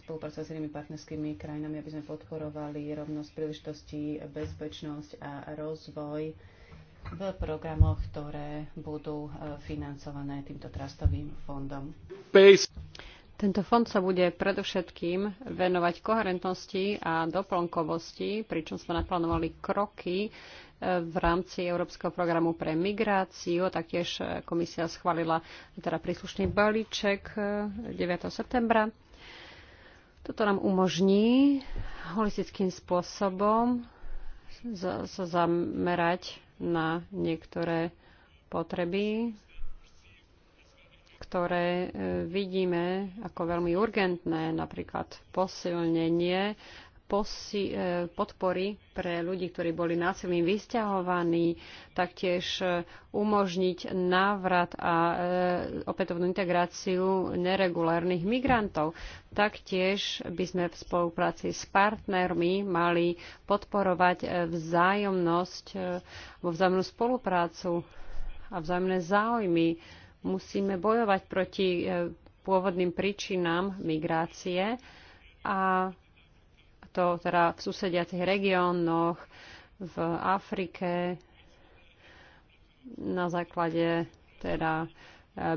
spolupracovať s inými partnerskými krajinami, aby sme podporovali rovnosť príležitostí, bezpečnosť a rozvoj v programoch, ktoré budú eh, financované týmto trastovým fondom. Peace. Tento fond sa bude predovšetkým venovať koherentnosti a doplnkovosti, pričom sme naplánovali kroky, v rámci Európskeho programu pre migráciu. Taktiež komisia schválila teda príslušný balíček 9. Eh, septembra. Toto nám umožní holistickým spôsobom sa zamerať na niektoré potreby, ktoré eh, vidíme ako veľmi urgentné, napríklad posilnenie posi, e, podpory pre ľudí, ktorí boli násilným vysťahovaní, taktiež e, umožniť návrat a e, opätovnú integráciu neregulárnych migrantov. Taktiež by sme v spolupráci s partnermi mali podporovať vzájomnosť, vo vzájomnú spoluprácu a vzájomné záujmy. Musíme bojovať proti pôvodným príčinám migrácie a konfliktov, teda v susediacich regiónoch, v Afrike, na základe teda e,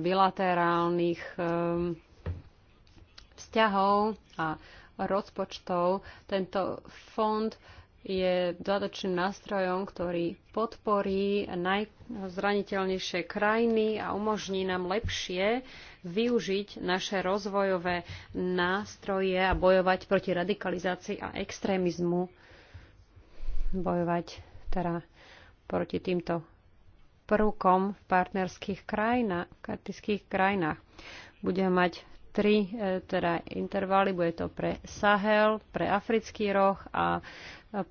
bilaterálnych e, vzťahov a rozpočtov. Tento fond je dodatočným nástrojom, ktorý podporí najzraniteľnejšie krajiny a umožní nám lepšie využiť naše rozvojové nástroje a bojovať proti radikalizácii a extrémizmu. Bojovať teda proti týmto prvkom v partnerských krajinách, krajinách. Budeme mať tri e, teda intervaly, bude to pre Sahel, pre Africký roh a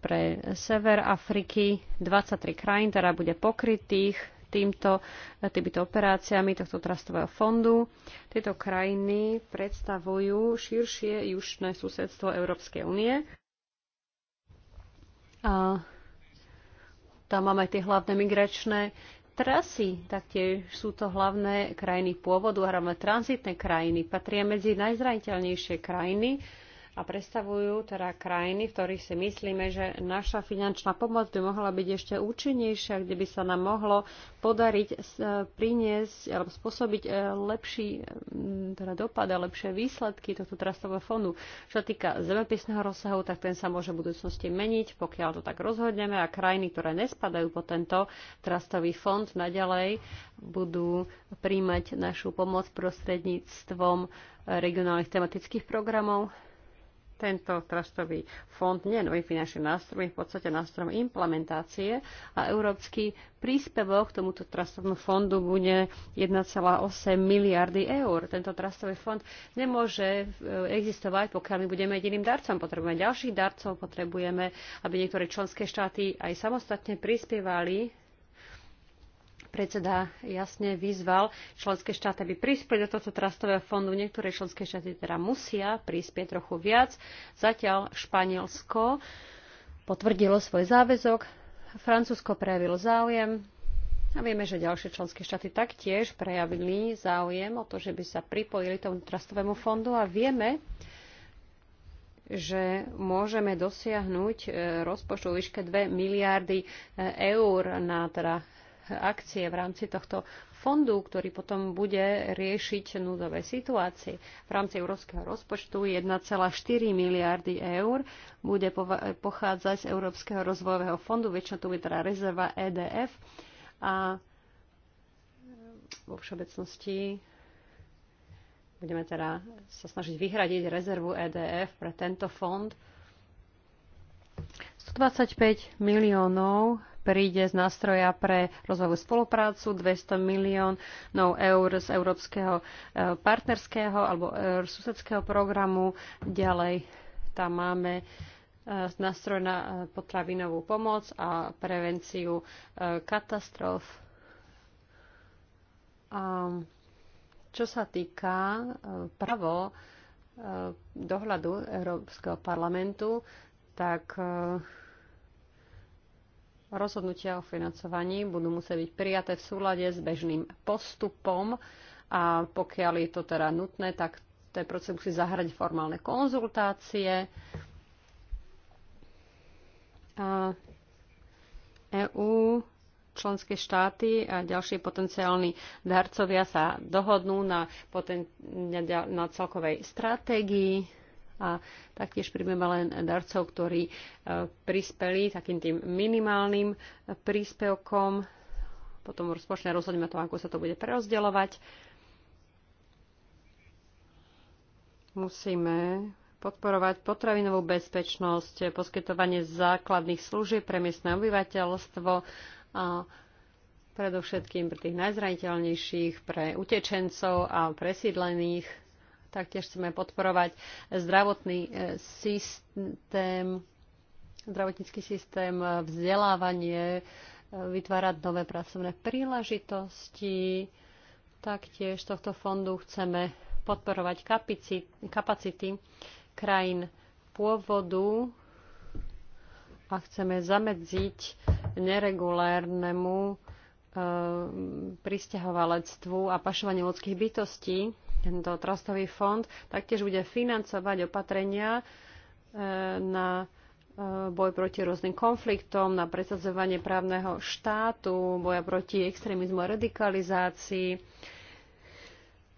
pre Sever Afriky. 23 krajín teda bude pokrytých týmto, e, týmito operáciami tohto trastového fondu. Tieto krajiny predstavujú širšie južné susedstvo Európskej únie. A tam máme tie hlavné migračné trasy. Taktiež sú to hlavné krajiny pôvodu, hlavné tranzitné krajiny. Patria medzi najzraniteľnejšie krajiny a predstavujú teda krajiny, v ktorých si myslíme, že naša finančná pomoc by mohla byť ešte účinnejšia, kde by sa nám mohlo podariť e, priniesť alebo spôsobiť e, lepší teda dopad a lepšie výsledky tohto trastového fondu. Čo sa týka zemepisného rozsahu, tak ten sa môže v budúcnosti meniť, pokiaľ to tak rozhodneme a krajiny, ktoré nespadajú po tento trastový fond, naďalej budú príjmať našu pomoc prostredníctvom regionálnych tematických programov tento trastový fond nie je nový finančný nástroj, je v podstate nástrojom implementácie a európsky príspevok k tomuto trastovnému fondu bude 1,8 miliardy eur. Tento trastový fond nemôže e, existovať, pokiaľ my budeme jediným darcom. Potrebujeme ďalších darcov, potrebujeme, aby niektoré členské štáty aj samostatne prispievali Predseda jasne vyzval členské štáty, aby prispeli do tohto trastového fondu. Niektoré členské štáty teda musia prispieť trochu viac. Zatiaľ Španielsko potvrdilo svoj záväzok, Francúzsko prejavilo záujem, a vieme, že ďalšie členské štáty taktiež prejavili záujem o to, že by sa pripojili tomu trastovému fondu a vieme, že môžeme dosiahnuť e, rozpočtu výške 2 miliardy e, eur na teda akcie v rámci tohto fondu, ktorý potom bude riešiť núdzové situácie. V rámci európskeho rozpočtu 1,4 miliardy eur bude pochádzať z Európskeho rozvojového fondu, väčšina tu je teda rezerva EDF a vo všeobecnosti budeme teda sa snažiť vyhradiť rezervu EDF pre tento fond. 125 miliónov príde z nástroja pre rozvojovú spoluprácu 200 miliónov eur z Európskeho e, partnerského alebo e, susedského programu. Ďalej tam máme e, nástroj na potravinovú pomoc a prevenciu katastrof. A čo sa týka právo dohľadu Európskeho parlamentu, tak Rozhodnutia o financovaní budú musieť byť prijaté v súlade s bežným postupom a pokiaľ je to teda nutné, tak ten proces musí zahrať formálne konzultácie. A EÚ, členské štáty a ďalší potenciálni darcovia sa dohodnú na, poten- na celkovej stratégii a taktiež príjmeme len darcov, ktorí e, prispeli takým tým minimálnym e, príspevkom. Potom rozpočne rozhodneme to, ako sa to bude prerozdeľovať. Musíme podporovať potravinovú bezpečnosť, poskytovanie základných služieb pre miestne obyvateľstvo a predovšetkým pre tých najzraniteľnejších, pre utečencov a presídlených Taktiež chceme podporovať zdravotný e, systém, zdravotnícky systém, e, vzdelávanie, e, vytvárať nové pracovné príležitosti. Taktiež tohto fondu chceme podporovať kapacity, kapacity krajín pôvodu a chceme zamedziť neregulárnemu e, pristahovalectvu a pašovaniu ľudských bytostí tento trastový fond taktiež bude financovať opatrenia e, na e, boj proti rôznym konfliktom, na presadzovanie právneho štátu, boja proti extrémizmu a radikalizácii.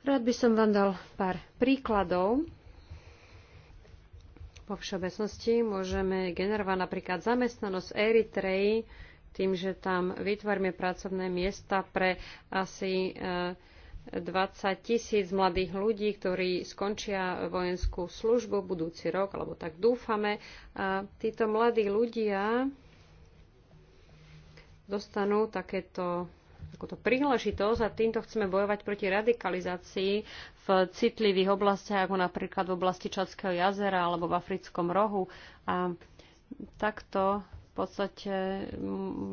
Rád by som vám dal pár príkladov. Po všeobecnosti môžeme generovať napríklad zamestnanosť Eritreji tým, že tam vytvoríme pracovné miesta pre asi e, 20 tisíc mladých ľudí, ktorí skončia vojenskú službu budúci rok, alebo tak dúfame. A títo mladí ľudia dostanú takéto takúto príležitosť a týmto chceme bojovať proti radikalizácii v citlivých oblastiach, ako napríklad v oblasti Čadského jazera alebo v Africkom rohu. A takto podstate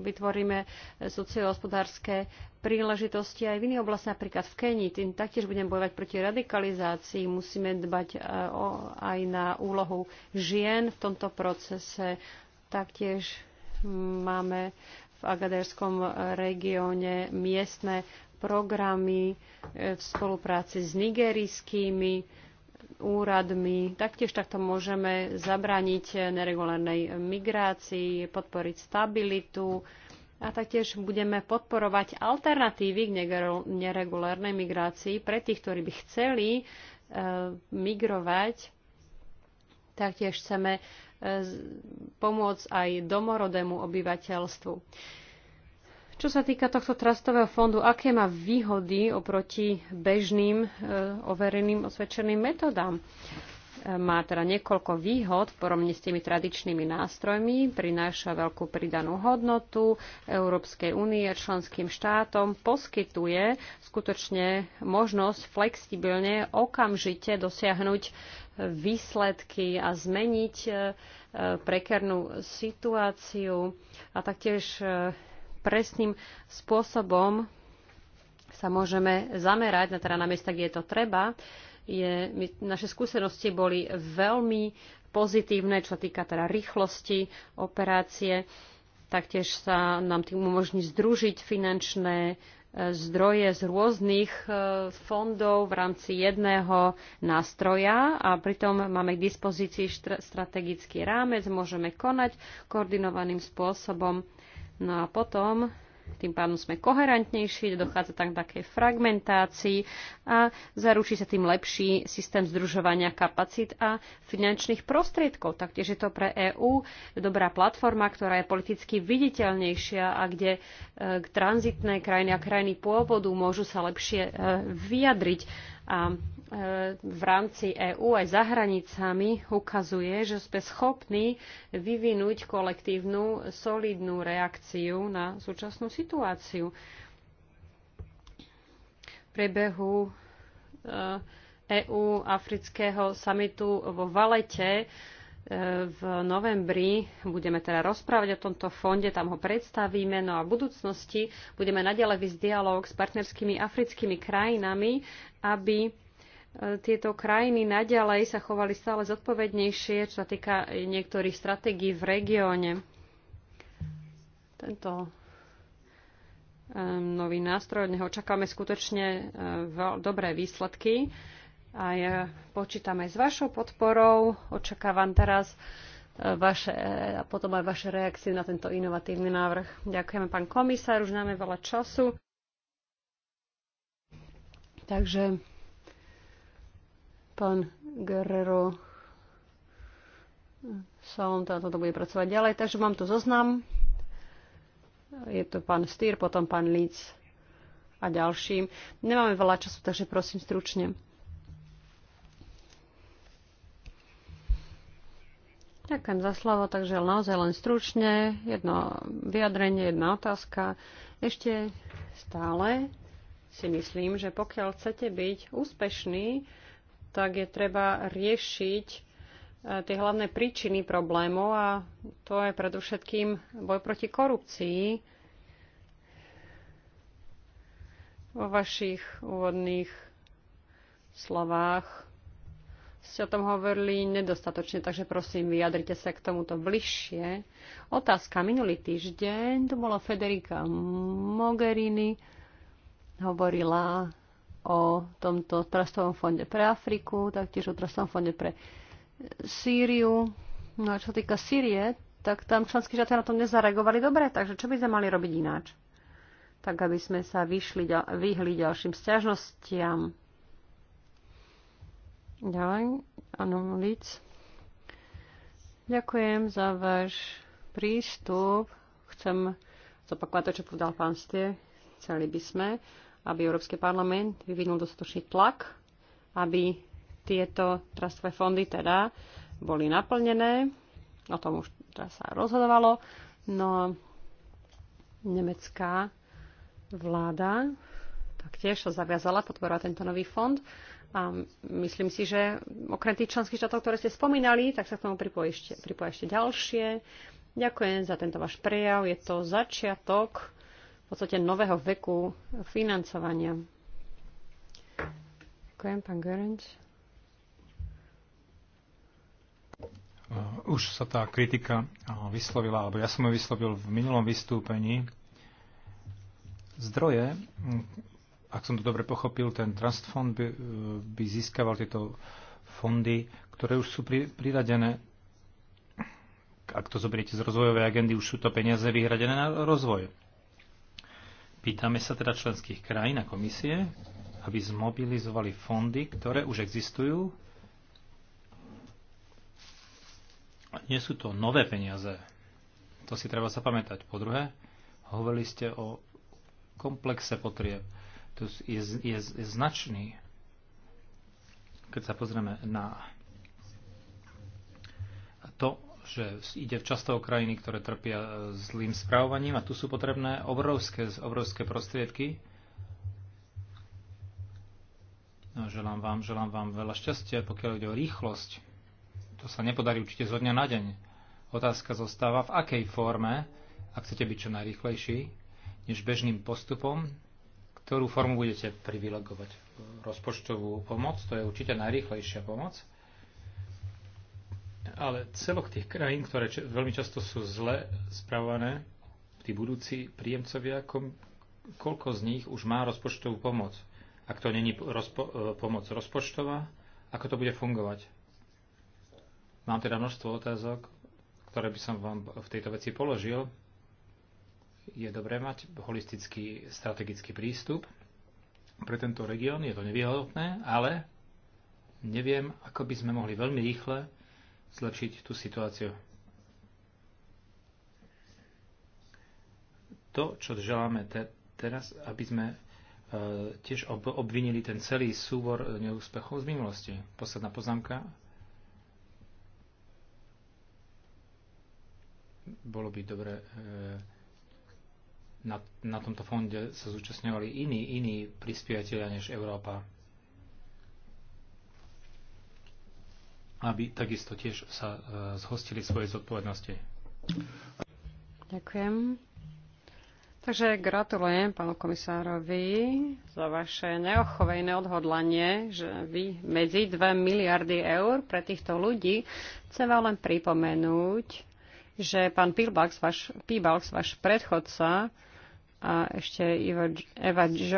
vytvoríme sociohospodárske príležitosti aj v iných oblastiach, napríklad v Kenii. Tým taktiež budeme bojovať proti radikalizácii. Musíme dbať e, aj na úlohu žien v tomto procese. Taktiež máme v agadérskom regióne miestne programy e, v spolupráci s nigerijskými úradmi. Taktiež takto môžeme zabrániť neregulárnej migrácii, podporiť stabilitu a taktiež budeme podporovať alternatívy k neregulárnej migrácii pre tých, ktorí by chceli e, migrovať. Taktiež chceme e, pomôcť aj domorodému obyvateľstvu. Čo sa týka tohto trastového fondu, aké má výhody oproti bežným e, overeným osvedčeným metodám? E, má teda niekoľko výhod v porovne s tými tradičnými nástrojmi, prináša veľkú pridanú hodnotu Európskej únie a členským štátom, poskytuje skutočne možnosť flexibilne okamžite dosiahnuť výsledky a zmeniť e, e prekernú situáciu a taktiež e, presným spôsobom sa môžeme zamerať na, teda na miesta, kde je to treba. Je, my, naše skúsenosti boli veľmi pozitívne, čo sa týka teda rýchlosti operácie. Taktiež sa nám tým umožní združiť finančné e, zdroje z rôznych e, fondov v rámci jedného nástroja a pritom máme k dispozícii strategický rámec, môžeme konať koordinovaným spôsobom No a potom tým pádom sme koherentnejší, dochádza tam k takej fragmentácii a zaručí sa tým lepší systém združovania kapacít a finančných prostriedkov. Taktiež je to pre EÚ dobrá platforma, ktorá je politicky viditeľnejšia a kde e, k tranzitné krajiny a krajiny pôvodu môžu sa lepšie e, vyjadriť. A E, v rámci EÚ aj za hranicami ukazuje, že sme schopní vyvinúť kolektívnu, solídnu reakciu na súčasnú situáciu. V priebehu EÚ e afrického samitu vo Valete e, v novembri budeme teda rozprávať o tomto fonde, tam ho predstavíme, no a v budúcnosti budeme naďalej vysť dialog s partnerskými africkými krajinami, aby tieto krajiny naďalej sa chovali stále zodpovednejšie, čo sa týka niektorých stratégií v regióne. Tento nový nástroj, od neho čakáme skutočne eh, dobré výsledky a ja počítame s vašou podporou. Očakávam teraz eh, vaše, eh, a potom aj vaše reakcie na tento inovatívny návrh. Ďakujeme, pán komisár, už máme veľa času. Takže Pán Guerrero sa on teda toto bude pracovať ďalej. Takže mám tu zoznam. Je to pán Styr, potom pán Líc a ďalším. Nemáme veľa času, takže prosím stručne. Ďakujem za slovo, takže naozaj len stručne, jedno vyjadrenie, jedna otázka. Ešte stále si myslím, že pokiaľ chcete byť úspešní tak je treba riešiť e, tie hlavné príčiny problémov a to je predovšetkým boj proti korupcii. Vo vašich úvodných slovách ste o tom hovorili nedostatočne, takže prosím, vyjadrite sa k tomuto bližšie. Otázka. Minulý týždeň tu bola Federica Mogherini, hovorila o tomto trastovom fonde pre Afriku, taktiež o trastovom fonde pre Sýriu. No a čo týka Sýrie, tak tam členskí štáty na tom nezareagovali dobre, takže čo by sme mali robiť ináč? Tak aby sme sa vyšli, vyhli ďalším stiažnostiam. Ďalej, áno, Lic. Ďakujem za váš prístup. Chcem zopakovať to, čo povedal pán Stie. Chceli by sme, aby Európsky parlament vyvinul dostatočný tlak, aby tieto trastové fondy teda boli naplnené. O tom už teraz sa rozhodovalo. No nemecká vláda taktiež sa zaviazala podporovať tento nový fond. A myslím si, že okrem tých členských štátov, ktoré ste spomínali, tak sa k tomu pripoja ešte, ďalšie. Ďakujem za tento váš prejav. Je to začiatok v podstate nového veku financovania. Ďakujem, pán Görenc. Už sa tá kritika vyslovila, alebo ja som ju vyslovil v minulom vystúpení. Zdroje, ak som to dobre pochopil, ten Trust Fund by, by získaval tieto fondy, ktoré už sú pri, priradené ak to zoberiete z rozvojovej agendy, už sú to peniaze vyhradené na rozvoj Pýtame sa teda členských krajín a komisie, aby zmobilizovali fondy, ktoré už existujú. Nie sú to nové peniaze. To si treba zapamätať. Po druhé, hovorili ste o komplexe potrieb. To je, je, je značný. Keď sa pozrieme na to, že ide často o krajiny, ktoré trpia e, zlým správaním a tu sú potrebné obrovské, obrovské prostriedky. No, želám, vám, želám vám veľa šťastia, pokiaľ ide o rýchlosť. To sa nepodarí určite zo dňa na deň. Otázka zostáva, v akej forme, ak chcete byť čo najrýchlejší, než bežným postupom, ktorú formu budete privilegovať. Rozpočtovú pomoc, to je určite najrýchlejšia pomoc, ale celok tých krajín, ktoré veľmi často sú zle spravované, tí budúci príjemcovia, kom, koľko z nich už má rozpočtovú pomoc? Ak to není rozpo, e, pomoc rozpočtová, ako to bude fungovať? Mám teda množstvo otázok, ktoré by som vám v tejto veci položil. Je dobré mať holistický strategický prístup pre tento región, je to nevyhodné, ale neviem, ako by sme mohli veľmi rýchle zlepšiť tú situáciu. To, čo želáme te- teraz, aby sme e, tiež ob- obvinili ten celý súbor neúspechov z minulosti. Posledná poznámka. Bolo by dobre. E- na, na tomto fonde sa zúčastňovali iní, iní prispievateľia než Európa. aby takisto tiež sa e, zhostili svojej zodpovednosti. Ďakujem. Takže gratulujem pánu komisárovi za vaše neochovejné odhodlanie, že vy medzi 2 miliardy eur pre týchto ľudí chcem vám len pripomenúť, že pán Pibalks, váš predchodca, a ešte Eva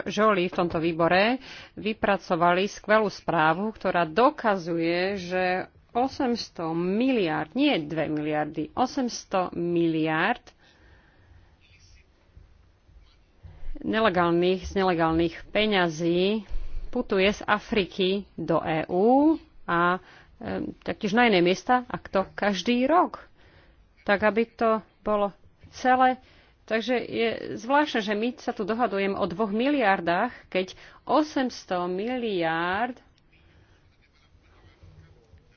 Žoli v tomto výbore vypracovali skvelú správu, ktorá dokazuje, že 800 miliard, nie 2 miliardy, 800 miliard nelegálnych, z nelegálnych peňazí putuje z Afriky do EÚ a e, taktiež na iné miesta, a to každý rok. Tak, aby to bolo celé Takže je zvláštne, že my sa tu dohadujeme o dvoch miliardách, keď 800 miliárd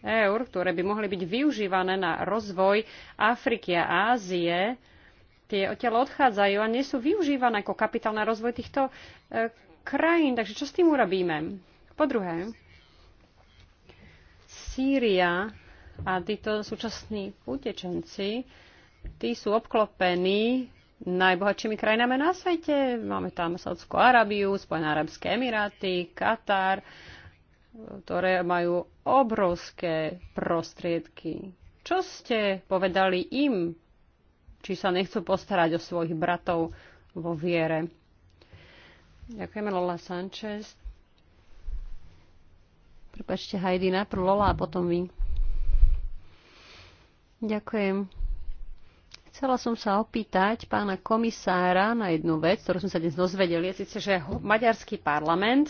eur, ktoré by mohli byť využívané na rozvoj Afriky a Ázie, tie odtiaľ odchádzajú a nie sú využívané ako kapitál na rozvoj týchto e, krajín. Takže čo s tým urobíme? Po druhé, Sýria a títo súčasní utečenci, tí sú obklopení najbohatšími krajinami na svete. Máme tam Saudskú Arabiu, Spojené Arabské Emiráty, Katar, ktoré majú obrovské prostriedky. Čo ste povedali im, či sa nechcú postarať o svojich bratov vo viere? Ďakujeme, Lola Sanchez. Prepačte, Heidi, najprv Lola a potom vy. Ďakujem. Chcela som sa opýtať pána komisára na jednu vec, ktorú som sa dnes dozvedel. Je síce, že maďarský parlament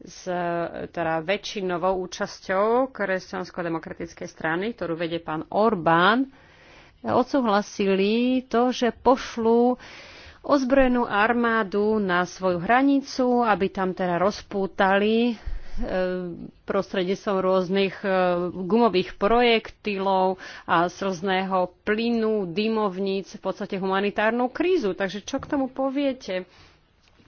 s teda väčšinovou účasťou kresťansko-demokratickej strany, ktorú vedie pán Orbán, odsúhlasili to, že pošlú ozbrojenú armádu na svoju hranicu, aby tam teda rozpútali Eh, prostredníctvom rôznych eh, gumových projektilov a z rôzneho plynu, dymovníc, v podstate humanitárnu krízu. Takže čo k tomu poviete?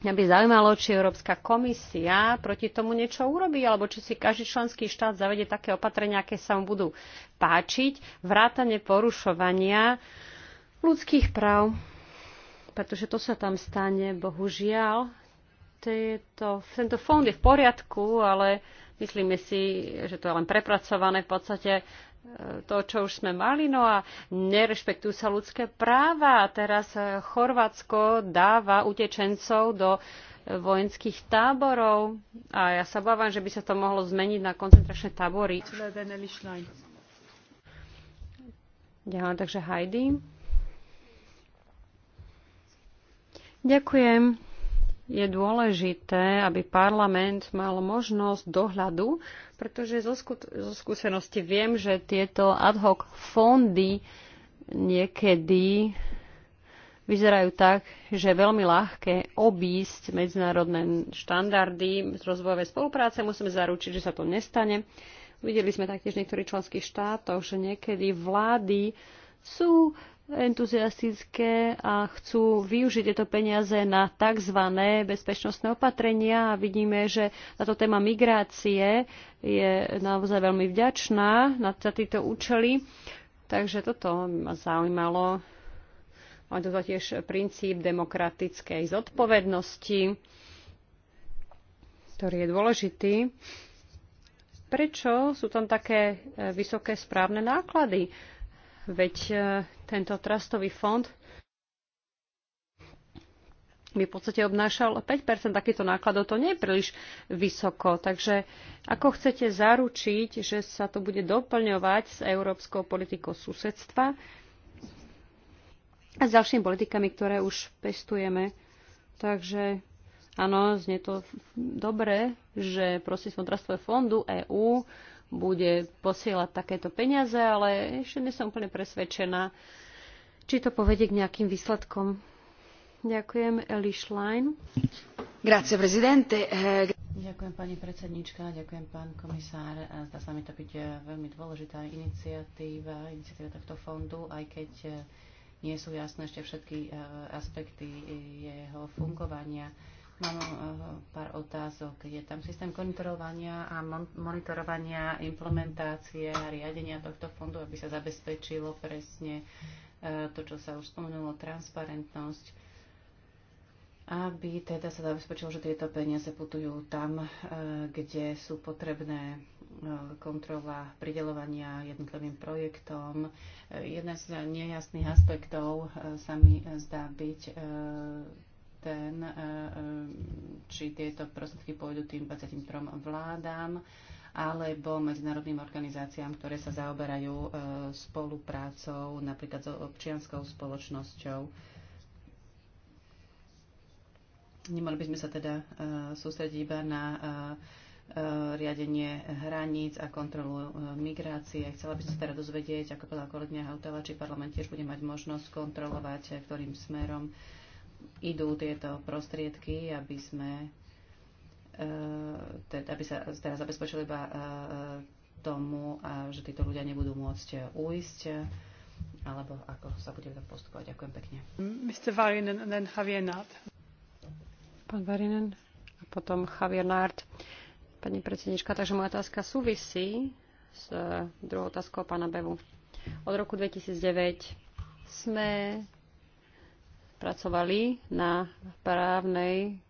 Mňa by zaujímalo, či Európska komisia proti tomu niečo urobí, alebo či si každý členský štát zavede také opatrenia, aké sa mu budú páčiť, vrátane porušovania ľudských práv. Pretože to sa tam stane, bohužiaľ, tieto, tento fond je v poriadku, ale myslíme si, že to je len prepracované v podstate e, to, čo už sme mali, no a nerešpektujú sa ľudské práva. Teraz e, Chorvátsko dáva utečencov do e, vojenských táborov a ja sa bávam, že by sa to mohlo zmeniť na koncentračné tábory. Ďalej, takže Heidi. Ďakujem je dôležité, aby parlament mal možnosť dohľadu, pretože zo, skú- zo skúsenosti viem, že tieto ad hoc fondy niekedy vyzerajú tak, že je veľmi ľahké obísť medzinárodné štandardy z rozvojovej spolupráce. Musíme zaručiť, že sa to nestane. Videli sme taktiež v niektorých členských štátoch, že niekedy vlády sú entuziastické a chcú využiť tieto peniaze na tzv. bezpečnostné opatrenia a vidíme, že táto téma migrácie je naozaj veľmi vďačná na tieto účely. Takže toto ma zaujímalo. Máme to tiež princíp demokratickej zodpovednosti, ktorý je dôležitý. Prečo sú tam také eh, vysoké správne náklady? Veď e, tento trastový fond by v podstate obnášal 5 takýchto nákladov. To nie je príliš vysoko. Takže ako chcete zaručiť, že sa to bude doplňovať s európskou politikou susedstva a s ďalšími politikami, ktoré už pestujeme. Takže áno, znie to dobre, že prostredstvom trastového fondu EÚ bude posielať takéto peniaze, ale ešte nie som úplne presvedčená, či to povedie k nejakým výsledkom. Ďakujem, Eli Schlein. Grazie, prezidente. Ďakujem, pani predsednička, ďakujem, pán komisár. Zdá sa mi to byť eh, veľmi dôležitá iniciatíva, iniciatíva tohto fondu, aj keď eh, nie sú jasné ešte všetky eh, aspekty jeho fungovania. Mám eh, pár otázok. Je tam systém kontrolovania a monitorovania implementácie a riadenia tohto fondu, aby sa zabezpečilo presne eh, to, čo sa už spomenulo, transparentnosť aby teda sa zabezpečilo, že tieto peniaze putujú tam, eh, kde sú potrebné kontrola pridelovania jednotlivým projektom. Jeden z nejasných aspektov sa mi zdá byť ten, e, e, či tieto prostriedky pôjdu tým 23 vládám alebo medzinárodným organizáciám, ktoré sa zaoberajú e, spoluprácou napríklad s občianskou spoločnosťou. Nemali by sme sa teda sústrediť iba na riadenie hraníc a kontrolu migrácie. Chcela by som sa teda dozvedieť, ako povedala kolegyňa Hautala, či parlament tiež bude mať možnosť kontrolovať, ktorým smerom idú tieto prostriedky, aby sme e, teda, aby sa teraz zabezpečili iba e, tomu, že títo ľudia nebudú môcť újsť, alebo ako sa bude tak postupovať. Ďakujem pekne. Mr. Varinen and then Javier Nard. Pán Varinen a potom Javier Nard. Pani predsednička, takže moja otázka súvisí s e, druhou otázkou pána Bevu. Od roku 2009 sme pracovali na právnej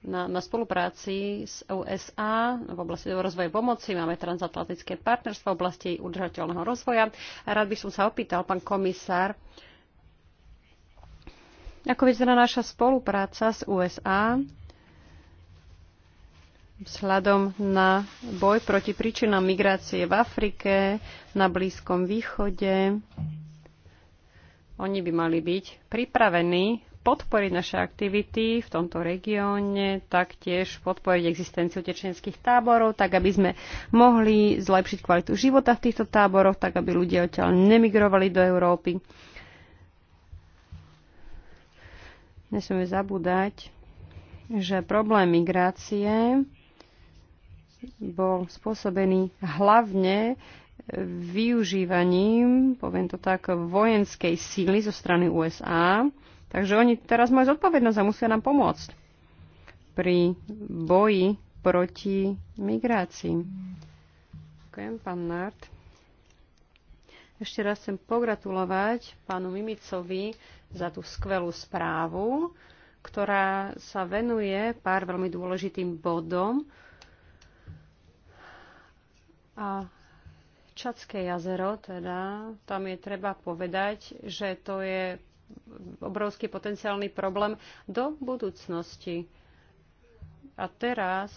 na, na spolupráci s USA v oblasti rozvoja pomoci. Máme transatlantické partnerstvo v oblasti udržateľného rozvoja. A rád by som sa opýtal, pán komisár, ako vyzerá naša spolupráca s USA vzhľadom na boj proti príčinám migrácie v Afrike, na Blízkom východe, oni by mali byť pripravení podporiť naše aktivity v tomto regióne, taktiež podporiť existenciu tečenských táborov, tak aby sme mohli zlepšiť kvalitu života v týchto táboroch, tak aby ľudia odtiaľ nemigrovali do Európy. Nesmieme zabúdať, že problém migrácie bol spôsobený hlavne využívaním, poviem to tak, vojenskej síly zo strany USA. Takže oni teraz majú zodpovednosť a musia nám pomôcť pri boji proti migrácii. Ďakujem, pán Nart. Ešte raz chcem pogratulovať pánu Mimicovi za tú skvelú správu, ktorá sa venuje pár veľmi dôležitým bodom. A Čadské jazero, teda, tam je treba povedať, že to je obrovský potenciálny problém do budúcnosti. A teraz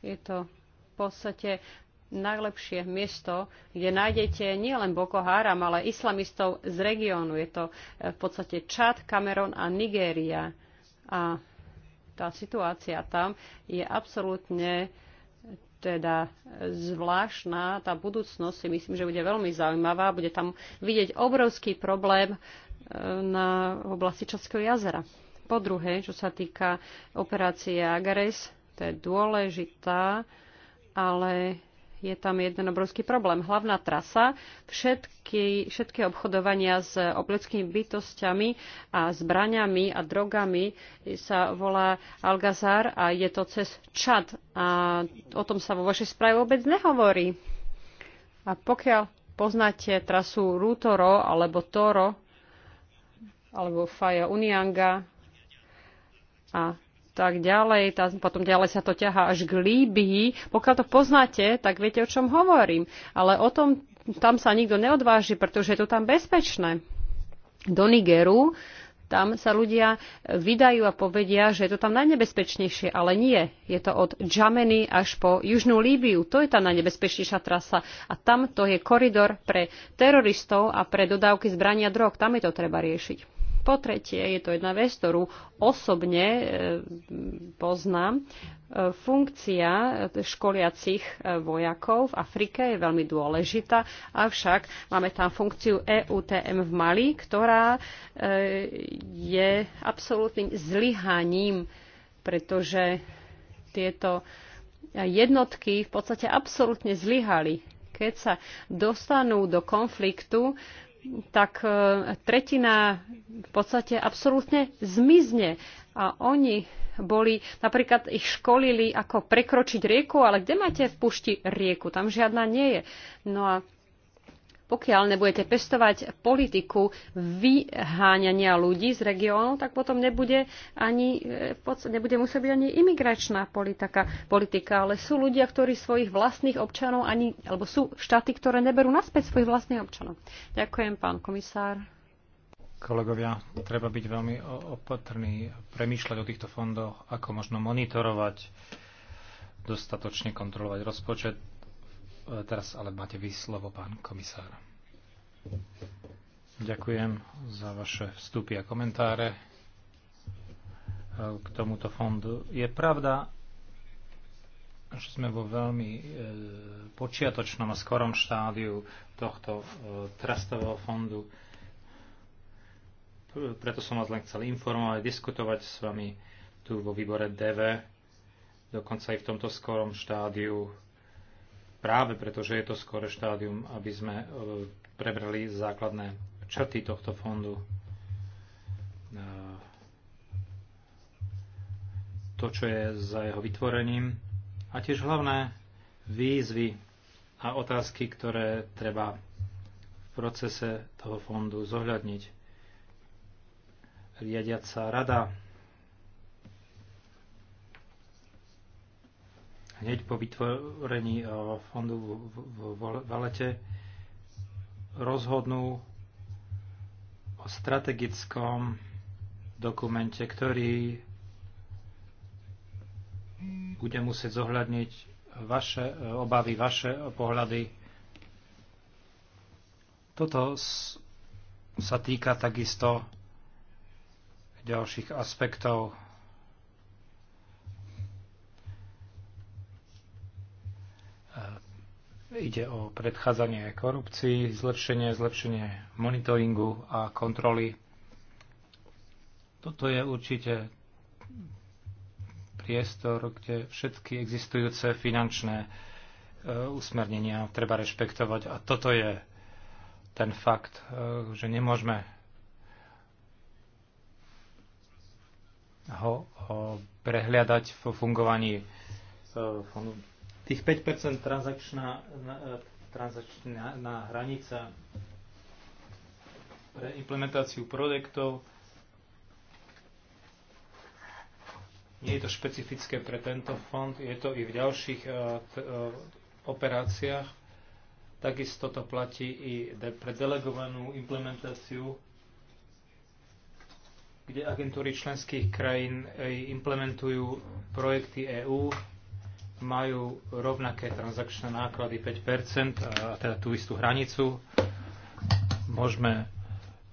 je to v podstate najlepšie miesto, kde nájdete nielen Boko Haram, ale islamistov z regiónu. Je to eh, v podstate Čad, Kamerón a Nigéria. A tá situácia tam je absolútne teda zvláštna. Tá budúcnosť si myslím, že bude veľmi zaujímavá. Bude tam vidieť obrovský problém e, na oblasti Českého jazera. Po druhé, čo sa týka operácie Agares, to je dôležitá, ale je tam jeden obrovský problém. Hlavná trasa, všetky, všetky obchodovania s obľudskými bytostiami a zbraniami a drogami sa volá Algazar a je to cez Čad. A o tom sa vo vašej správe vôbec nehovorí. A pokiaľ poznáte trasu Rútoro alebo Toro alebo Faja Unianga a tak ďalej, tá, potom ďalej sa to ťahá až k Líbii. Pokiaľ to poznáte, tak viete, o čom hovorím. Ale o tom tam sa nikto neodváži, pretože je to tam bezpečné. Do Nigeru tam sa ľudia vydajú a povedia, že je to tam najnebezpečnejšie, ale nie. Je to od Džameny až po Južnú Líbiu. To je tá najnebezpečnejšia trasa. A tam to je koridor pre teroristov a pre dodávky zbrania drog. Tam je to treba riešiť. Po tretie, je to jedna vec, ktorú osobne e, poznám. E, funkcia školiacich e, vojakov v Afrike je veľmi dôležitá, avšak máme tam funkciu EUTM v Mali, ktorá je absolútnym zlyhaním, pretože tieto jednotky v podstate absolútne zlyhali. Keď sa dostanú do konfliktu, tak e, tretina v podstate absolútne zmizne. A oni boli, napríklad ich školili, ako prekročiť rieku, ale kde máte v pušti rieku? Tam žiadna nie je. No a pokiaľ nebudete pestovať politiku vyháňania ľudí z regiónu, tak potom nebude, ani, eh, nebude musieť byť ani imigračná politika, politika. Ale sú ľudia, ktorí svojich vlastných občanov, ani, alebo sú štáty, ktoré neberú naspäť svojich vlastných občanov. Ďakujem, pán komisár. Kolegovia, treba byť veľmi opatrný, premýšľať o týchto fondoch, ako možno monitorovať, dostatočne kontrolovať rozpočet E, teraz ale máte vy slovo, pán komisár. Ďakujem za vaše vstupy a komentáre e, k tomuto fondu. Je pravda, že sme vo veľmi e, počiatočnom a skorom štádiu tohto trastového fondu. Preto som vás len chcel informovať, diskutovať s vami tu vo výbore DV, dokonca aj v tomto skorom štádiu práve preto, že je to skore štádium, aby sme e, prebrali základné črty tohto fondu. E, to, čo je za jeho vytvorením. A tiež hlavné výzvy a otázky, ktoré treba v procese toho fondu zohľadniť. Riadiaca rada hneď po vytvorení e, fondu v Valete rozhodnú o strategickom dokumente, ktorý bude musieť zohľadniť vaše e, obavy, vaše pohľady. Toto sa týka takisto ďalších aspektov Ide o predchádzanie korupcii, zlepšenie, zlepšenie monitoringu a kontroly. Toto je určite priestor, kde všetky existujúce finančné e, usmernenia treba rešpektovať. A toto je ten fakt, e, že nemôžeme ho prehliadať v fungovaní e, Tých 5% transakčná, e, transakčná na hranica pre implementáciu projektov nie je to špecifické pre tento fond, je to i v ďalších e, e, operáciách. Takisto to platí i pre delegovanú implementáciu, kde agentúry členských krajín implementujú projekty EÚ majú rovnaké transakčné náklady 5%, a teda tú istú hranicu. Môžeme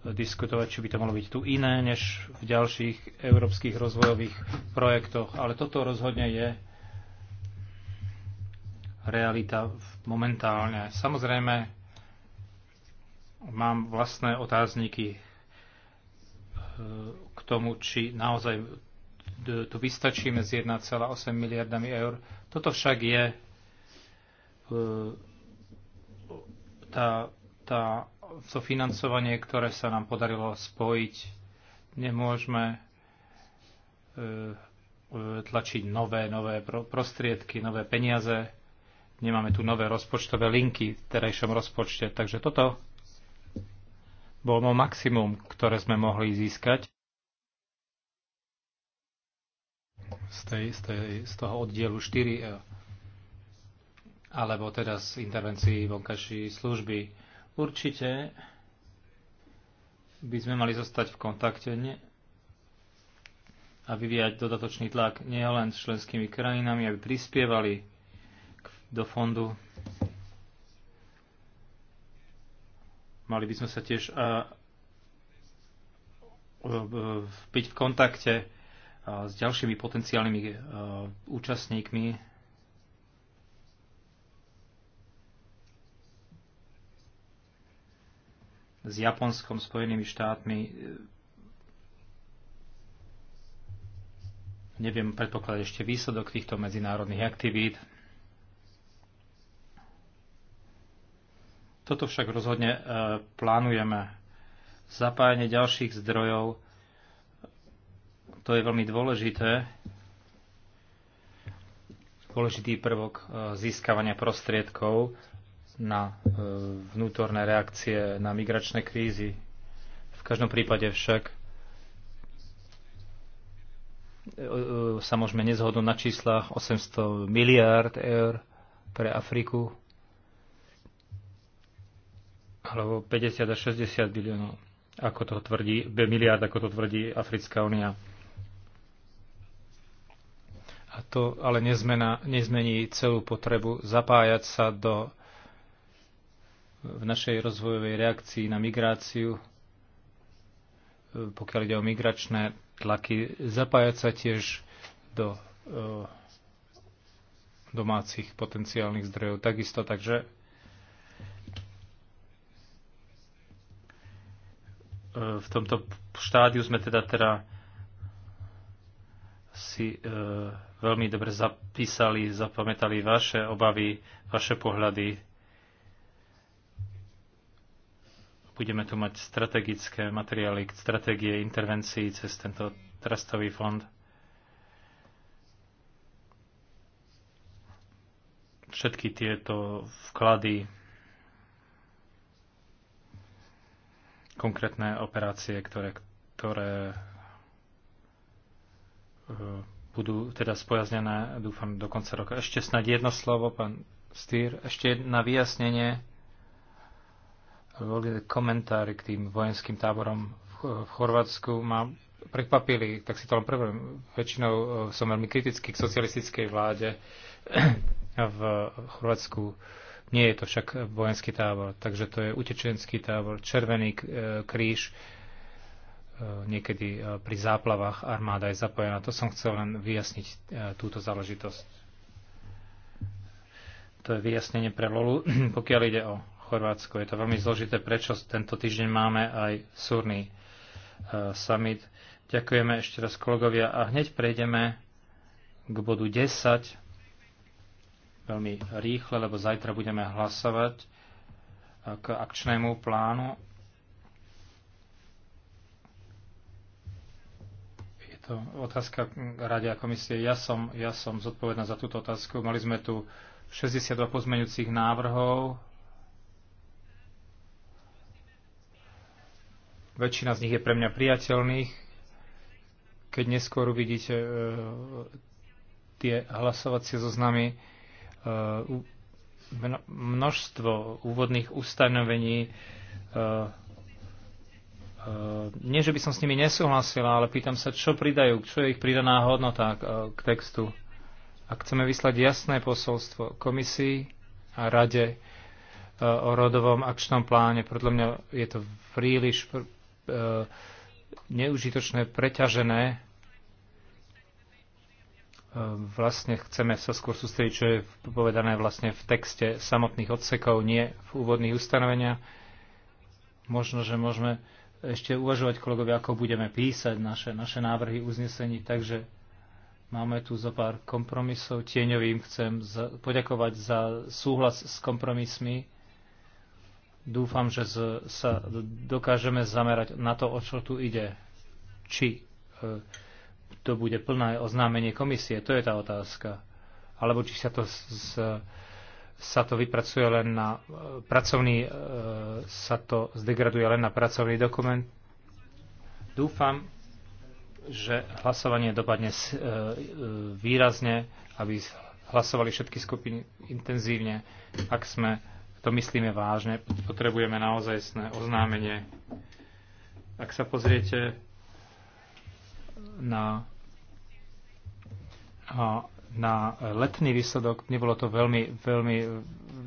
diskutovať, či by to malo byť tu iné, než v ďalších európskych rozvojových projektoch, ale toto rozhodne je realita momentálne. Samozrejme, mám vlastné otázniky eh, k tomu, či naozaj eh, tu vystačíme s 1,8 miliardami eur, toto však je e, tá, tá, to financovanie, ktoré sa nám podarilo spojiť. Nemôžeme e, e, tlačiť nové, nové prostriedky, nové peniaze. Nemáme tu nové rozpočtové linky v terajšom rozpočte. Takže toto bol maximum, ktoré sme mohli získať. z, tej, z, tej, z toho oddielu 4 e, alebo teda z intervencií vonkajšej služby. Určite by sme mali zostať v kontakte ne? a vyvíjať dodatočný tlak nielen s členskými krajinami, aby prispievali do fondu. Mali by sme sa tiež a, byť e, e, v kontakte s ďalšími potenciálnymi e, účastníkmi. s Japonskom, Spojenými štátmi. E, neviem predpokladať ešte výsledok týchto medzinárodných aktivít. Toto však rozhodne e, plánujeme. Zapájanie ďalších zdrojov to je veľmi dôležité, dôležitý prvok e, získavania prostriedkov na e, vnútorné reakcie na migračné krízy. V každom prípade však e, sa môžeme nezhodnúť na číslach 800 miliárd eur pre Afriku alebo 50 až 60 biliónov, ako to tvrdí, miliárd, ako to tvrdí Africká únia. A to ale nezmena, nezmení celú potrebu zapájať sa do v našej rozvojovej reakcii na migráciu, pokiaľ ide o migračné tlaky, zapájať sa tiež do e, domácich potenciálnych zdrojov takisto. Takže e, v tomto štádiu sme teda, teda si e, veľmi dobre zapísali, zapamätali vaše obavy, vaše pohľady. Budeme tu mať strategické materiály, stratégie intervencií cez tento trastový fond. Všetky tieto vklady, konkrétne operácie, ktoré, ktoré Eh, budú teda spojaznené, dúfam, do konca roka. Ešte snad jedno slovo, pán Stýr, ešte na vyjasnenie boli komentári k tým vojenským táborom v Chorvátsku. Ma prekvapili, tak si to len prvým. Väčšinou eh, som veľmi kritický k socialistickej vláde v Chorvátsku. Nie je to však vojenský tábor, takže to je utečenský tábor, Červený eh, kríž, niekedy e, pri záplavách armáda je zapojená. To som chcel len vyjasniť e, túto záležitosť. To je vyjasnenie pre Lolu. Pokiaľ ide o Chorvátsko, je to veľmi zložité, prečo tento týždeň máme aj súrny e, summit. Ďakujeme ešte raz kolegovia a hneď prejdeme k bodu 10 veľmi rýchle, lebo zajtra budeme hlasovať k akčnému plánu To otázka Rade a komisie. Ja som, ja som zodpovedná za túto otázku. Mali sme tu 62 pozmeňujúcich návrhov. Väčšina z nich je pre mňa priateľných. Keď neskôr uvidíte e, tie hlasovacie zoznamy, e, množstvo úvodných ustanovení e, Eh, nie, že by som s nimi nesúhlasila, ale pýtam sa, čo pridajú, čo je ich pridaná hodnota eh, k textu. Ak chceme vyslať jasné posolstvo komisii a rade eh, o rodovom akčnom pláne, podľa mňa je to príliš neužitočné, preťažené. Vlastne chceme sa skôr sústrediť, čo je povedané vlastne v texte samotných odsekov, nie v úvodných ustanoveniach. Možno, že môžeme ešte uvažovať, kolegovia, ako budeme písať naše, naše návrhy uznesení. Takže máme tu zo pár kompromisov. Tieňovým chcem za, poďakovať za súhlas s kompromismi. Dúfam, že z, sa dokážeme zamerať na to, o čo tu ide. Či e, to bude plné oznámenie komisie, to je tá otázka. Alebo či sa to z, z sa to vypracuje len na e, pracovný, e, sa to zdegraduje len na pracovný dokument. Dúfam, že hlasovanie dopadne e, výrazne, aby hlasovali všetky skupiny intenzívne. Ak sme to myslíme vážne, potrebujeme naozaj oznámenie. Ak sa pozriete na na letný výsledok. Nebolo to veľmi, veľmi,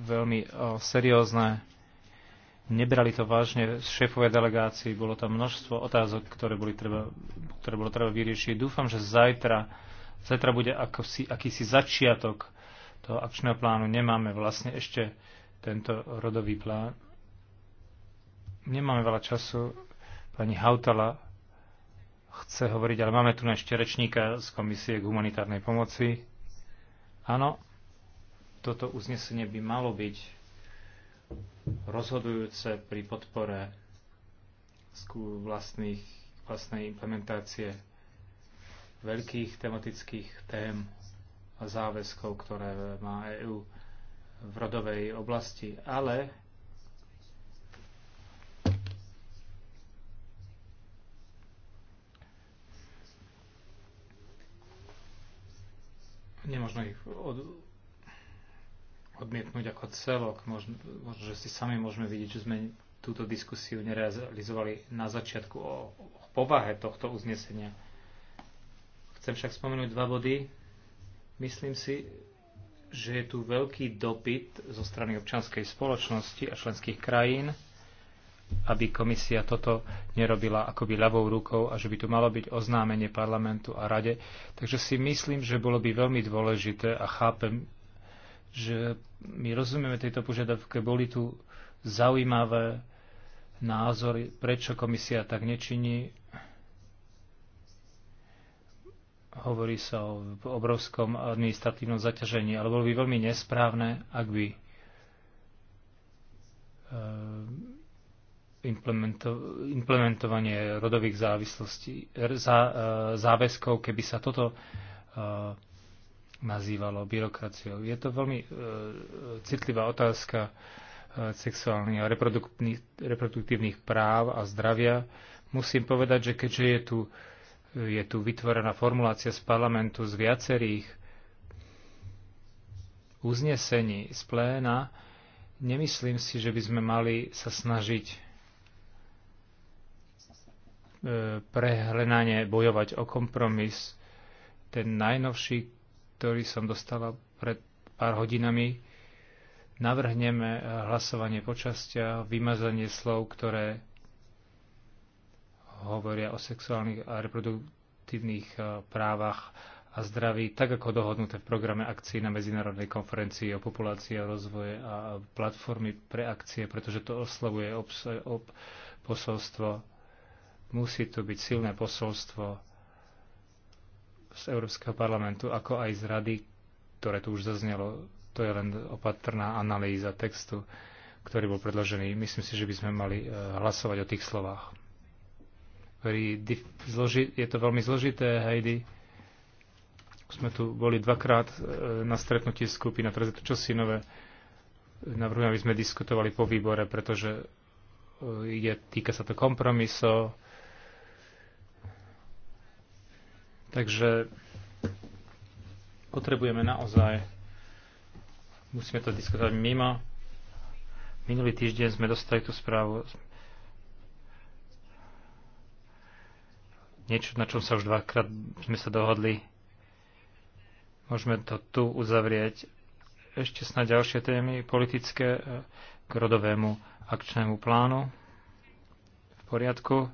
veľmi seriózne. Nebrali to vážne šéfové delegácii. Bolo tam množstvo otázok, ktoré, boli treba, ktoré bolo treba vyriešiť. Dúfam, že zajtra, zajtra bude akosi, akýsi začiatok toho akčného plánu. Nemáme vlastne ešte tento rodový plán. Nemáme veľa času. Pani Hautala chce hovoriť, ale máme tu ešte rečníka z Komisie k humanitárnej pomoci. Áno, toto uznesenie by malo byť rozhodujúce pri podpore vlastných, vlastnej implementácie veľkých tematických tém a záväzkov, ktoré má EÚ v rodovej oblasti, ale nemožno ich od, odmietnúť ako celok. Možno, možno, že si sami môžeme vidieť, že sme túto diskusiu nerealizovali na začiatku o, o povahe tohto uznesenia. Chcem však spomenúť dva body. Myslím si, že je tu veľký dopyt zo strany občanskej spoločnosti a členských krajín aby komisia toto nerobila akoby ľavou rukou a že by tu malo byť oznámenie parlamentu a rade. Takže si myslím, že bolo by veľmi dôležité a chápem, že my rozumieme tejto požiadavke, boli tu zaujímavé názory, prečo komisia tak nečiní. Hovorí sa o obrovskom administratívnom zaťažení, ale bolo by veľmi nesprávne, ak by implemento, implementovanie rodových závislostí, er, e, záväzkov, keby sa toto e, nazývalo byrokraciou. Je to veľmi e, citlivá otázka sexuálnych a reproduktívnych práv a zdravia. Musím povedať, že keďže je tu, je tu vytvorená formulácia z parlamentu z viacerých uznesení z pléna, nemyslím si, že by sme mali sa snažiť prehlenanie bojovať o kompromis. Ten najnovší, ktorý som dostala pred pár hodinami, navrhneme hlasovanie počastia, vymazanie slov, ktoré hovoria o sexuálnych a reproduktívnych e, právach a zdraví, tak ako dohodnuté v programe akcií na Medzinárodnej konferencii o populácii a rozvoje a platformy pre akcie, pretože to oslavuje obs- ob- posolstvo Musí tu byť silné posolstvo z Európskeho parlamentu, ako aj z rady, ktoré tu už zaznelo. To je len opatrná analýza textu, ktorý bol predložený. Myslím si, že by sme mali e, hlasovať o tých slovách. Je to veľmi zložité, Heidi sme tu boli dvakrát e, na stretnutí skupina, teraz je to čosi nové. Navrhujem, aby sme diskutovali po výbore, pretože je, týka sa to kompromisov, Takže potrebujeme naozaj, musíme to diskutovať mimo. Minulý týždeň sme dostali tú správu niečo, na čom sa už dvakrát sme sa dohodli. Môžeme to tu uzavrieť. Ešte snáď ďalšie témy politické eh, k rodovému akčnému plánu. V poriadku.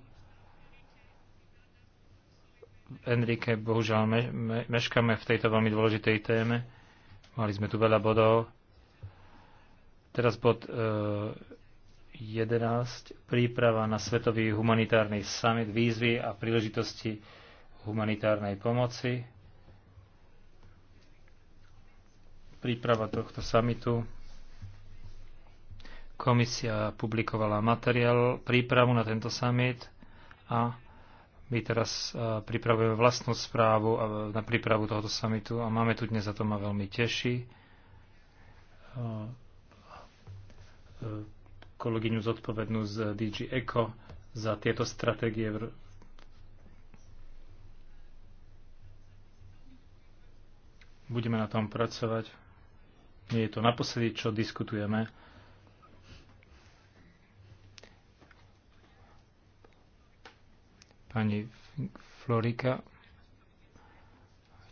Enrique, bohužiaľ me, me, meškame v tejto veľmi dôležitej téme. Mali sme tu veľa bodov. Teraz bod e, 11. Príprava na Svetový humanitárny summit výzvy a príležitosti humanitárnej pomoci. Príprava tohto summitu. Komisia publikovala materiál, prípravu na tento summit a my teraz e, pripravujeme vlastnú správu e, na prípravu tohoto samitu a máme tu dnes a to ma veľmi teší. E, kolegyňu zodpovednú z DG Eco za tieto stratégie Budeme na tom pracovať. Nie je to naposledy, čo diskutujeme Pani Florika,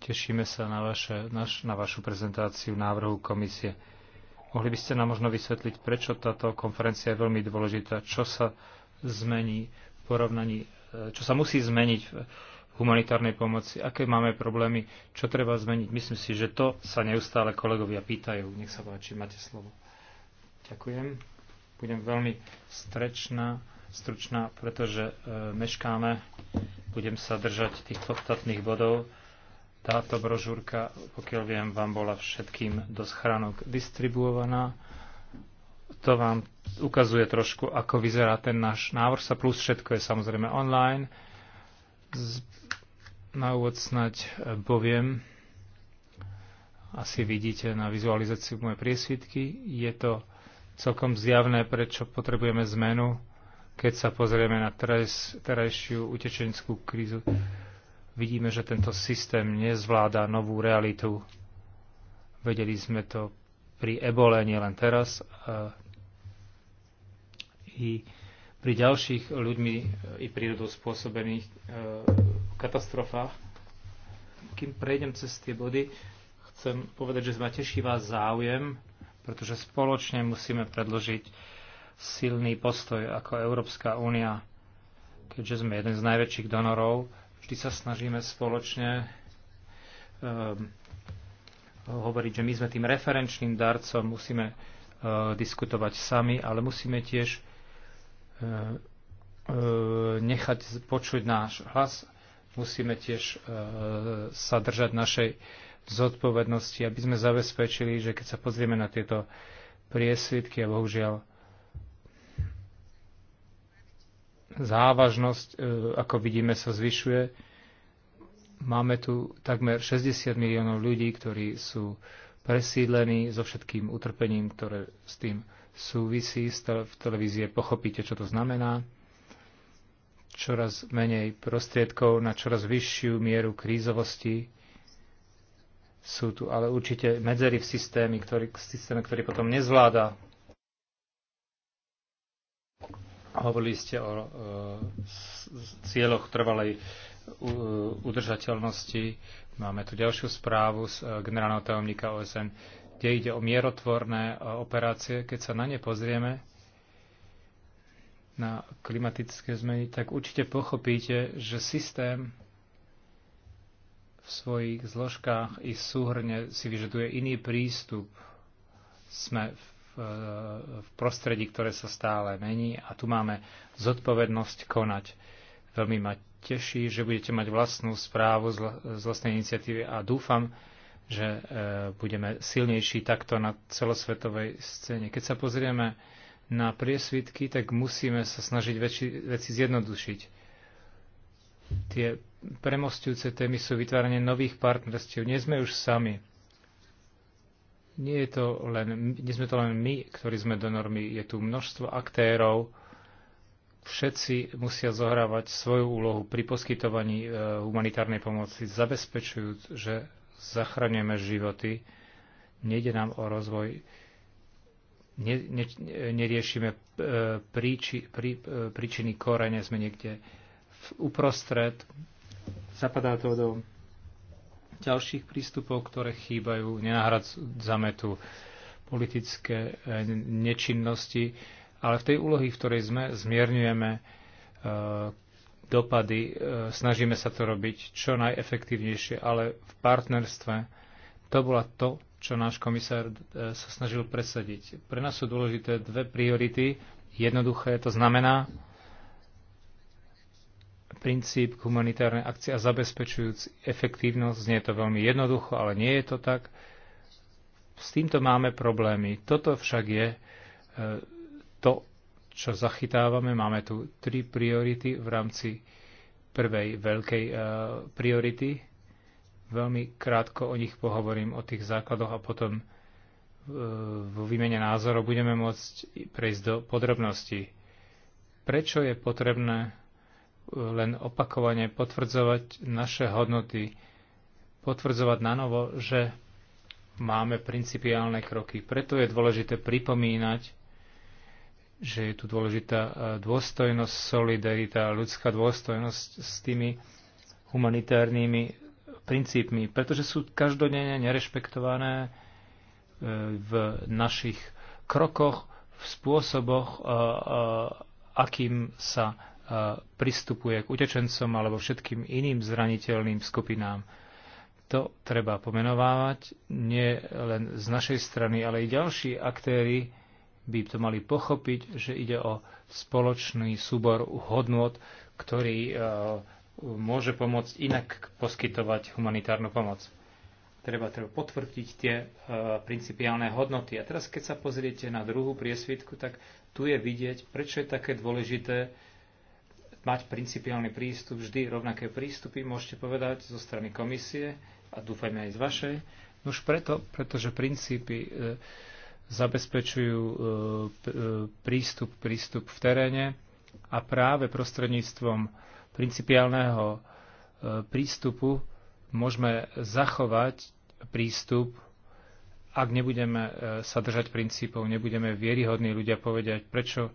tešíme sa na, vaše, naš, na vašu prezentáciu návrhu komisie. Mohli by ste nám možno vysvetliť, prečo táto konferencia je veľmi dôležitá, čo sa zmení v porovnaní, e, čo sa musí zmeniť v humanitárnej pomoci, aké máme problémy, čo treba zmeniť. Myslím si, že to sa neustále kolegovia pýtajú. Nech sa páči, máte slovo. Ďakujem. Budem veľmi strečná stručná, pretože e, meškáme. Budem sa držať tých podstatných bodov. Táto brožúrka, pokiaľ viem, vám bola všetkým do schránok distribuovaná. To vám ukazuje trošku, ako vyzerá ten náš návrh sa, plus všetko je samozrejme online. Z, na úvod snať e, poviem, asi vidíte na vizualizácii moje priesvitky, je to celkom zjavné, prečo potrebujeme zmenu keď sa pozrieme na teraz, terajšiu utečenskú krízu, vidíme, že tento systém nezvláda novú realitu. Vedeli sme to pri ebole nielen teraz, i pri ďalších ľuďmi i prírodou spôsobených e, katastrofách. Kým prejdem cez tie body, chcem povedať, že ma teší vás záujem, pretože spoločne musíme predložiť silný postoj ako Európska únia, keďže sme jeden z najväčších donorov, vždy sa snažíme spoločne um, hovoriť, že my sme tým referenčným darcom, musíme uh, diskutovať sami, ale musíme tiež uh, uh, nechať počuť náš hlas, musíme tiež uh, sa držať našej zodpovednosti, aby sme zabezpečili, že keď sa pozrieme na tieto priesvitky a bohužiaľ závažnosť, e, ako vidíme, sa zvyšuje. Máme tu takmer 60 miliónov ľudí, ktorí sú presídlení so všetkým utrpením, ktoré s tým súvisí. V televízie pochopíte, čo to znamená. Čoraz menej prostriedkov na čoraz vyššiu mieru krízovosti. Sú tu ale určite medzery v systéme, ktorý, systéme, ktorý potom nezvláda Hovorili ste o e, cieľoch trvalej e, udržateľnosti. Máme tu ďalšiu správu z e, generálneho tajomníka OSN, kde ide o mierotvorné operácie. Keď sa na ne pozrieme, na klimatické zmeny, tak určite pochopíte, že systém v svojich zložkách i súhrne si vyžaduje iný prístup. Sme v v prostredí, ktoré sa stále mení a tu máme zodpovednosť konať. Veľmi ma teší, že budete mať vlastnú správu z vlastnej iniciatívy a dúfam, že e, budeme silnejší takto na celosvetovej scéne. Keď sa pozrieme na priesvitky, tak musíme sa snažiť veci, veci zjednodušiť. Tie premostujúce témy sú vytváranie nových partnerstiev. Nie sme už sami nie, je to len, nie sme to len my, ktorí sme do normy, je tu množstvo aktérov, všetci musia zohrávať svoju úlohu pri poskytovaní e, humanitárnej pomoci, zabezpečujúc, že zachraňujeme životy, nejde nám o rozvoj, ne, ne, neriešime e, príči, prí, e, príčiny korene, sme niekde v uprostred, zapadá to do ďalších prístupov, ktoré chýbajú, nenahradzame tu politické e, nečinnosti, ale v tej úlohy, v ktorej sme, zmierňujeme e, dopady, e, snažíme sa to robiť čo najefektívnejšie, ale v partnerstve to bola to, čo náš komisár sa snažil presadiť. Pre nás sú dôležité dve priority. Jednoduché, to znamená princíp humanitárnej akcie a zabezpečujúc efektívnosť. Znie je to veľmi jednoducho, ale nie je to tak. S týmto máme problémy. Toto však je e, to, čo zachytávame. Máme tu tri priority v rámci prvej veľkej e, priority. Veľmi krátko o nich pohovorím, o tých základoch a potom e, vo výmene názorov budeme môcť prejsť do podrobností. Prečo je potrebné len opakovane potvrdzovať naše hodnoty, potvrdzovať na novo, že máme principiálne kroky. Preto je dôležité pripomínať, že je tu dôležitá e, dôstojnosť, solidarita, ľudská dôstojnosť s tými humanitárnymi princípmi, pretože sú každodenne nerešpektované e, v našich krokoch, v spôsoboch, e, akým sa E, pristupuje k utečencom alebo všetkým iným zraniteľným skupinám. To treba pomenovávať nie len z našej strany, ale i ďalší aktéry by to mali pochopiť, že ide o spoločný súbor hodnot, ktorý e, môže pomôcť inak poskytovať humanitárnu pomoc. Treba, treba potvrdiť tie e, principiálne hodnoty. A teraz, keď sa pozriete na druhú priesvitku, tak tu je vidieť, prečo je také dôležité mať principiálny prístup, vždy rovnaké prístupy, môžete povedať zo strany komisie a dúfajme aj z vašej. No už preto, pretože princípy e, zabezpečujú e, e prístup, prístup v teréne a práve prostredníctvom principiálneho e, prístupu môžeme zachovať prístup ak nebudeme e, sa držať princípov, nebudeme vieryhodní ľudia povedať, prečo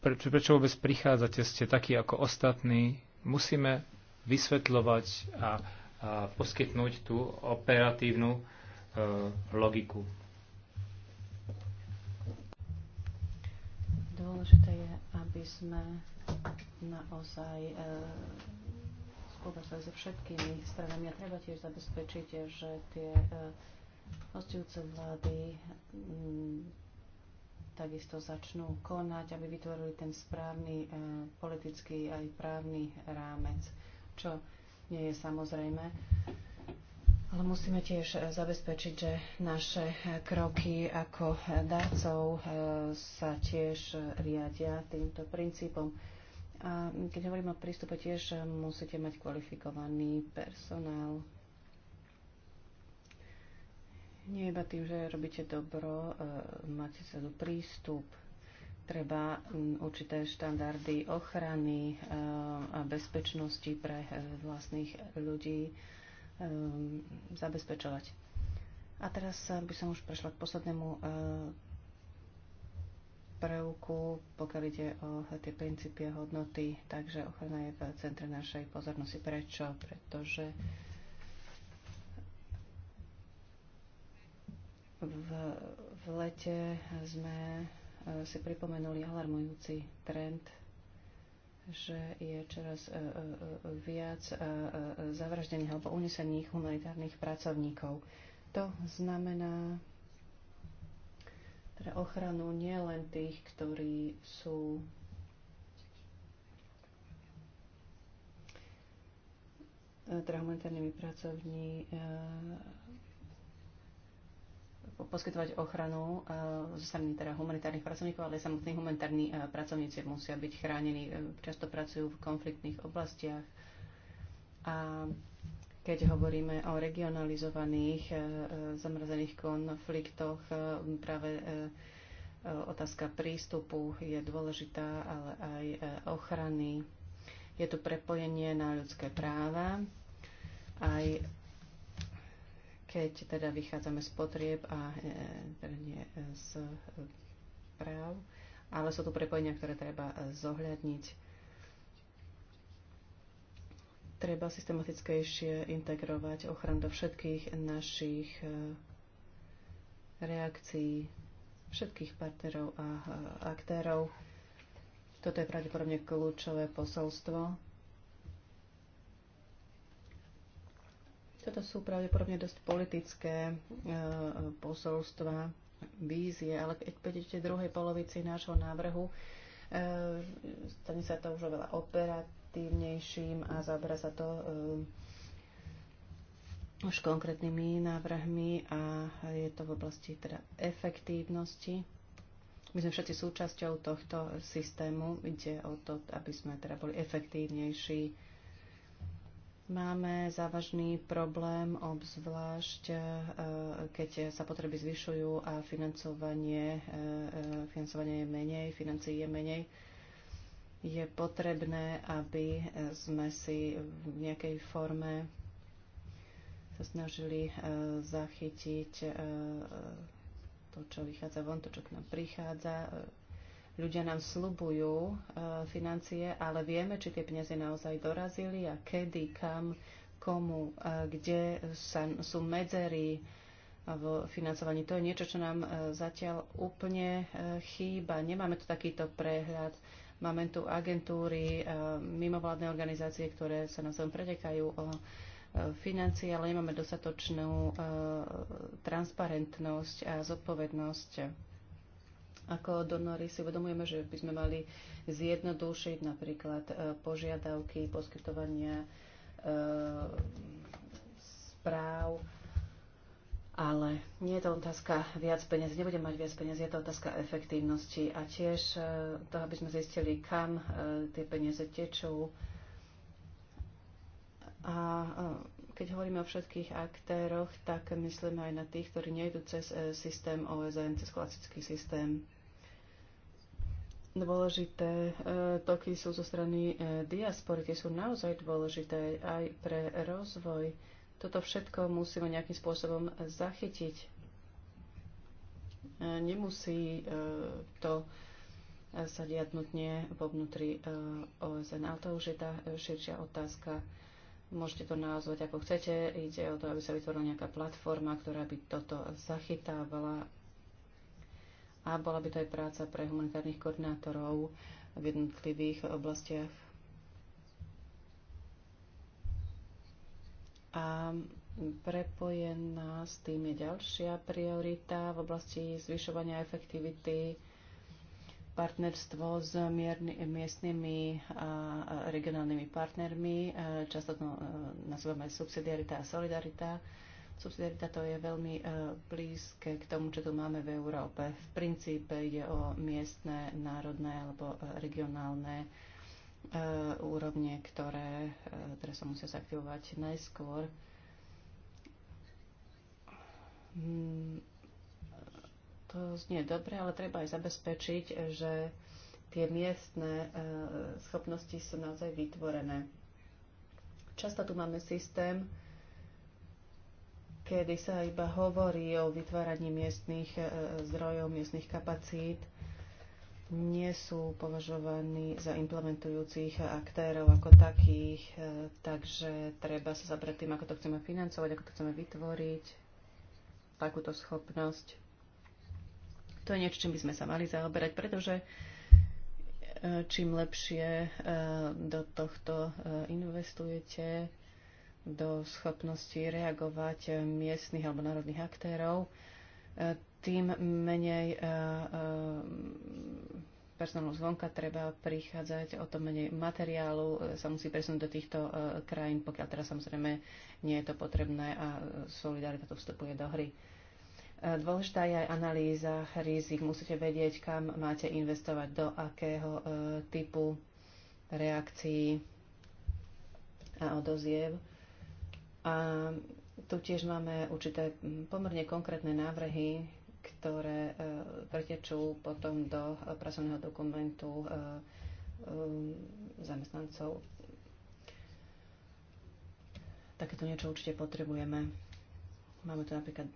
prečo, prečo vôbec prichádzate, ste takí ako ostatní, musíme vysvetľovať a, a poskytnúť tú operatívnu e, logiku. Dôležité je, aby sme naozaj e, spolupracovali so všetkými stranami a treba tiež zabezpečiť, že tie e, hostujúce vlády m, takisto začnú konať, aby vytvorili ten správny e, politický aj právny rámec, čo nie je samozrejme. Ale musíme tiež e, zabezpečiť, že naše e, kroky ako darcov sa tiež riadia týmto princípom. A keď hovorím o prístupe, tiež musíte mať kvalifikovaný personál, nie iba tým, že robíte dobro, e, máte sa do prístup, treba určité štandardy ochrany e, a bezpečnosti pre e, vlastných ľudí zabezpečovať. A teraz by som už prešla k poslednému prvku, pokiaľ ide o tie princípy a hodnoty. Takže ochrana je v centre našej pozornosti. Prečo? Pretože V, v lete sme e, si pripomenuli alarmujúci trend, že je čoraz e, e, viac zavraždených alebo unesených humanitárnych pracovníkov. To znamená teda ochranu nielen tých, ktorí sú teda humanitárnymi pracovníkmi poskytovať ochranu eh, zo strany teda humanitárnych pracovníkov, ale samotní humanitárni eh, pracovníci musia byť chránení. Eh, často pracujú v konfliktných oblastiach a keď hovoríme o regionalizovaných zamrazených konfliktoch, práve otázka prístupu je dôležitá, ale aj ochrany. Je tu prepojenie na ľudské práva, aj keď teda vychádzame z potrieb a e, teda nie e, z e, práv, ale sú tu prepojenia, ktoré treba zohľadniť. Treba systematickejšie integrovať ochran do všetkých našich reakcií, všetkých partnerov a aktérov. Toto je pravdepodobne kľúčové posolstvo Toto sú pravdepodobne dosť politické e, posolstva, vízie, ale keď prídete druhej polovici nášho návrhu, e, stane sa to už oveľa operatívnejším a zabera sa to e, už konkrétnymi návrhmi a je to v oblasti teda efektívnosti. My sme všetci súčasťou tohto systému. Ide o to, aby sme teda boli efektívnejší Máme závažný problém, obzvlášť e, keď sa potreby zvyšujú a financovanie, e, e, financovanie je menej, financií je menej. Je potrebné, aby sme si v nejakej forme sa snažili zachytiť to, čo vychádza von, to, čo k nám prichádza, Ľudia nám slubujú e, financie, ale vieme, či tie peniaze naozaj dorazili a kedy, kam, komu, kde sa, sú medzery v financovaní. To je niečo, čo nám e, zatiaľ úplne e, chýba. Nemáme tu takýto prehľad. Máme tu agentúry, mimovládne organizácie, ktoré sa na svojom pretekajú o financie, ale nemáme dostatočnú transparentnosť a zodpovednosť ako donory si uvedomujeme, že by sme mali zjednodušiť napríklad e, požiadavky poskytovania e, správ, ale nie je to otázka viac peniazí, nebudem mať viac peniaz, je to otázka efektívnosti a tiež e, to, aby sme zistili, kam tie peniaze tečú. A keď hovoríme o všetkých aktéroch, tak myslíme aj na tých, ktorí nejdu cez systém OSN, cez klasický systém Dôležité e, toky sú zo strany e, diaspory, tie sú naozaj dôležité aj pre rozvoj. Toto všetko musíme nejakým spôsobom zachytiť. E, nemusí to sa diať nutne vo vnútri OSN, ale to už je tá širšia otázka. Môžete to nazvať ako chcete, ide o to, aby sa vytvorila nejaká platforma, ktorá by toto zachytávala a bola by to aj práca pre humanitárnych koordinátorov v jednotlivých oblastiach. A prepojená s tým je ďalšia priorita v oblasti zvyšovania efektivity partnerstvo s mierny, miestnymi a regionálnymi partnermi. Často to e, nazývame subsidiarita a solidarita Subsidiarita to je veľmi e, blízke k tomu, čo tu máme v Európe. V princípe ide o miestne, národné alebo e, regionálne e, úrovne, ktoré ktoré sa musia zaktivovať najskôr. Hmm, to znie dobre, ale treba aj zabezpečiť, že tie miestne schopnosti sú naozaj vytvorené. Často tu máme systém, kedy sa iba hovorí o vytváraní miestných e, zdrojov, miestných kapacít, nie sú považovaní za implementujúcich aktérov ako takých, e, takže treba sa zabrať tým, ako to chceme financovať, ako to chceme vytvoriť, takúto schopnosť. To je niečo, čím by sme sa mali zaoberať, pretože e, čím lepšie do tohto investujete, do schopnosti reagovať miestnych alebo národných aktérov, tým menej eh, eh, personálu zvonka treba prichádzať, o to menej materiálu eh, sa musí presunúť do týchto krajín, pokiaľ teraz samozrejme nie je to potrebné a solidarita tu vstupuje do hry. Dôležitá je aj analýza rizik. Musíte vedieť, kam máte investovať, do akého typu reakcií a odoziev a tu tiež máme určité pomerne konkrétne návrhy, ktoré e, pretečú potom do pracovného dokumentu e, e, zamestnancov. Takéto niečo určite potrebujeme. Máme tu napríklad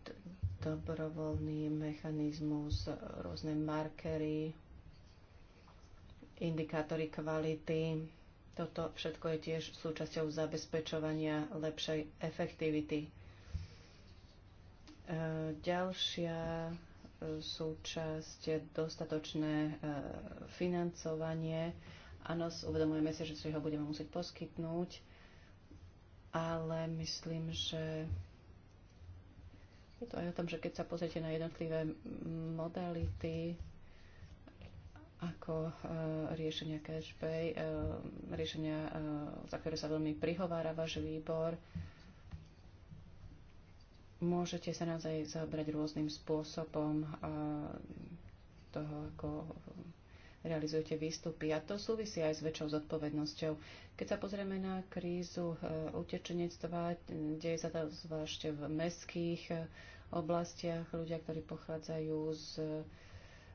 dobrovoľný mechanizmus, rôzne markery, indikátory kvality, toto všetko je tiež súčasťou zabezpečovania lepšej efektivity. E, ďalšia e, súčasť je dostatočné e, financovanie. Áno, uvedomujeme si, že si ho budeme musieť poskytnúť, ale myslím, že je to aj o tom, že keď sa pozriete na jednotlivé modality, ako e, riešenia cashpay, e, riešenia, e, za ktoré sa veľmi prihovára váš výbor. Môžete sa naozaj zaobrať rôznym spôsobom toho, ako realizujete výstupy. A to súvisí aj s väčšou zodpovednosťou. Keď sa pozrieme na krízu utečenectva, deje sa to zvlášť v mestských oblastiach, ľudia, ktorí pochádzajú z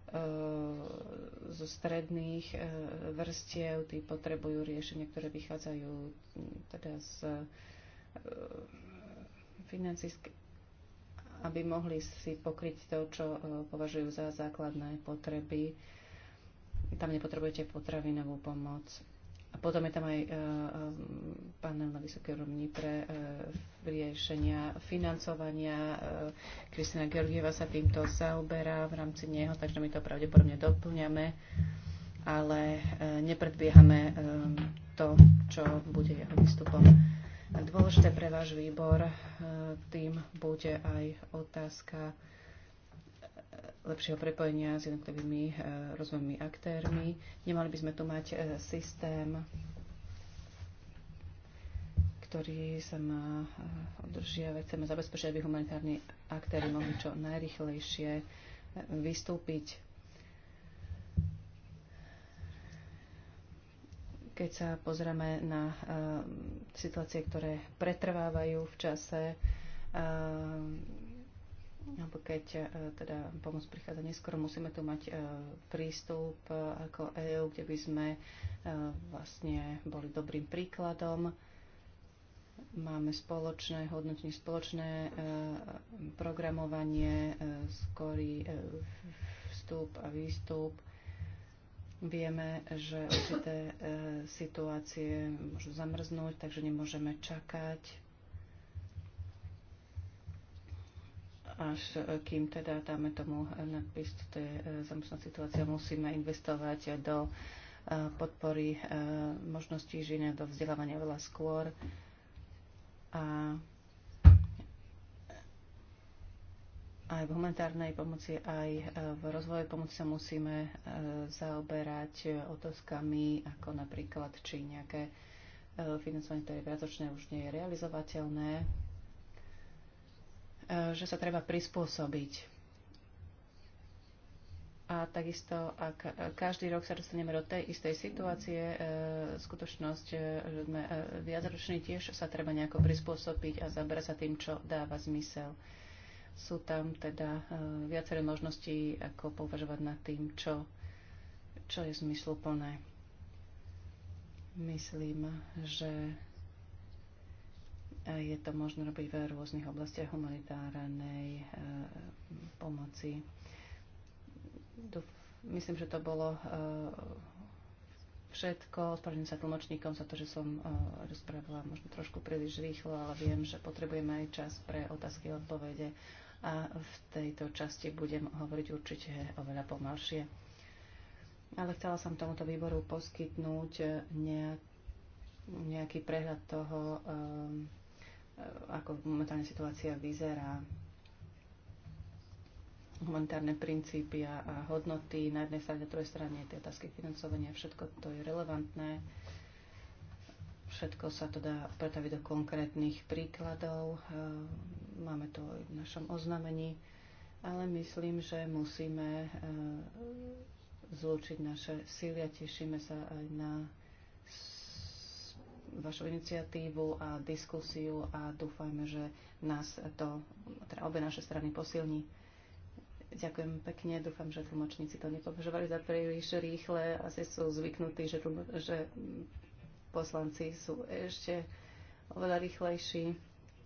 E, zo stredných e, vrstiev, tí potrebujú riešenia, ktoré vychádzajú teda z e, financí, aby mohli si pokryť to, čo považujú za základné potreby. Tam nepotrebujete potravinovú pomoc potom je tam aj e, e, panel na vysokej úrovni pre e, riešenia financovania. Kristina Georgieva sa týmto zaoberá v rámci neho, takže my to pravdepodobne doplňame, ale nepredbiehame to, čo bude jeho výstupom. Dôležité pre váš výbor tým bude aj otázka lepšieho prepojenia s jednotlivými eh, rozvojmi aktérmi. Nemali by sme tu mať eh, systém, ktorý sa má održiavať. Eh, chceme zabezpečiť, aby humanitárni aktéry mohli čo najrychlejšie vystúpiť. Keď sa pozrieme na situácie, ktoré pretrvávajú v čase, alebo keď e, teda pomoc prichádza neskoro, musíme tu mať e, prístup e, ako EU, kde by sme vlastne boli dobrým príkladom. Máme spoločné hodnotenie, spoločné programovanie, skorý vstup a výstup. Vieme, že určité situácie môžu zamrznúť, takže nemôžeme čakať až e, kým teda dáme tomu nadpis, to je e, zamestná situácia, musíme investovať do e, podpory možností žien do vzdelávania veľa skôr. A aj v humanitárnej pomoci, aj v rozvoje pomoci sa musíme zaoberať otázkami ako napríklad, či nejaké financovanie, ktoré je viacočné, už nie je realizovateľné, Eh, že sa treba prispôsobiť. A takisto, ak každý rok sa dostaneme do tej istej situácie, eh, skutočnosť, eh, že sme viacroční, tiež sa treba nejako prispôsobiť a zabrať sa tým, čo dáva zmysel. Sú tam teda viaceré možnosti, ako považovať nad tým, čo, čo je zmysluplné. Myslím, že je to možné robiť v rôznych oblastiach humanitárnej eh, pomoci. Myslím, že to bolo eh, všetko. Ospravedlňujem sa tlmočníkom za to, že som eh, rozprávala možno trošku príliš rýchlo, ale viem, že potrebujeme aj čas pre otázky a odpovede a v tejto časti budem hovoriť určite oveľa pomalšie. Ale chcela som tomuto výboru poskytnúť nejaký prehľad toho, um, ako momentálne situácia vyzerá. Humanitárne princípy a, a hodnoty na jednej strane, na druhej strane tie otázky financovania, všetko to je relevantné. Všetko sa to dá pretaviť do konkrétnych príkladov. E, máme to aj v našom oznamení, ale myslím, že musíme e, zlúčiť naše síly a tešíme sa aj na vašu iniciatívu a diskusiu a dúfajme, že nás to, teda obe naše strany posilní. Ďakujem pekne, dúfam, že tlmočníci to nepovažovali za príliš rýchle, asi sú zvyknutí, že, tlmo, že poslanci sú ešte oveľa rýchlejší,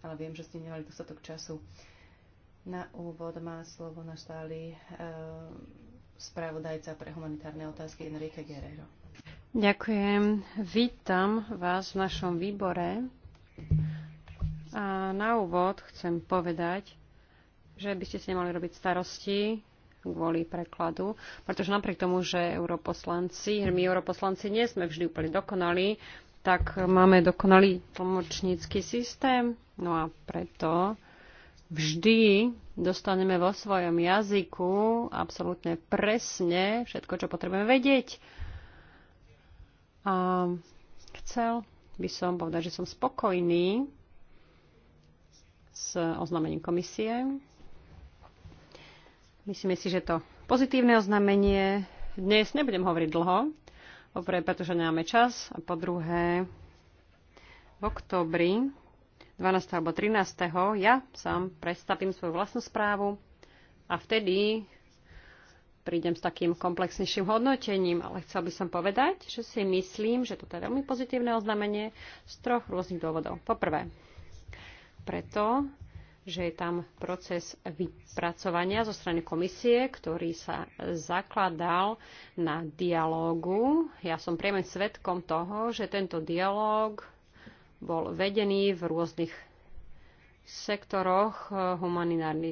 ale viem, že ste nemali dostatok času. Na úvod má slovo na stály e, spravodajca pre humanitárne otázky Enrique Guerrero. Ďakujem. Vítam vás v našom výbore. A na úvod chcem povedať, že by ste si nemali robiť starosti kvôli prekladu, pretože napriek tomu, že europoslanci, my europoslanci nie sme vždy úplne dokonali, tak máme dokonalý tlmočnícky systém, no a preto vždy dostaneme vo svojom jazyku absolútne presne všetko, čo potrebujeme vedieť a chcel by som povedať, že som spokojný s oznámením komisie. Myslíme si, že to pozitívne oznámenie dnes nebudem hovoriť dlho, poprvé, pretože nemáme čas a po druhé, v oktobri 12. alebo 13. ja sám predstavím svoju vlastnú správu a vtedy prídem s takým komplexnejším hodnotením, ale chcel by som povedať, že si myslím, že toto je veľmi pozitívne oznámenie z troch rôznych dôvodov. Poprvé, preto, že je tam proces vypracovania zo strany komisie, ktorý sa zakladal na dialógu. Ja som priame svetkom toho, že tento dialóg bol vedený v rôznych sektoroch eh,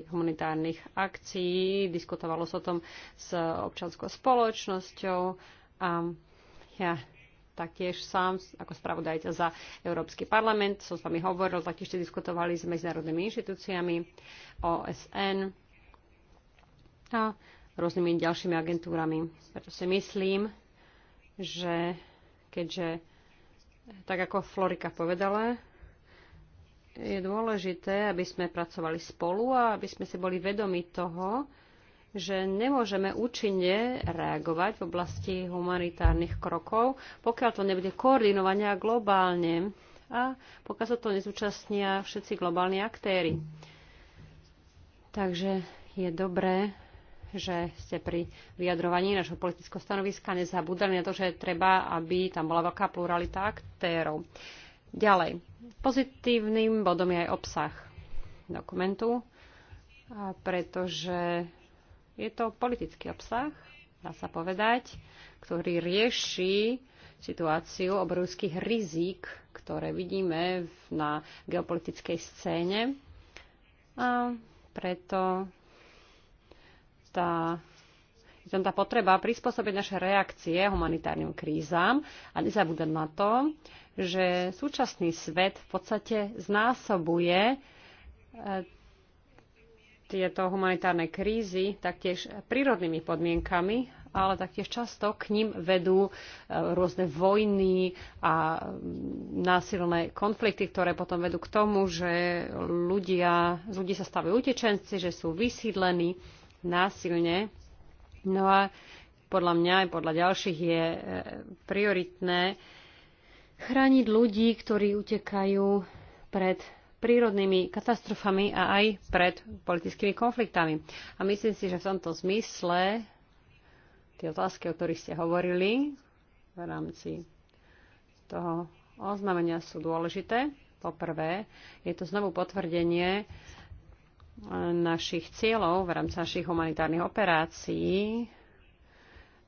humanitárnych akcií. Diskutovalo sa o tom s občanskou spoločnosťou a ja taktiež sám ako spravodajca za Európsky parlament som s vami hovoril, taktiež ste diskutovali s medzinárodnými inštitúciami, OSN a rôznymi ďalšími agentúrami. Preto si myslím, že keďže tak ako Florika povedala, je dôležité, aby sme pracovali spolu a aby sme si boli vedomi toho, že nemôžeme účinne reagovať v oblasti humanitárnych krokov, pokiaľ to nebude koordinované globálne a pokiaľ sa to nezúčastnia všetci globálni aktéry. Takže je dobré, že ste pri vyjadrovaní našho politického stanoviska nezabudali na to, že treba, aby tam bola veľká pluralita aktérov. Ďalej, pozitívnym bodom je aj obsah dokumentu, pretože je to politický obsah, dá sa povedať, ktorý rieši situáciu obrovských rizík, ktoré vidíme na geopolitickej scéne. A preto tá, je tam tá potreba prispôsobiť naše reakcie humanitárnym krízam a nezabúdať na to, že súčasný svet v podstate znásobuje e, tieto humanitárne krízy taktiež prírodnými podmienkami, ale taktiež často k ním vedú e, rôzne vojny a mm, násilné konflikty, ktoré potom vedú k tomu, že ľudia, z ľudí sa stavajú utečenci, že sú vysídlení násilne. No a podľa mňa aj podľa ďalších je e, prioritné chrániť ľudí, ktorí utekajú pred prírodnými katastrofami a aj pred politickými konfliktami. A myslím si, že v tomto zmysle tie otázky, o ktorých ste hovorili v rámci toho oznámenia sú dôležité. Po prvé, je to znovu potvrdenie našich cieľov v rámci našich humanitárnych operácií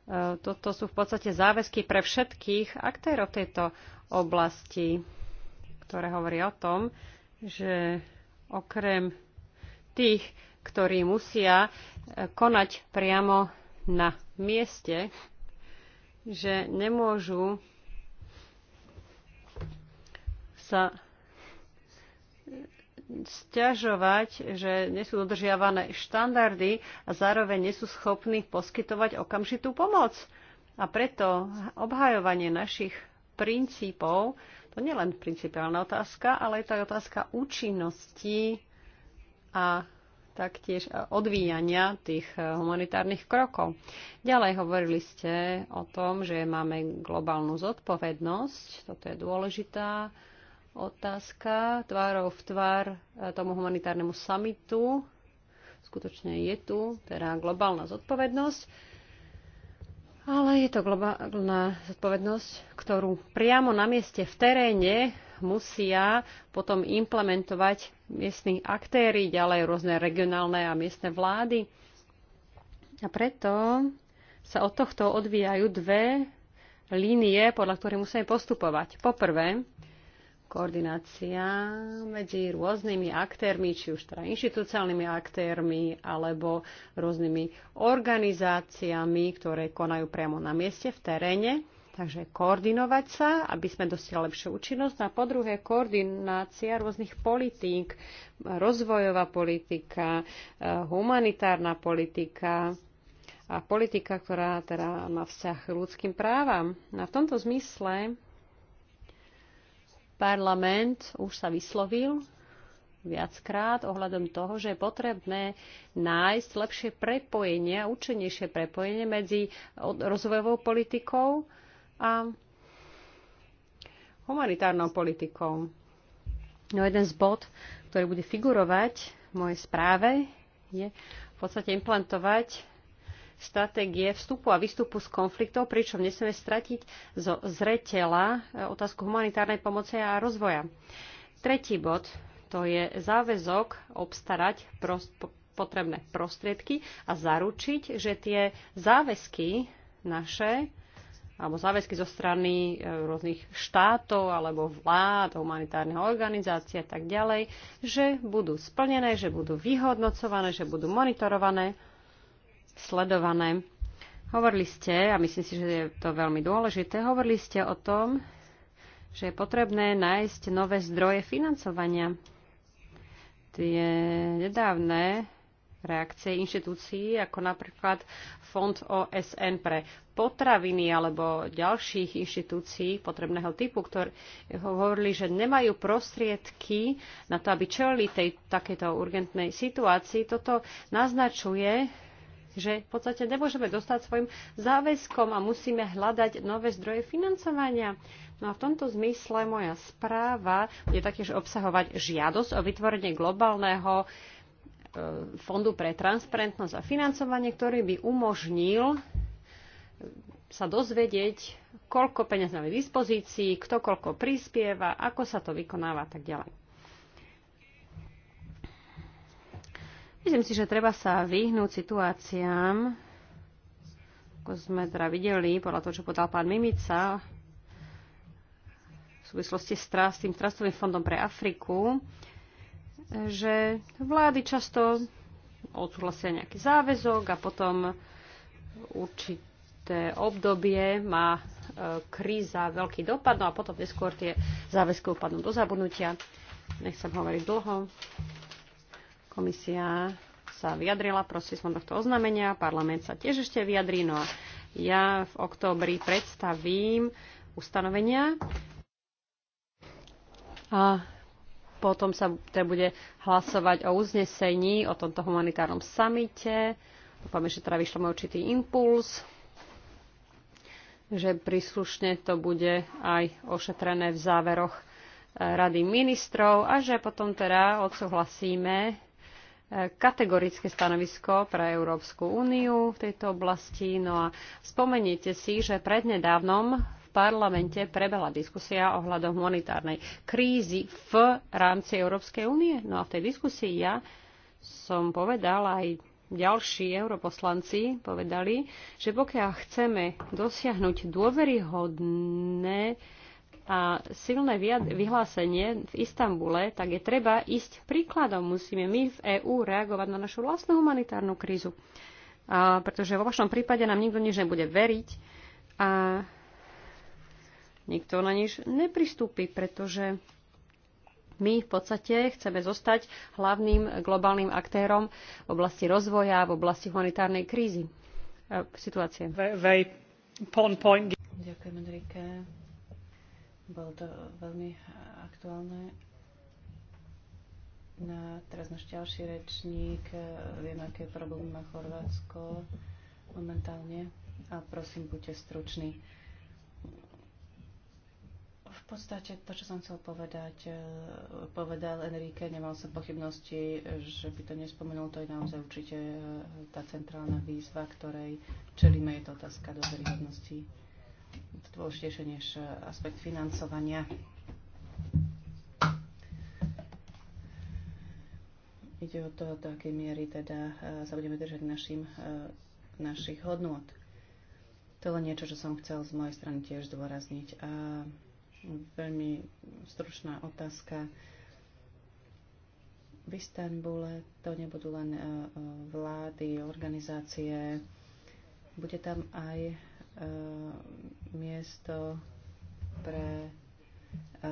Eh, toto sú v podstate záväzky pre všetkých aktérov tejto oblasti, ktoré hovorí o tom, že okrem tých, ktorí musia eh, konať priamo na mieste, že nemôžu sa stiažovať, že nie sú dodržiavané štandardy a zároveň nie sú schopní poskytovať okamžitú pomoc. A preto obhajovanie našich princípov, to nie len principiálna otázka, ale je to aj otázka účinnosti a taktiež odvíjania tých humanitárnych krokov. Ďalej hovorili ste o tom, že máme globálnu zodpovednosť, toto je dôležitá otázka tvárov v tvár e, tomu humanitárnemu samitu. Skutočne je tu teda globálna zodpovednosť, ale je to globálna zodpovednosť, ktorú priamo na mieste v teréne musia potom implementovať miestni aktéry, ďalej rôzne regionálne a miestne vlády. A preto sa od tohto odvíjajú dve línie, podľa ktorých musíme postupovať. Poprvé, koordinácia medzi rôznymi aktérmi, či už teda inštitúciálnymi aktérmi alebo rôznymi organizáciami, ktoré konajú priamo na mieste v teréne. Takže koordinovať sa, aby sme dostali lepšiu účinnosť. A po druhé, koordinácia rôznych politík, rozvojová politika, eh, humanitárna politika a politika, ktorá teda má vzťah k ľudským právam. A v tomto zmysle Parlament už sa vyslovil viackrát ohľadom toho, že je potrebné nájsť lepšie prepojenie, účinnejšie prepojenie medzi rozvojovou politikou a humanitárnou politikou. No jeden z bod, ktorý bude figurovať v mojej správe, je v podstate implantovať stratégie vstupu a výstupu z konfliktov, pričom nesmieme stratiť zo zreteľa e, otázku humanitárnej pomoci a rozvoja. Tretí bod to je záväzok obstarať prost, potrebné prostriedky a zaručiť, že tie záväzky naše alebo záväzky zo strany e, rôznych štátov alebo vlád, humanitárnych organizácií a tak ďalej, že budú splnené, že budú vyhodnocované, že budú monitorované sledované. Hovorili ste, a myslím si, že je to veľmi dôležité, hovorili ste o tom, že je potrebné nájsť nové zdroje financovania. Tie nedávne reakcie inštitúcií, ako napríklad Fond OSN pre potraviny alebo ďalších inštitúcií potrebného typu, ktorí hovorili, že nemajú prostriedky na to, aby čelili tej, takejto urgentnej situácii. Toto naznačuje, že v podstate nemôžeme dostať svojim záväzkom a musíme hľadať nové zdroje financovania. No a v tomto zmysle moja správa je taktiež obsahovať žiadosť o vytvorenie globálneho e, fondu pre transparentnosť a financovanie, ktorý by umožnil e, sa dozvedieť, koľko peniaz máme v dispozícii, kto koľko prispieva, ako sa to vykonáva a tak ďalej. Myslím si, že treba sa vyhnúť situáciám, ako sme teda videli, podľa toho, čo podal pán Mimica, v súvislosti s, tým trastovým fondom pre Afriku, že vlády často odsúhlasia nejaký záväzok a potom určité obdobie má e, kríza veľký dopad, no a potom neskôr tie záväzky upadnú do zabudnutia. Nechcem hovoriť dlho. Komisia sa vyjadrila prostredstvom tohto oznámenia, parlament sa tiež ešte vyjadrí, no a ja v októbri predstavím ustanovenia a potom sa teda bude hlasovať o uznesení o tomto humanitárnom samite. Dúfame, že teda môj určitý impuls, že príslušne to bude aj ošetrené v záveroch eh, Rady ministrov a že potom teda odsúhlasíme kategorické stanovisko pre Európsku úniu v tejto oblasti. No a spomeniete si, že prednedávnom v parlamente prebehla diskusia ohľadom humanitárnej krízy v rámci Európskej únie. No a v tej diskusii ja som povedala aj ďalší europoslanci povedali, že pokiaľ chceme dosiahnuť dôveryhodné a silné vyhlásenie v Istambule, tak je treba ísť príkladom. Musíme my v EÚ reagovať na našu vlastnú humanitárnu krízu. A, pretože vo vašom prípade nám nikto nič nebude veriť a nikto na nič nepristúpi, pretože my v podstate chceme zostať hlavným globálnym aktérom v oblasti rozvoja, v oblasti humanitárnej krízy. E, situácie. Ďakujem, Enrique bolo to veľmi aktuálne. Na, teraz náš ďalší rečník, eh, viem, aké problémy má Chorvátsko momentálne a prosím, buďte struční. V podstate to, čo som chcel povedať, eh, povedal Enrique, nemal som pochybnosti, že by to nespomenul, to je naozaj určite eh, tá centrálna výzva, ktorej čelíme, je to otázka dôveryhodnosti dôležitejšie než eh, aspekt financovania. Ide o to, do akej miery teda eh, sa budeme držať našim, eh, našich hodnôt. To je len niečo, čo som chcel z mojej strany tiež zdôrazniť. A veľmi stručná otázka. V Istanbule to nebudú len vlády, organizácie, bude tam aj Eh, miesto pre eh,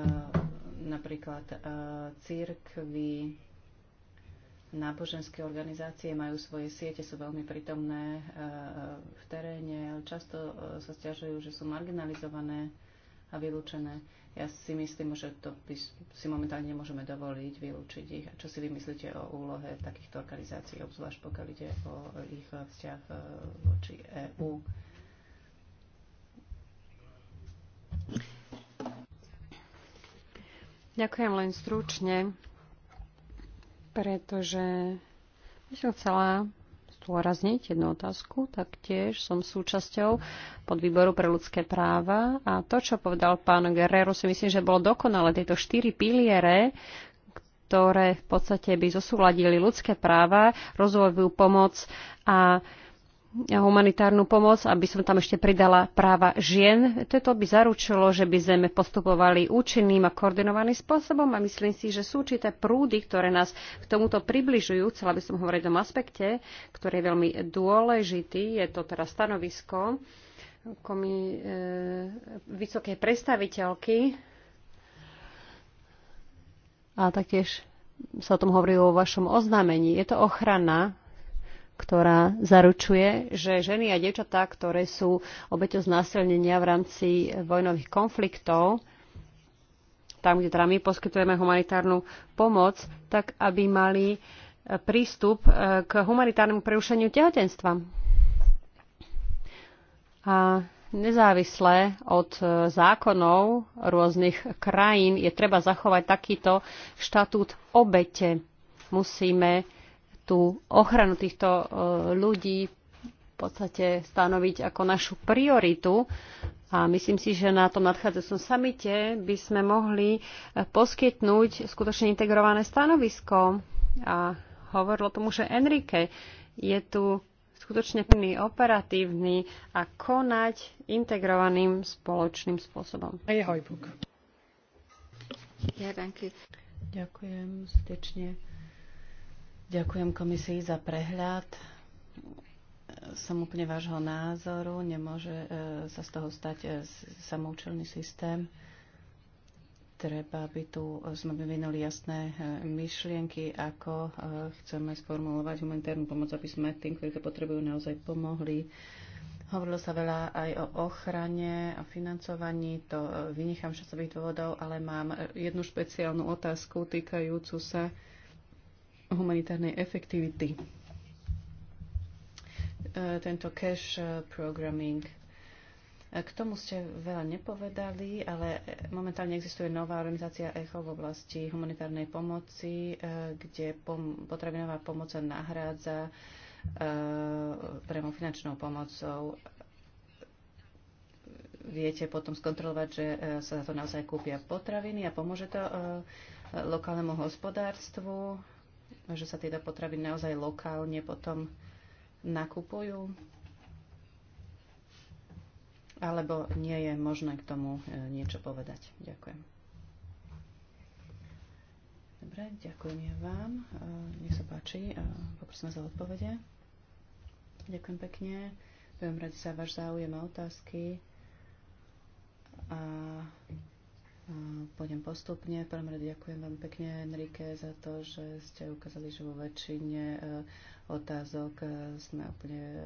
napríklad eh, církvy, náboženské organizácie majú svoje siete, sú veľmi prítomné v teréne, ale často sa stiažujú, že sú marginalizované a vylúčené. Ja si myslím, že to by si momentálne nemôžeme dovoliť vylúčiť ich. A čo si vymyslíte o úlohe takýchto organizácií, obzvlášť pokiaľ ide o ich vzťah voči EÚ? Ďakujem len stručne, pretože by som chcela zdôrazniť jednu otázku. tak tiež som súčasťou podvýboru pre ľudské práva a to, čo povedal pán Guerrero, si myslím, že bolo dokonale. Tieto štyri piliere, ktoré v podstate by zosúladili ľudské práva, rozvojovú pomoc a humanitárnu pomoc, aby som tam ešte pridala práva žien. Toto by zaručilo, že by zeme postupovali účinným a koordinovaným spôsobom a myslím si, že sú určité prúdy, ktoré nás k tomuto približujú. Chcela by som hovoriť o tom aspekte, ktorý je veľmi dôležitý. Je to teraz stanovisko komi, e, vysokej predstaviteľky a taktiež sa o tom hovorilo o vašom oznámení. Je to ochrana ktorá zaručuje, že ženy a dievčatá, ktoré sú obeťou znásilnenia v rámci vojnových konfliktov, tam, kde teda my poskytujeme humanitárnu pomoc, tak aby mali e, prístup e, k humanitárnemu prerušeniu tehotenstva. A nezávisle od e, zákonov rôznych krajín je treba zachovať takýto štatút obete. Musíme tú ochranu týchto e, ľudí v podstate stanoviť ako našu prioritu. A myslím si, že na tom nadchádzajúcom samite by sme mohli e, poskytnúť skutočne integrované stanovisko. A hovorilo tomu, že Enrique je tu skutočne plný operatívny a konať integrovaným spoločným spôsobom. A je hojbuk. Ja, danke. Ďakujem srdečne. Ďakujem komisii za prehľad. Som úplne vášho názoru. Nemôže e, sa z toho stať e, samoučelný systém. Treba by tu sme vyvinuli jasné e, myšlienky, ako chceme sformulovať humanitárnu pomoc, aby sme tým, ktorí to potrebujú, naozaj pomohli. Hovorilo sa veľa aj o ochrane, o financovaní, to vynechám časových dôvodov, ale mám jednu špeciálnu otázku týkajúcu sa humanitárnej efektivity. E, tento cash e, programming. E, k tomu ste veľa nepovedali, ale momentálne existuje nová organizácia ECHO v oblasti humanitárnej pomoci, kde pom- potravinová pomoc sa nahrádza priamo finančnou pomocou viete potom skontrolovať, že sa za to naozaj kúpia potraviny a pomôže to lokálnemu hospodárstvu a že sa teda potraviny naozaj lokálne potom nakupujú? Alebo nie je možné k tomu e, niečo povedať? Ďakujem. Dobre, ďakujem ja vám. E, nech sa páči, e, poprosím za odpovede. Ďakujem pekne. Budem radi za váš záujem a otázky. A Pôjdem postupne. V prvom rade ďakujem vám pekne, Enrique, za to, že ste ukázali, že vo väčšine e, otázok e, sme úplne e,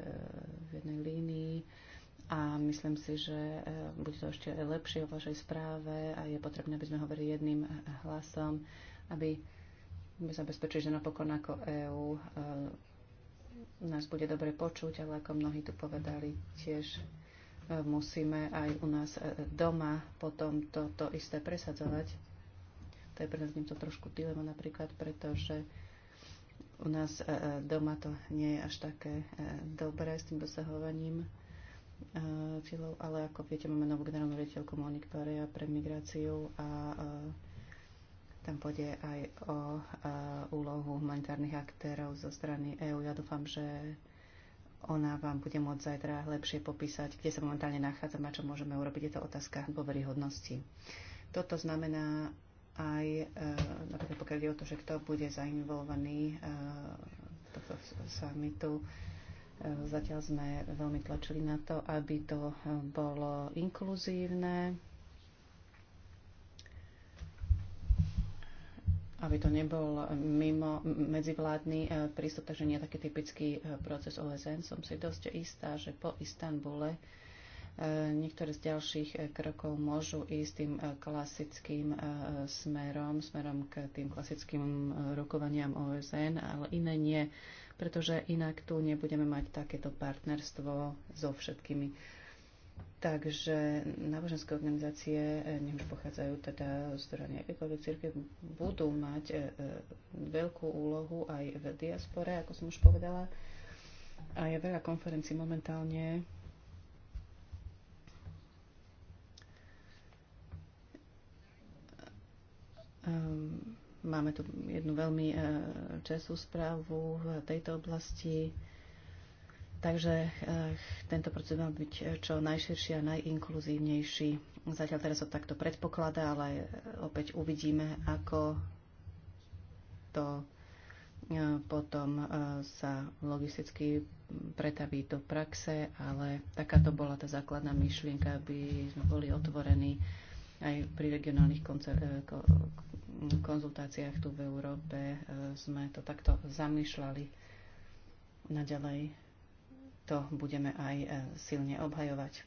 v jednej línii a myslím si, že bude to ešte lepšie o vašej správe a je potrebné, aby sme hovorili jedným hlasom, aby sme zabezpečili, že napokon ako EÚ nás bude dobre počuť, ale ako mnohí tu povedali tiež musíme aj u nás e, e, doma potom toto to isté presadzovať. To je pre nás to trošku dilema napríklad, pretože u nás e, doma to nie je až také dobré s tým dosahovaním cieľov, ale ako viete, máme novú generálnu riaditeľku Monik Pareja pre migráciu a tam pôjde aj o úlohu humanitárnych aktérov zo strany EÚ. Ja dúfam, že ona vám bude môcť zajtra lepšie popísať, kde sa momentálne nachádzame a čo môžeme urobiť. Je to otázka dôveryhodnosti. Toto znamená aj, e, napríklad pokiaľ je o to, že kto bude zainvolovaný e, tohto summitu, e, Zatiaľ sme veľmi tlačili na to, aby to e, bolo inkluzívne, aby to nebol mimo medzivládny e, prístup, takže nie taký typický e, proces OSN. Som si dosť istá, že po Istanbule e, niektoré z ďalších krokov môžu ísť tým klasickým smerom, smerom k tým klasickým rokovaniam OSN, ale iné nie, pretože inak tu nebudeme mať takéto partnerstvo so všetkými Takže náboženské organizácie, eh, nech už pochádzajú teda z strany akékoľvek církev, budú mať eh, eh, veľkú úlohu aj v diaspore, ako som už povedala. A je veľa konferencií momentálne. Ehm, máme tu jednu veľmi čestú správu v tejto oblasti Takže eh, tento proces má byť eh, čo najširší a najinkluzívnejší. Zatiaľ teraz sa takto predpokladá, ale eh, opäť uvidíme, ako to potom sa logisticky pretaví do praxe, ale takáto bola tá základná myšlienka, aby sme boli otvorení aj pri regionálnych konzultáciách tu v Európe. Sme to takto zamýšľali naďalej to budeme aj e, silne obhajovať.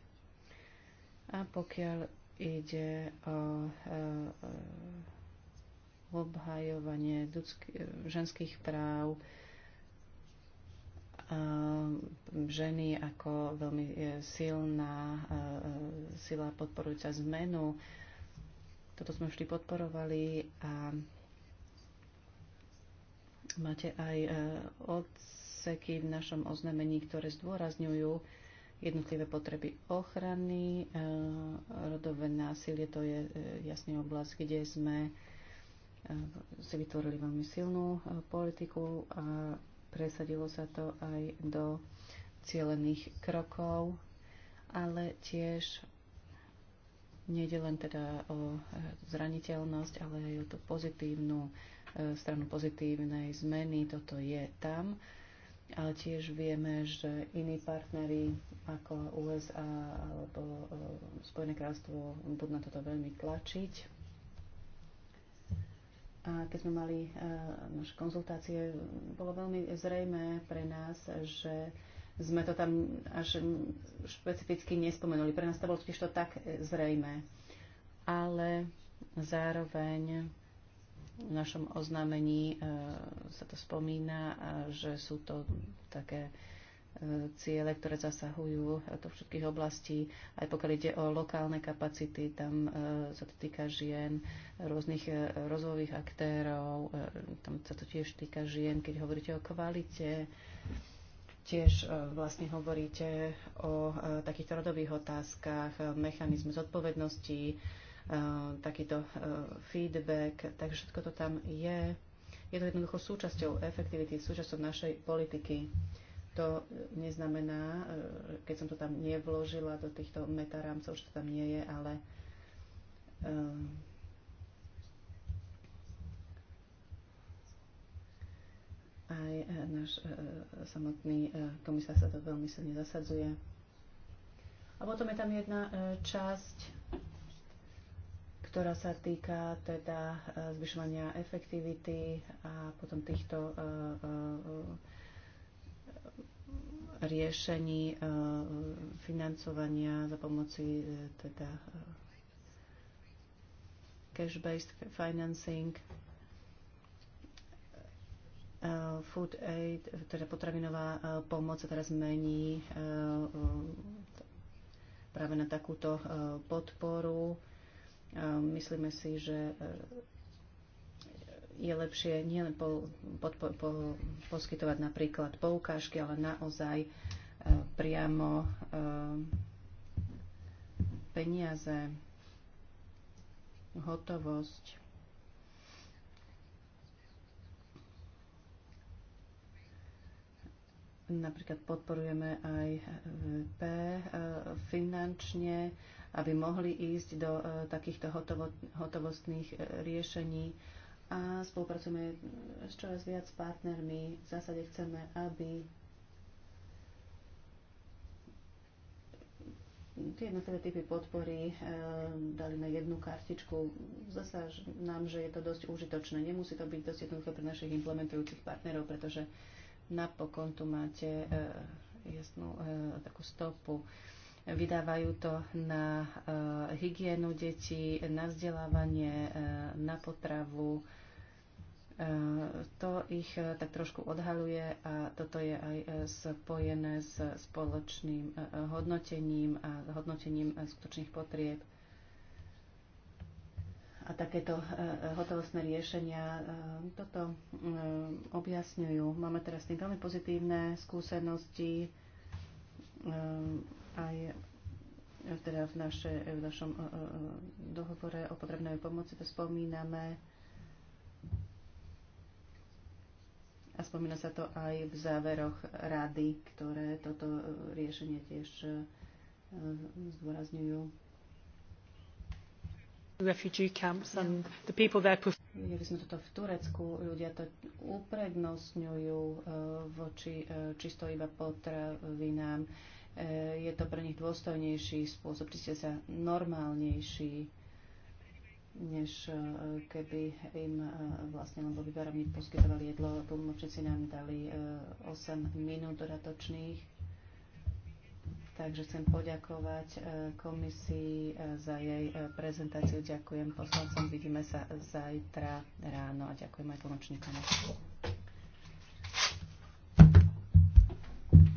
A pokiaľ ide o e, e, obhajovanie ženských práv, ženy ako veľmi silná sila podporujúca zmenu. Toto sme vždy podporovali a máte aj od úseky v našom oznamení, ktoré zdôrazňujú jednotlivé potreby ochrany. Eh, rodové násilie to je eh, jasne oblasť, kde sme eh, si vytvorili veľmi silnú politiku a presadilo sa to aj do cielených krokov, ale tiež nejde len teda o zraniteľnosť, ale aj o tú pozitívnu stranu pozitívnej zmeny. Toto je tam ale tiež vieme, že iní partnery ako USA alebo e, Spojené kráľstvo budú na toto veľmi tlačiť. A keď sme mali e, naše konzultácie, bolo veľmi zrejmé pre nás, že sme to tam až špecificky nespomenuli. Pre nás to bolo totiž to tak e, zrejmé. Ale zároveň v našom oznámení e, sa to spomína, e, že sú to také e, ciele, ktoré zasahujú do všetkých oblastí. Aj pokiaľ ide o lokálne kapacity, tam sa to týka žien, rôznych rozvojových aktérov, tam sa to tiež týka žien, keď hovoríte o kvalite, tiež vlastne hovoríte o takýchto rodových otázkach, mechanizme zodpovednosti, Ehm, takýto ehm, feedback, takže všetko to tam je. Je to jednoducho súčasťou efektivity, súčasťou našej politiky. To neznamená, ehm, keď som to tam nevložila do týchto metarámcov, že to tam nie je, ale aj e, náš e, samotný e, komisár sa to veľmi silne zasadzuje. A potom je tam jedna časť, ktorá sa týka teda e, zvyšovania efektivity a potom týchto e, e, riešení financovania za pomoci teda cash-based financing, food aid, teda potravinová pomoc sa teraz mení práve na takúto podporu Myslíme si, že e, je lepšie nielen po, po, po, po, poskytovať napríklad poukážky, ale naozaj e, priamo e, peniaze, hotovosť. Napríklad podporujeme aj VP finančne, aby mohli ísť do e, takýchto hotovo, hotovostných e, riešení. A spolupracujeme s čoraz viac s partnermi. V zásade chceme, aby tie jednotlivé typy podpory e, dali na jednu kartičku. Zase nám, že je to dosť užitočné. Nemusí to byť dosť jednoduché pre našich implementujúcich partnerov, pretože napokon tu máte e, jasnú e, takú stopu. E, Vydávajú to na eh, hygienu detí, na vzdelávanie, eh, na potravu. Eh, to ich tak trošku odhaluje a toto je aj spojené s spoločným hodnotením a hodnotením skutočných potrieb a takéto hotovostné riešenia toto objasňujú. Máme teraz s tým veľmi pozitívne skúsenosti aj e, teda v, naše, e, v našom e, dohovore o potrebnej pomoci to spomíname a spomína sa to aj v záveroch rady, ktoré toto riešenie tiež zdôrazňujú. Videli sme toto v Turecku, ľudia to uprednostňujú voči čisto iba potravinám. Eh, je to pre nich dôstojnejší spôsob, cítia sa normálnejší, než eh, keby im eh, vlastne, lebo vyberovník poskytovali jedlo, tlmočníci nám dali 8 minút dodatočných. Takže chcem poďakovať komisii za jej prezentáciu. Ďakujem poslancom. Vidíme sa zajtra ráno a ďakujem aj tlmočníkom.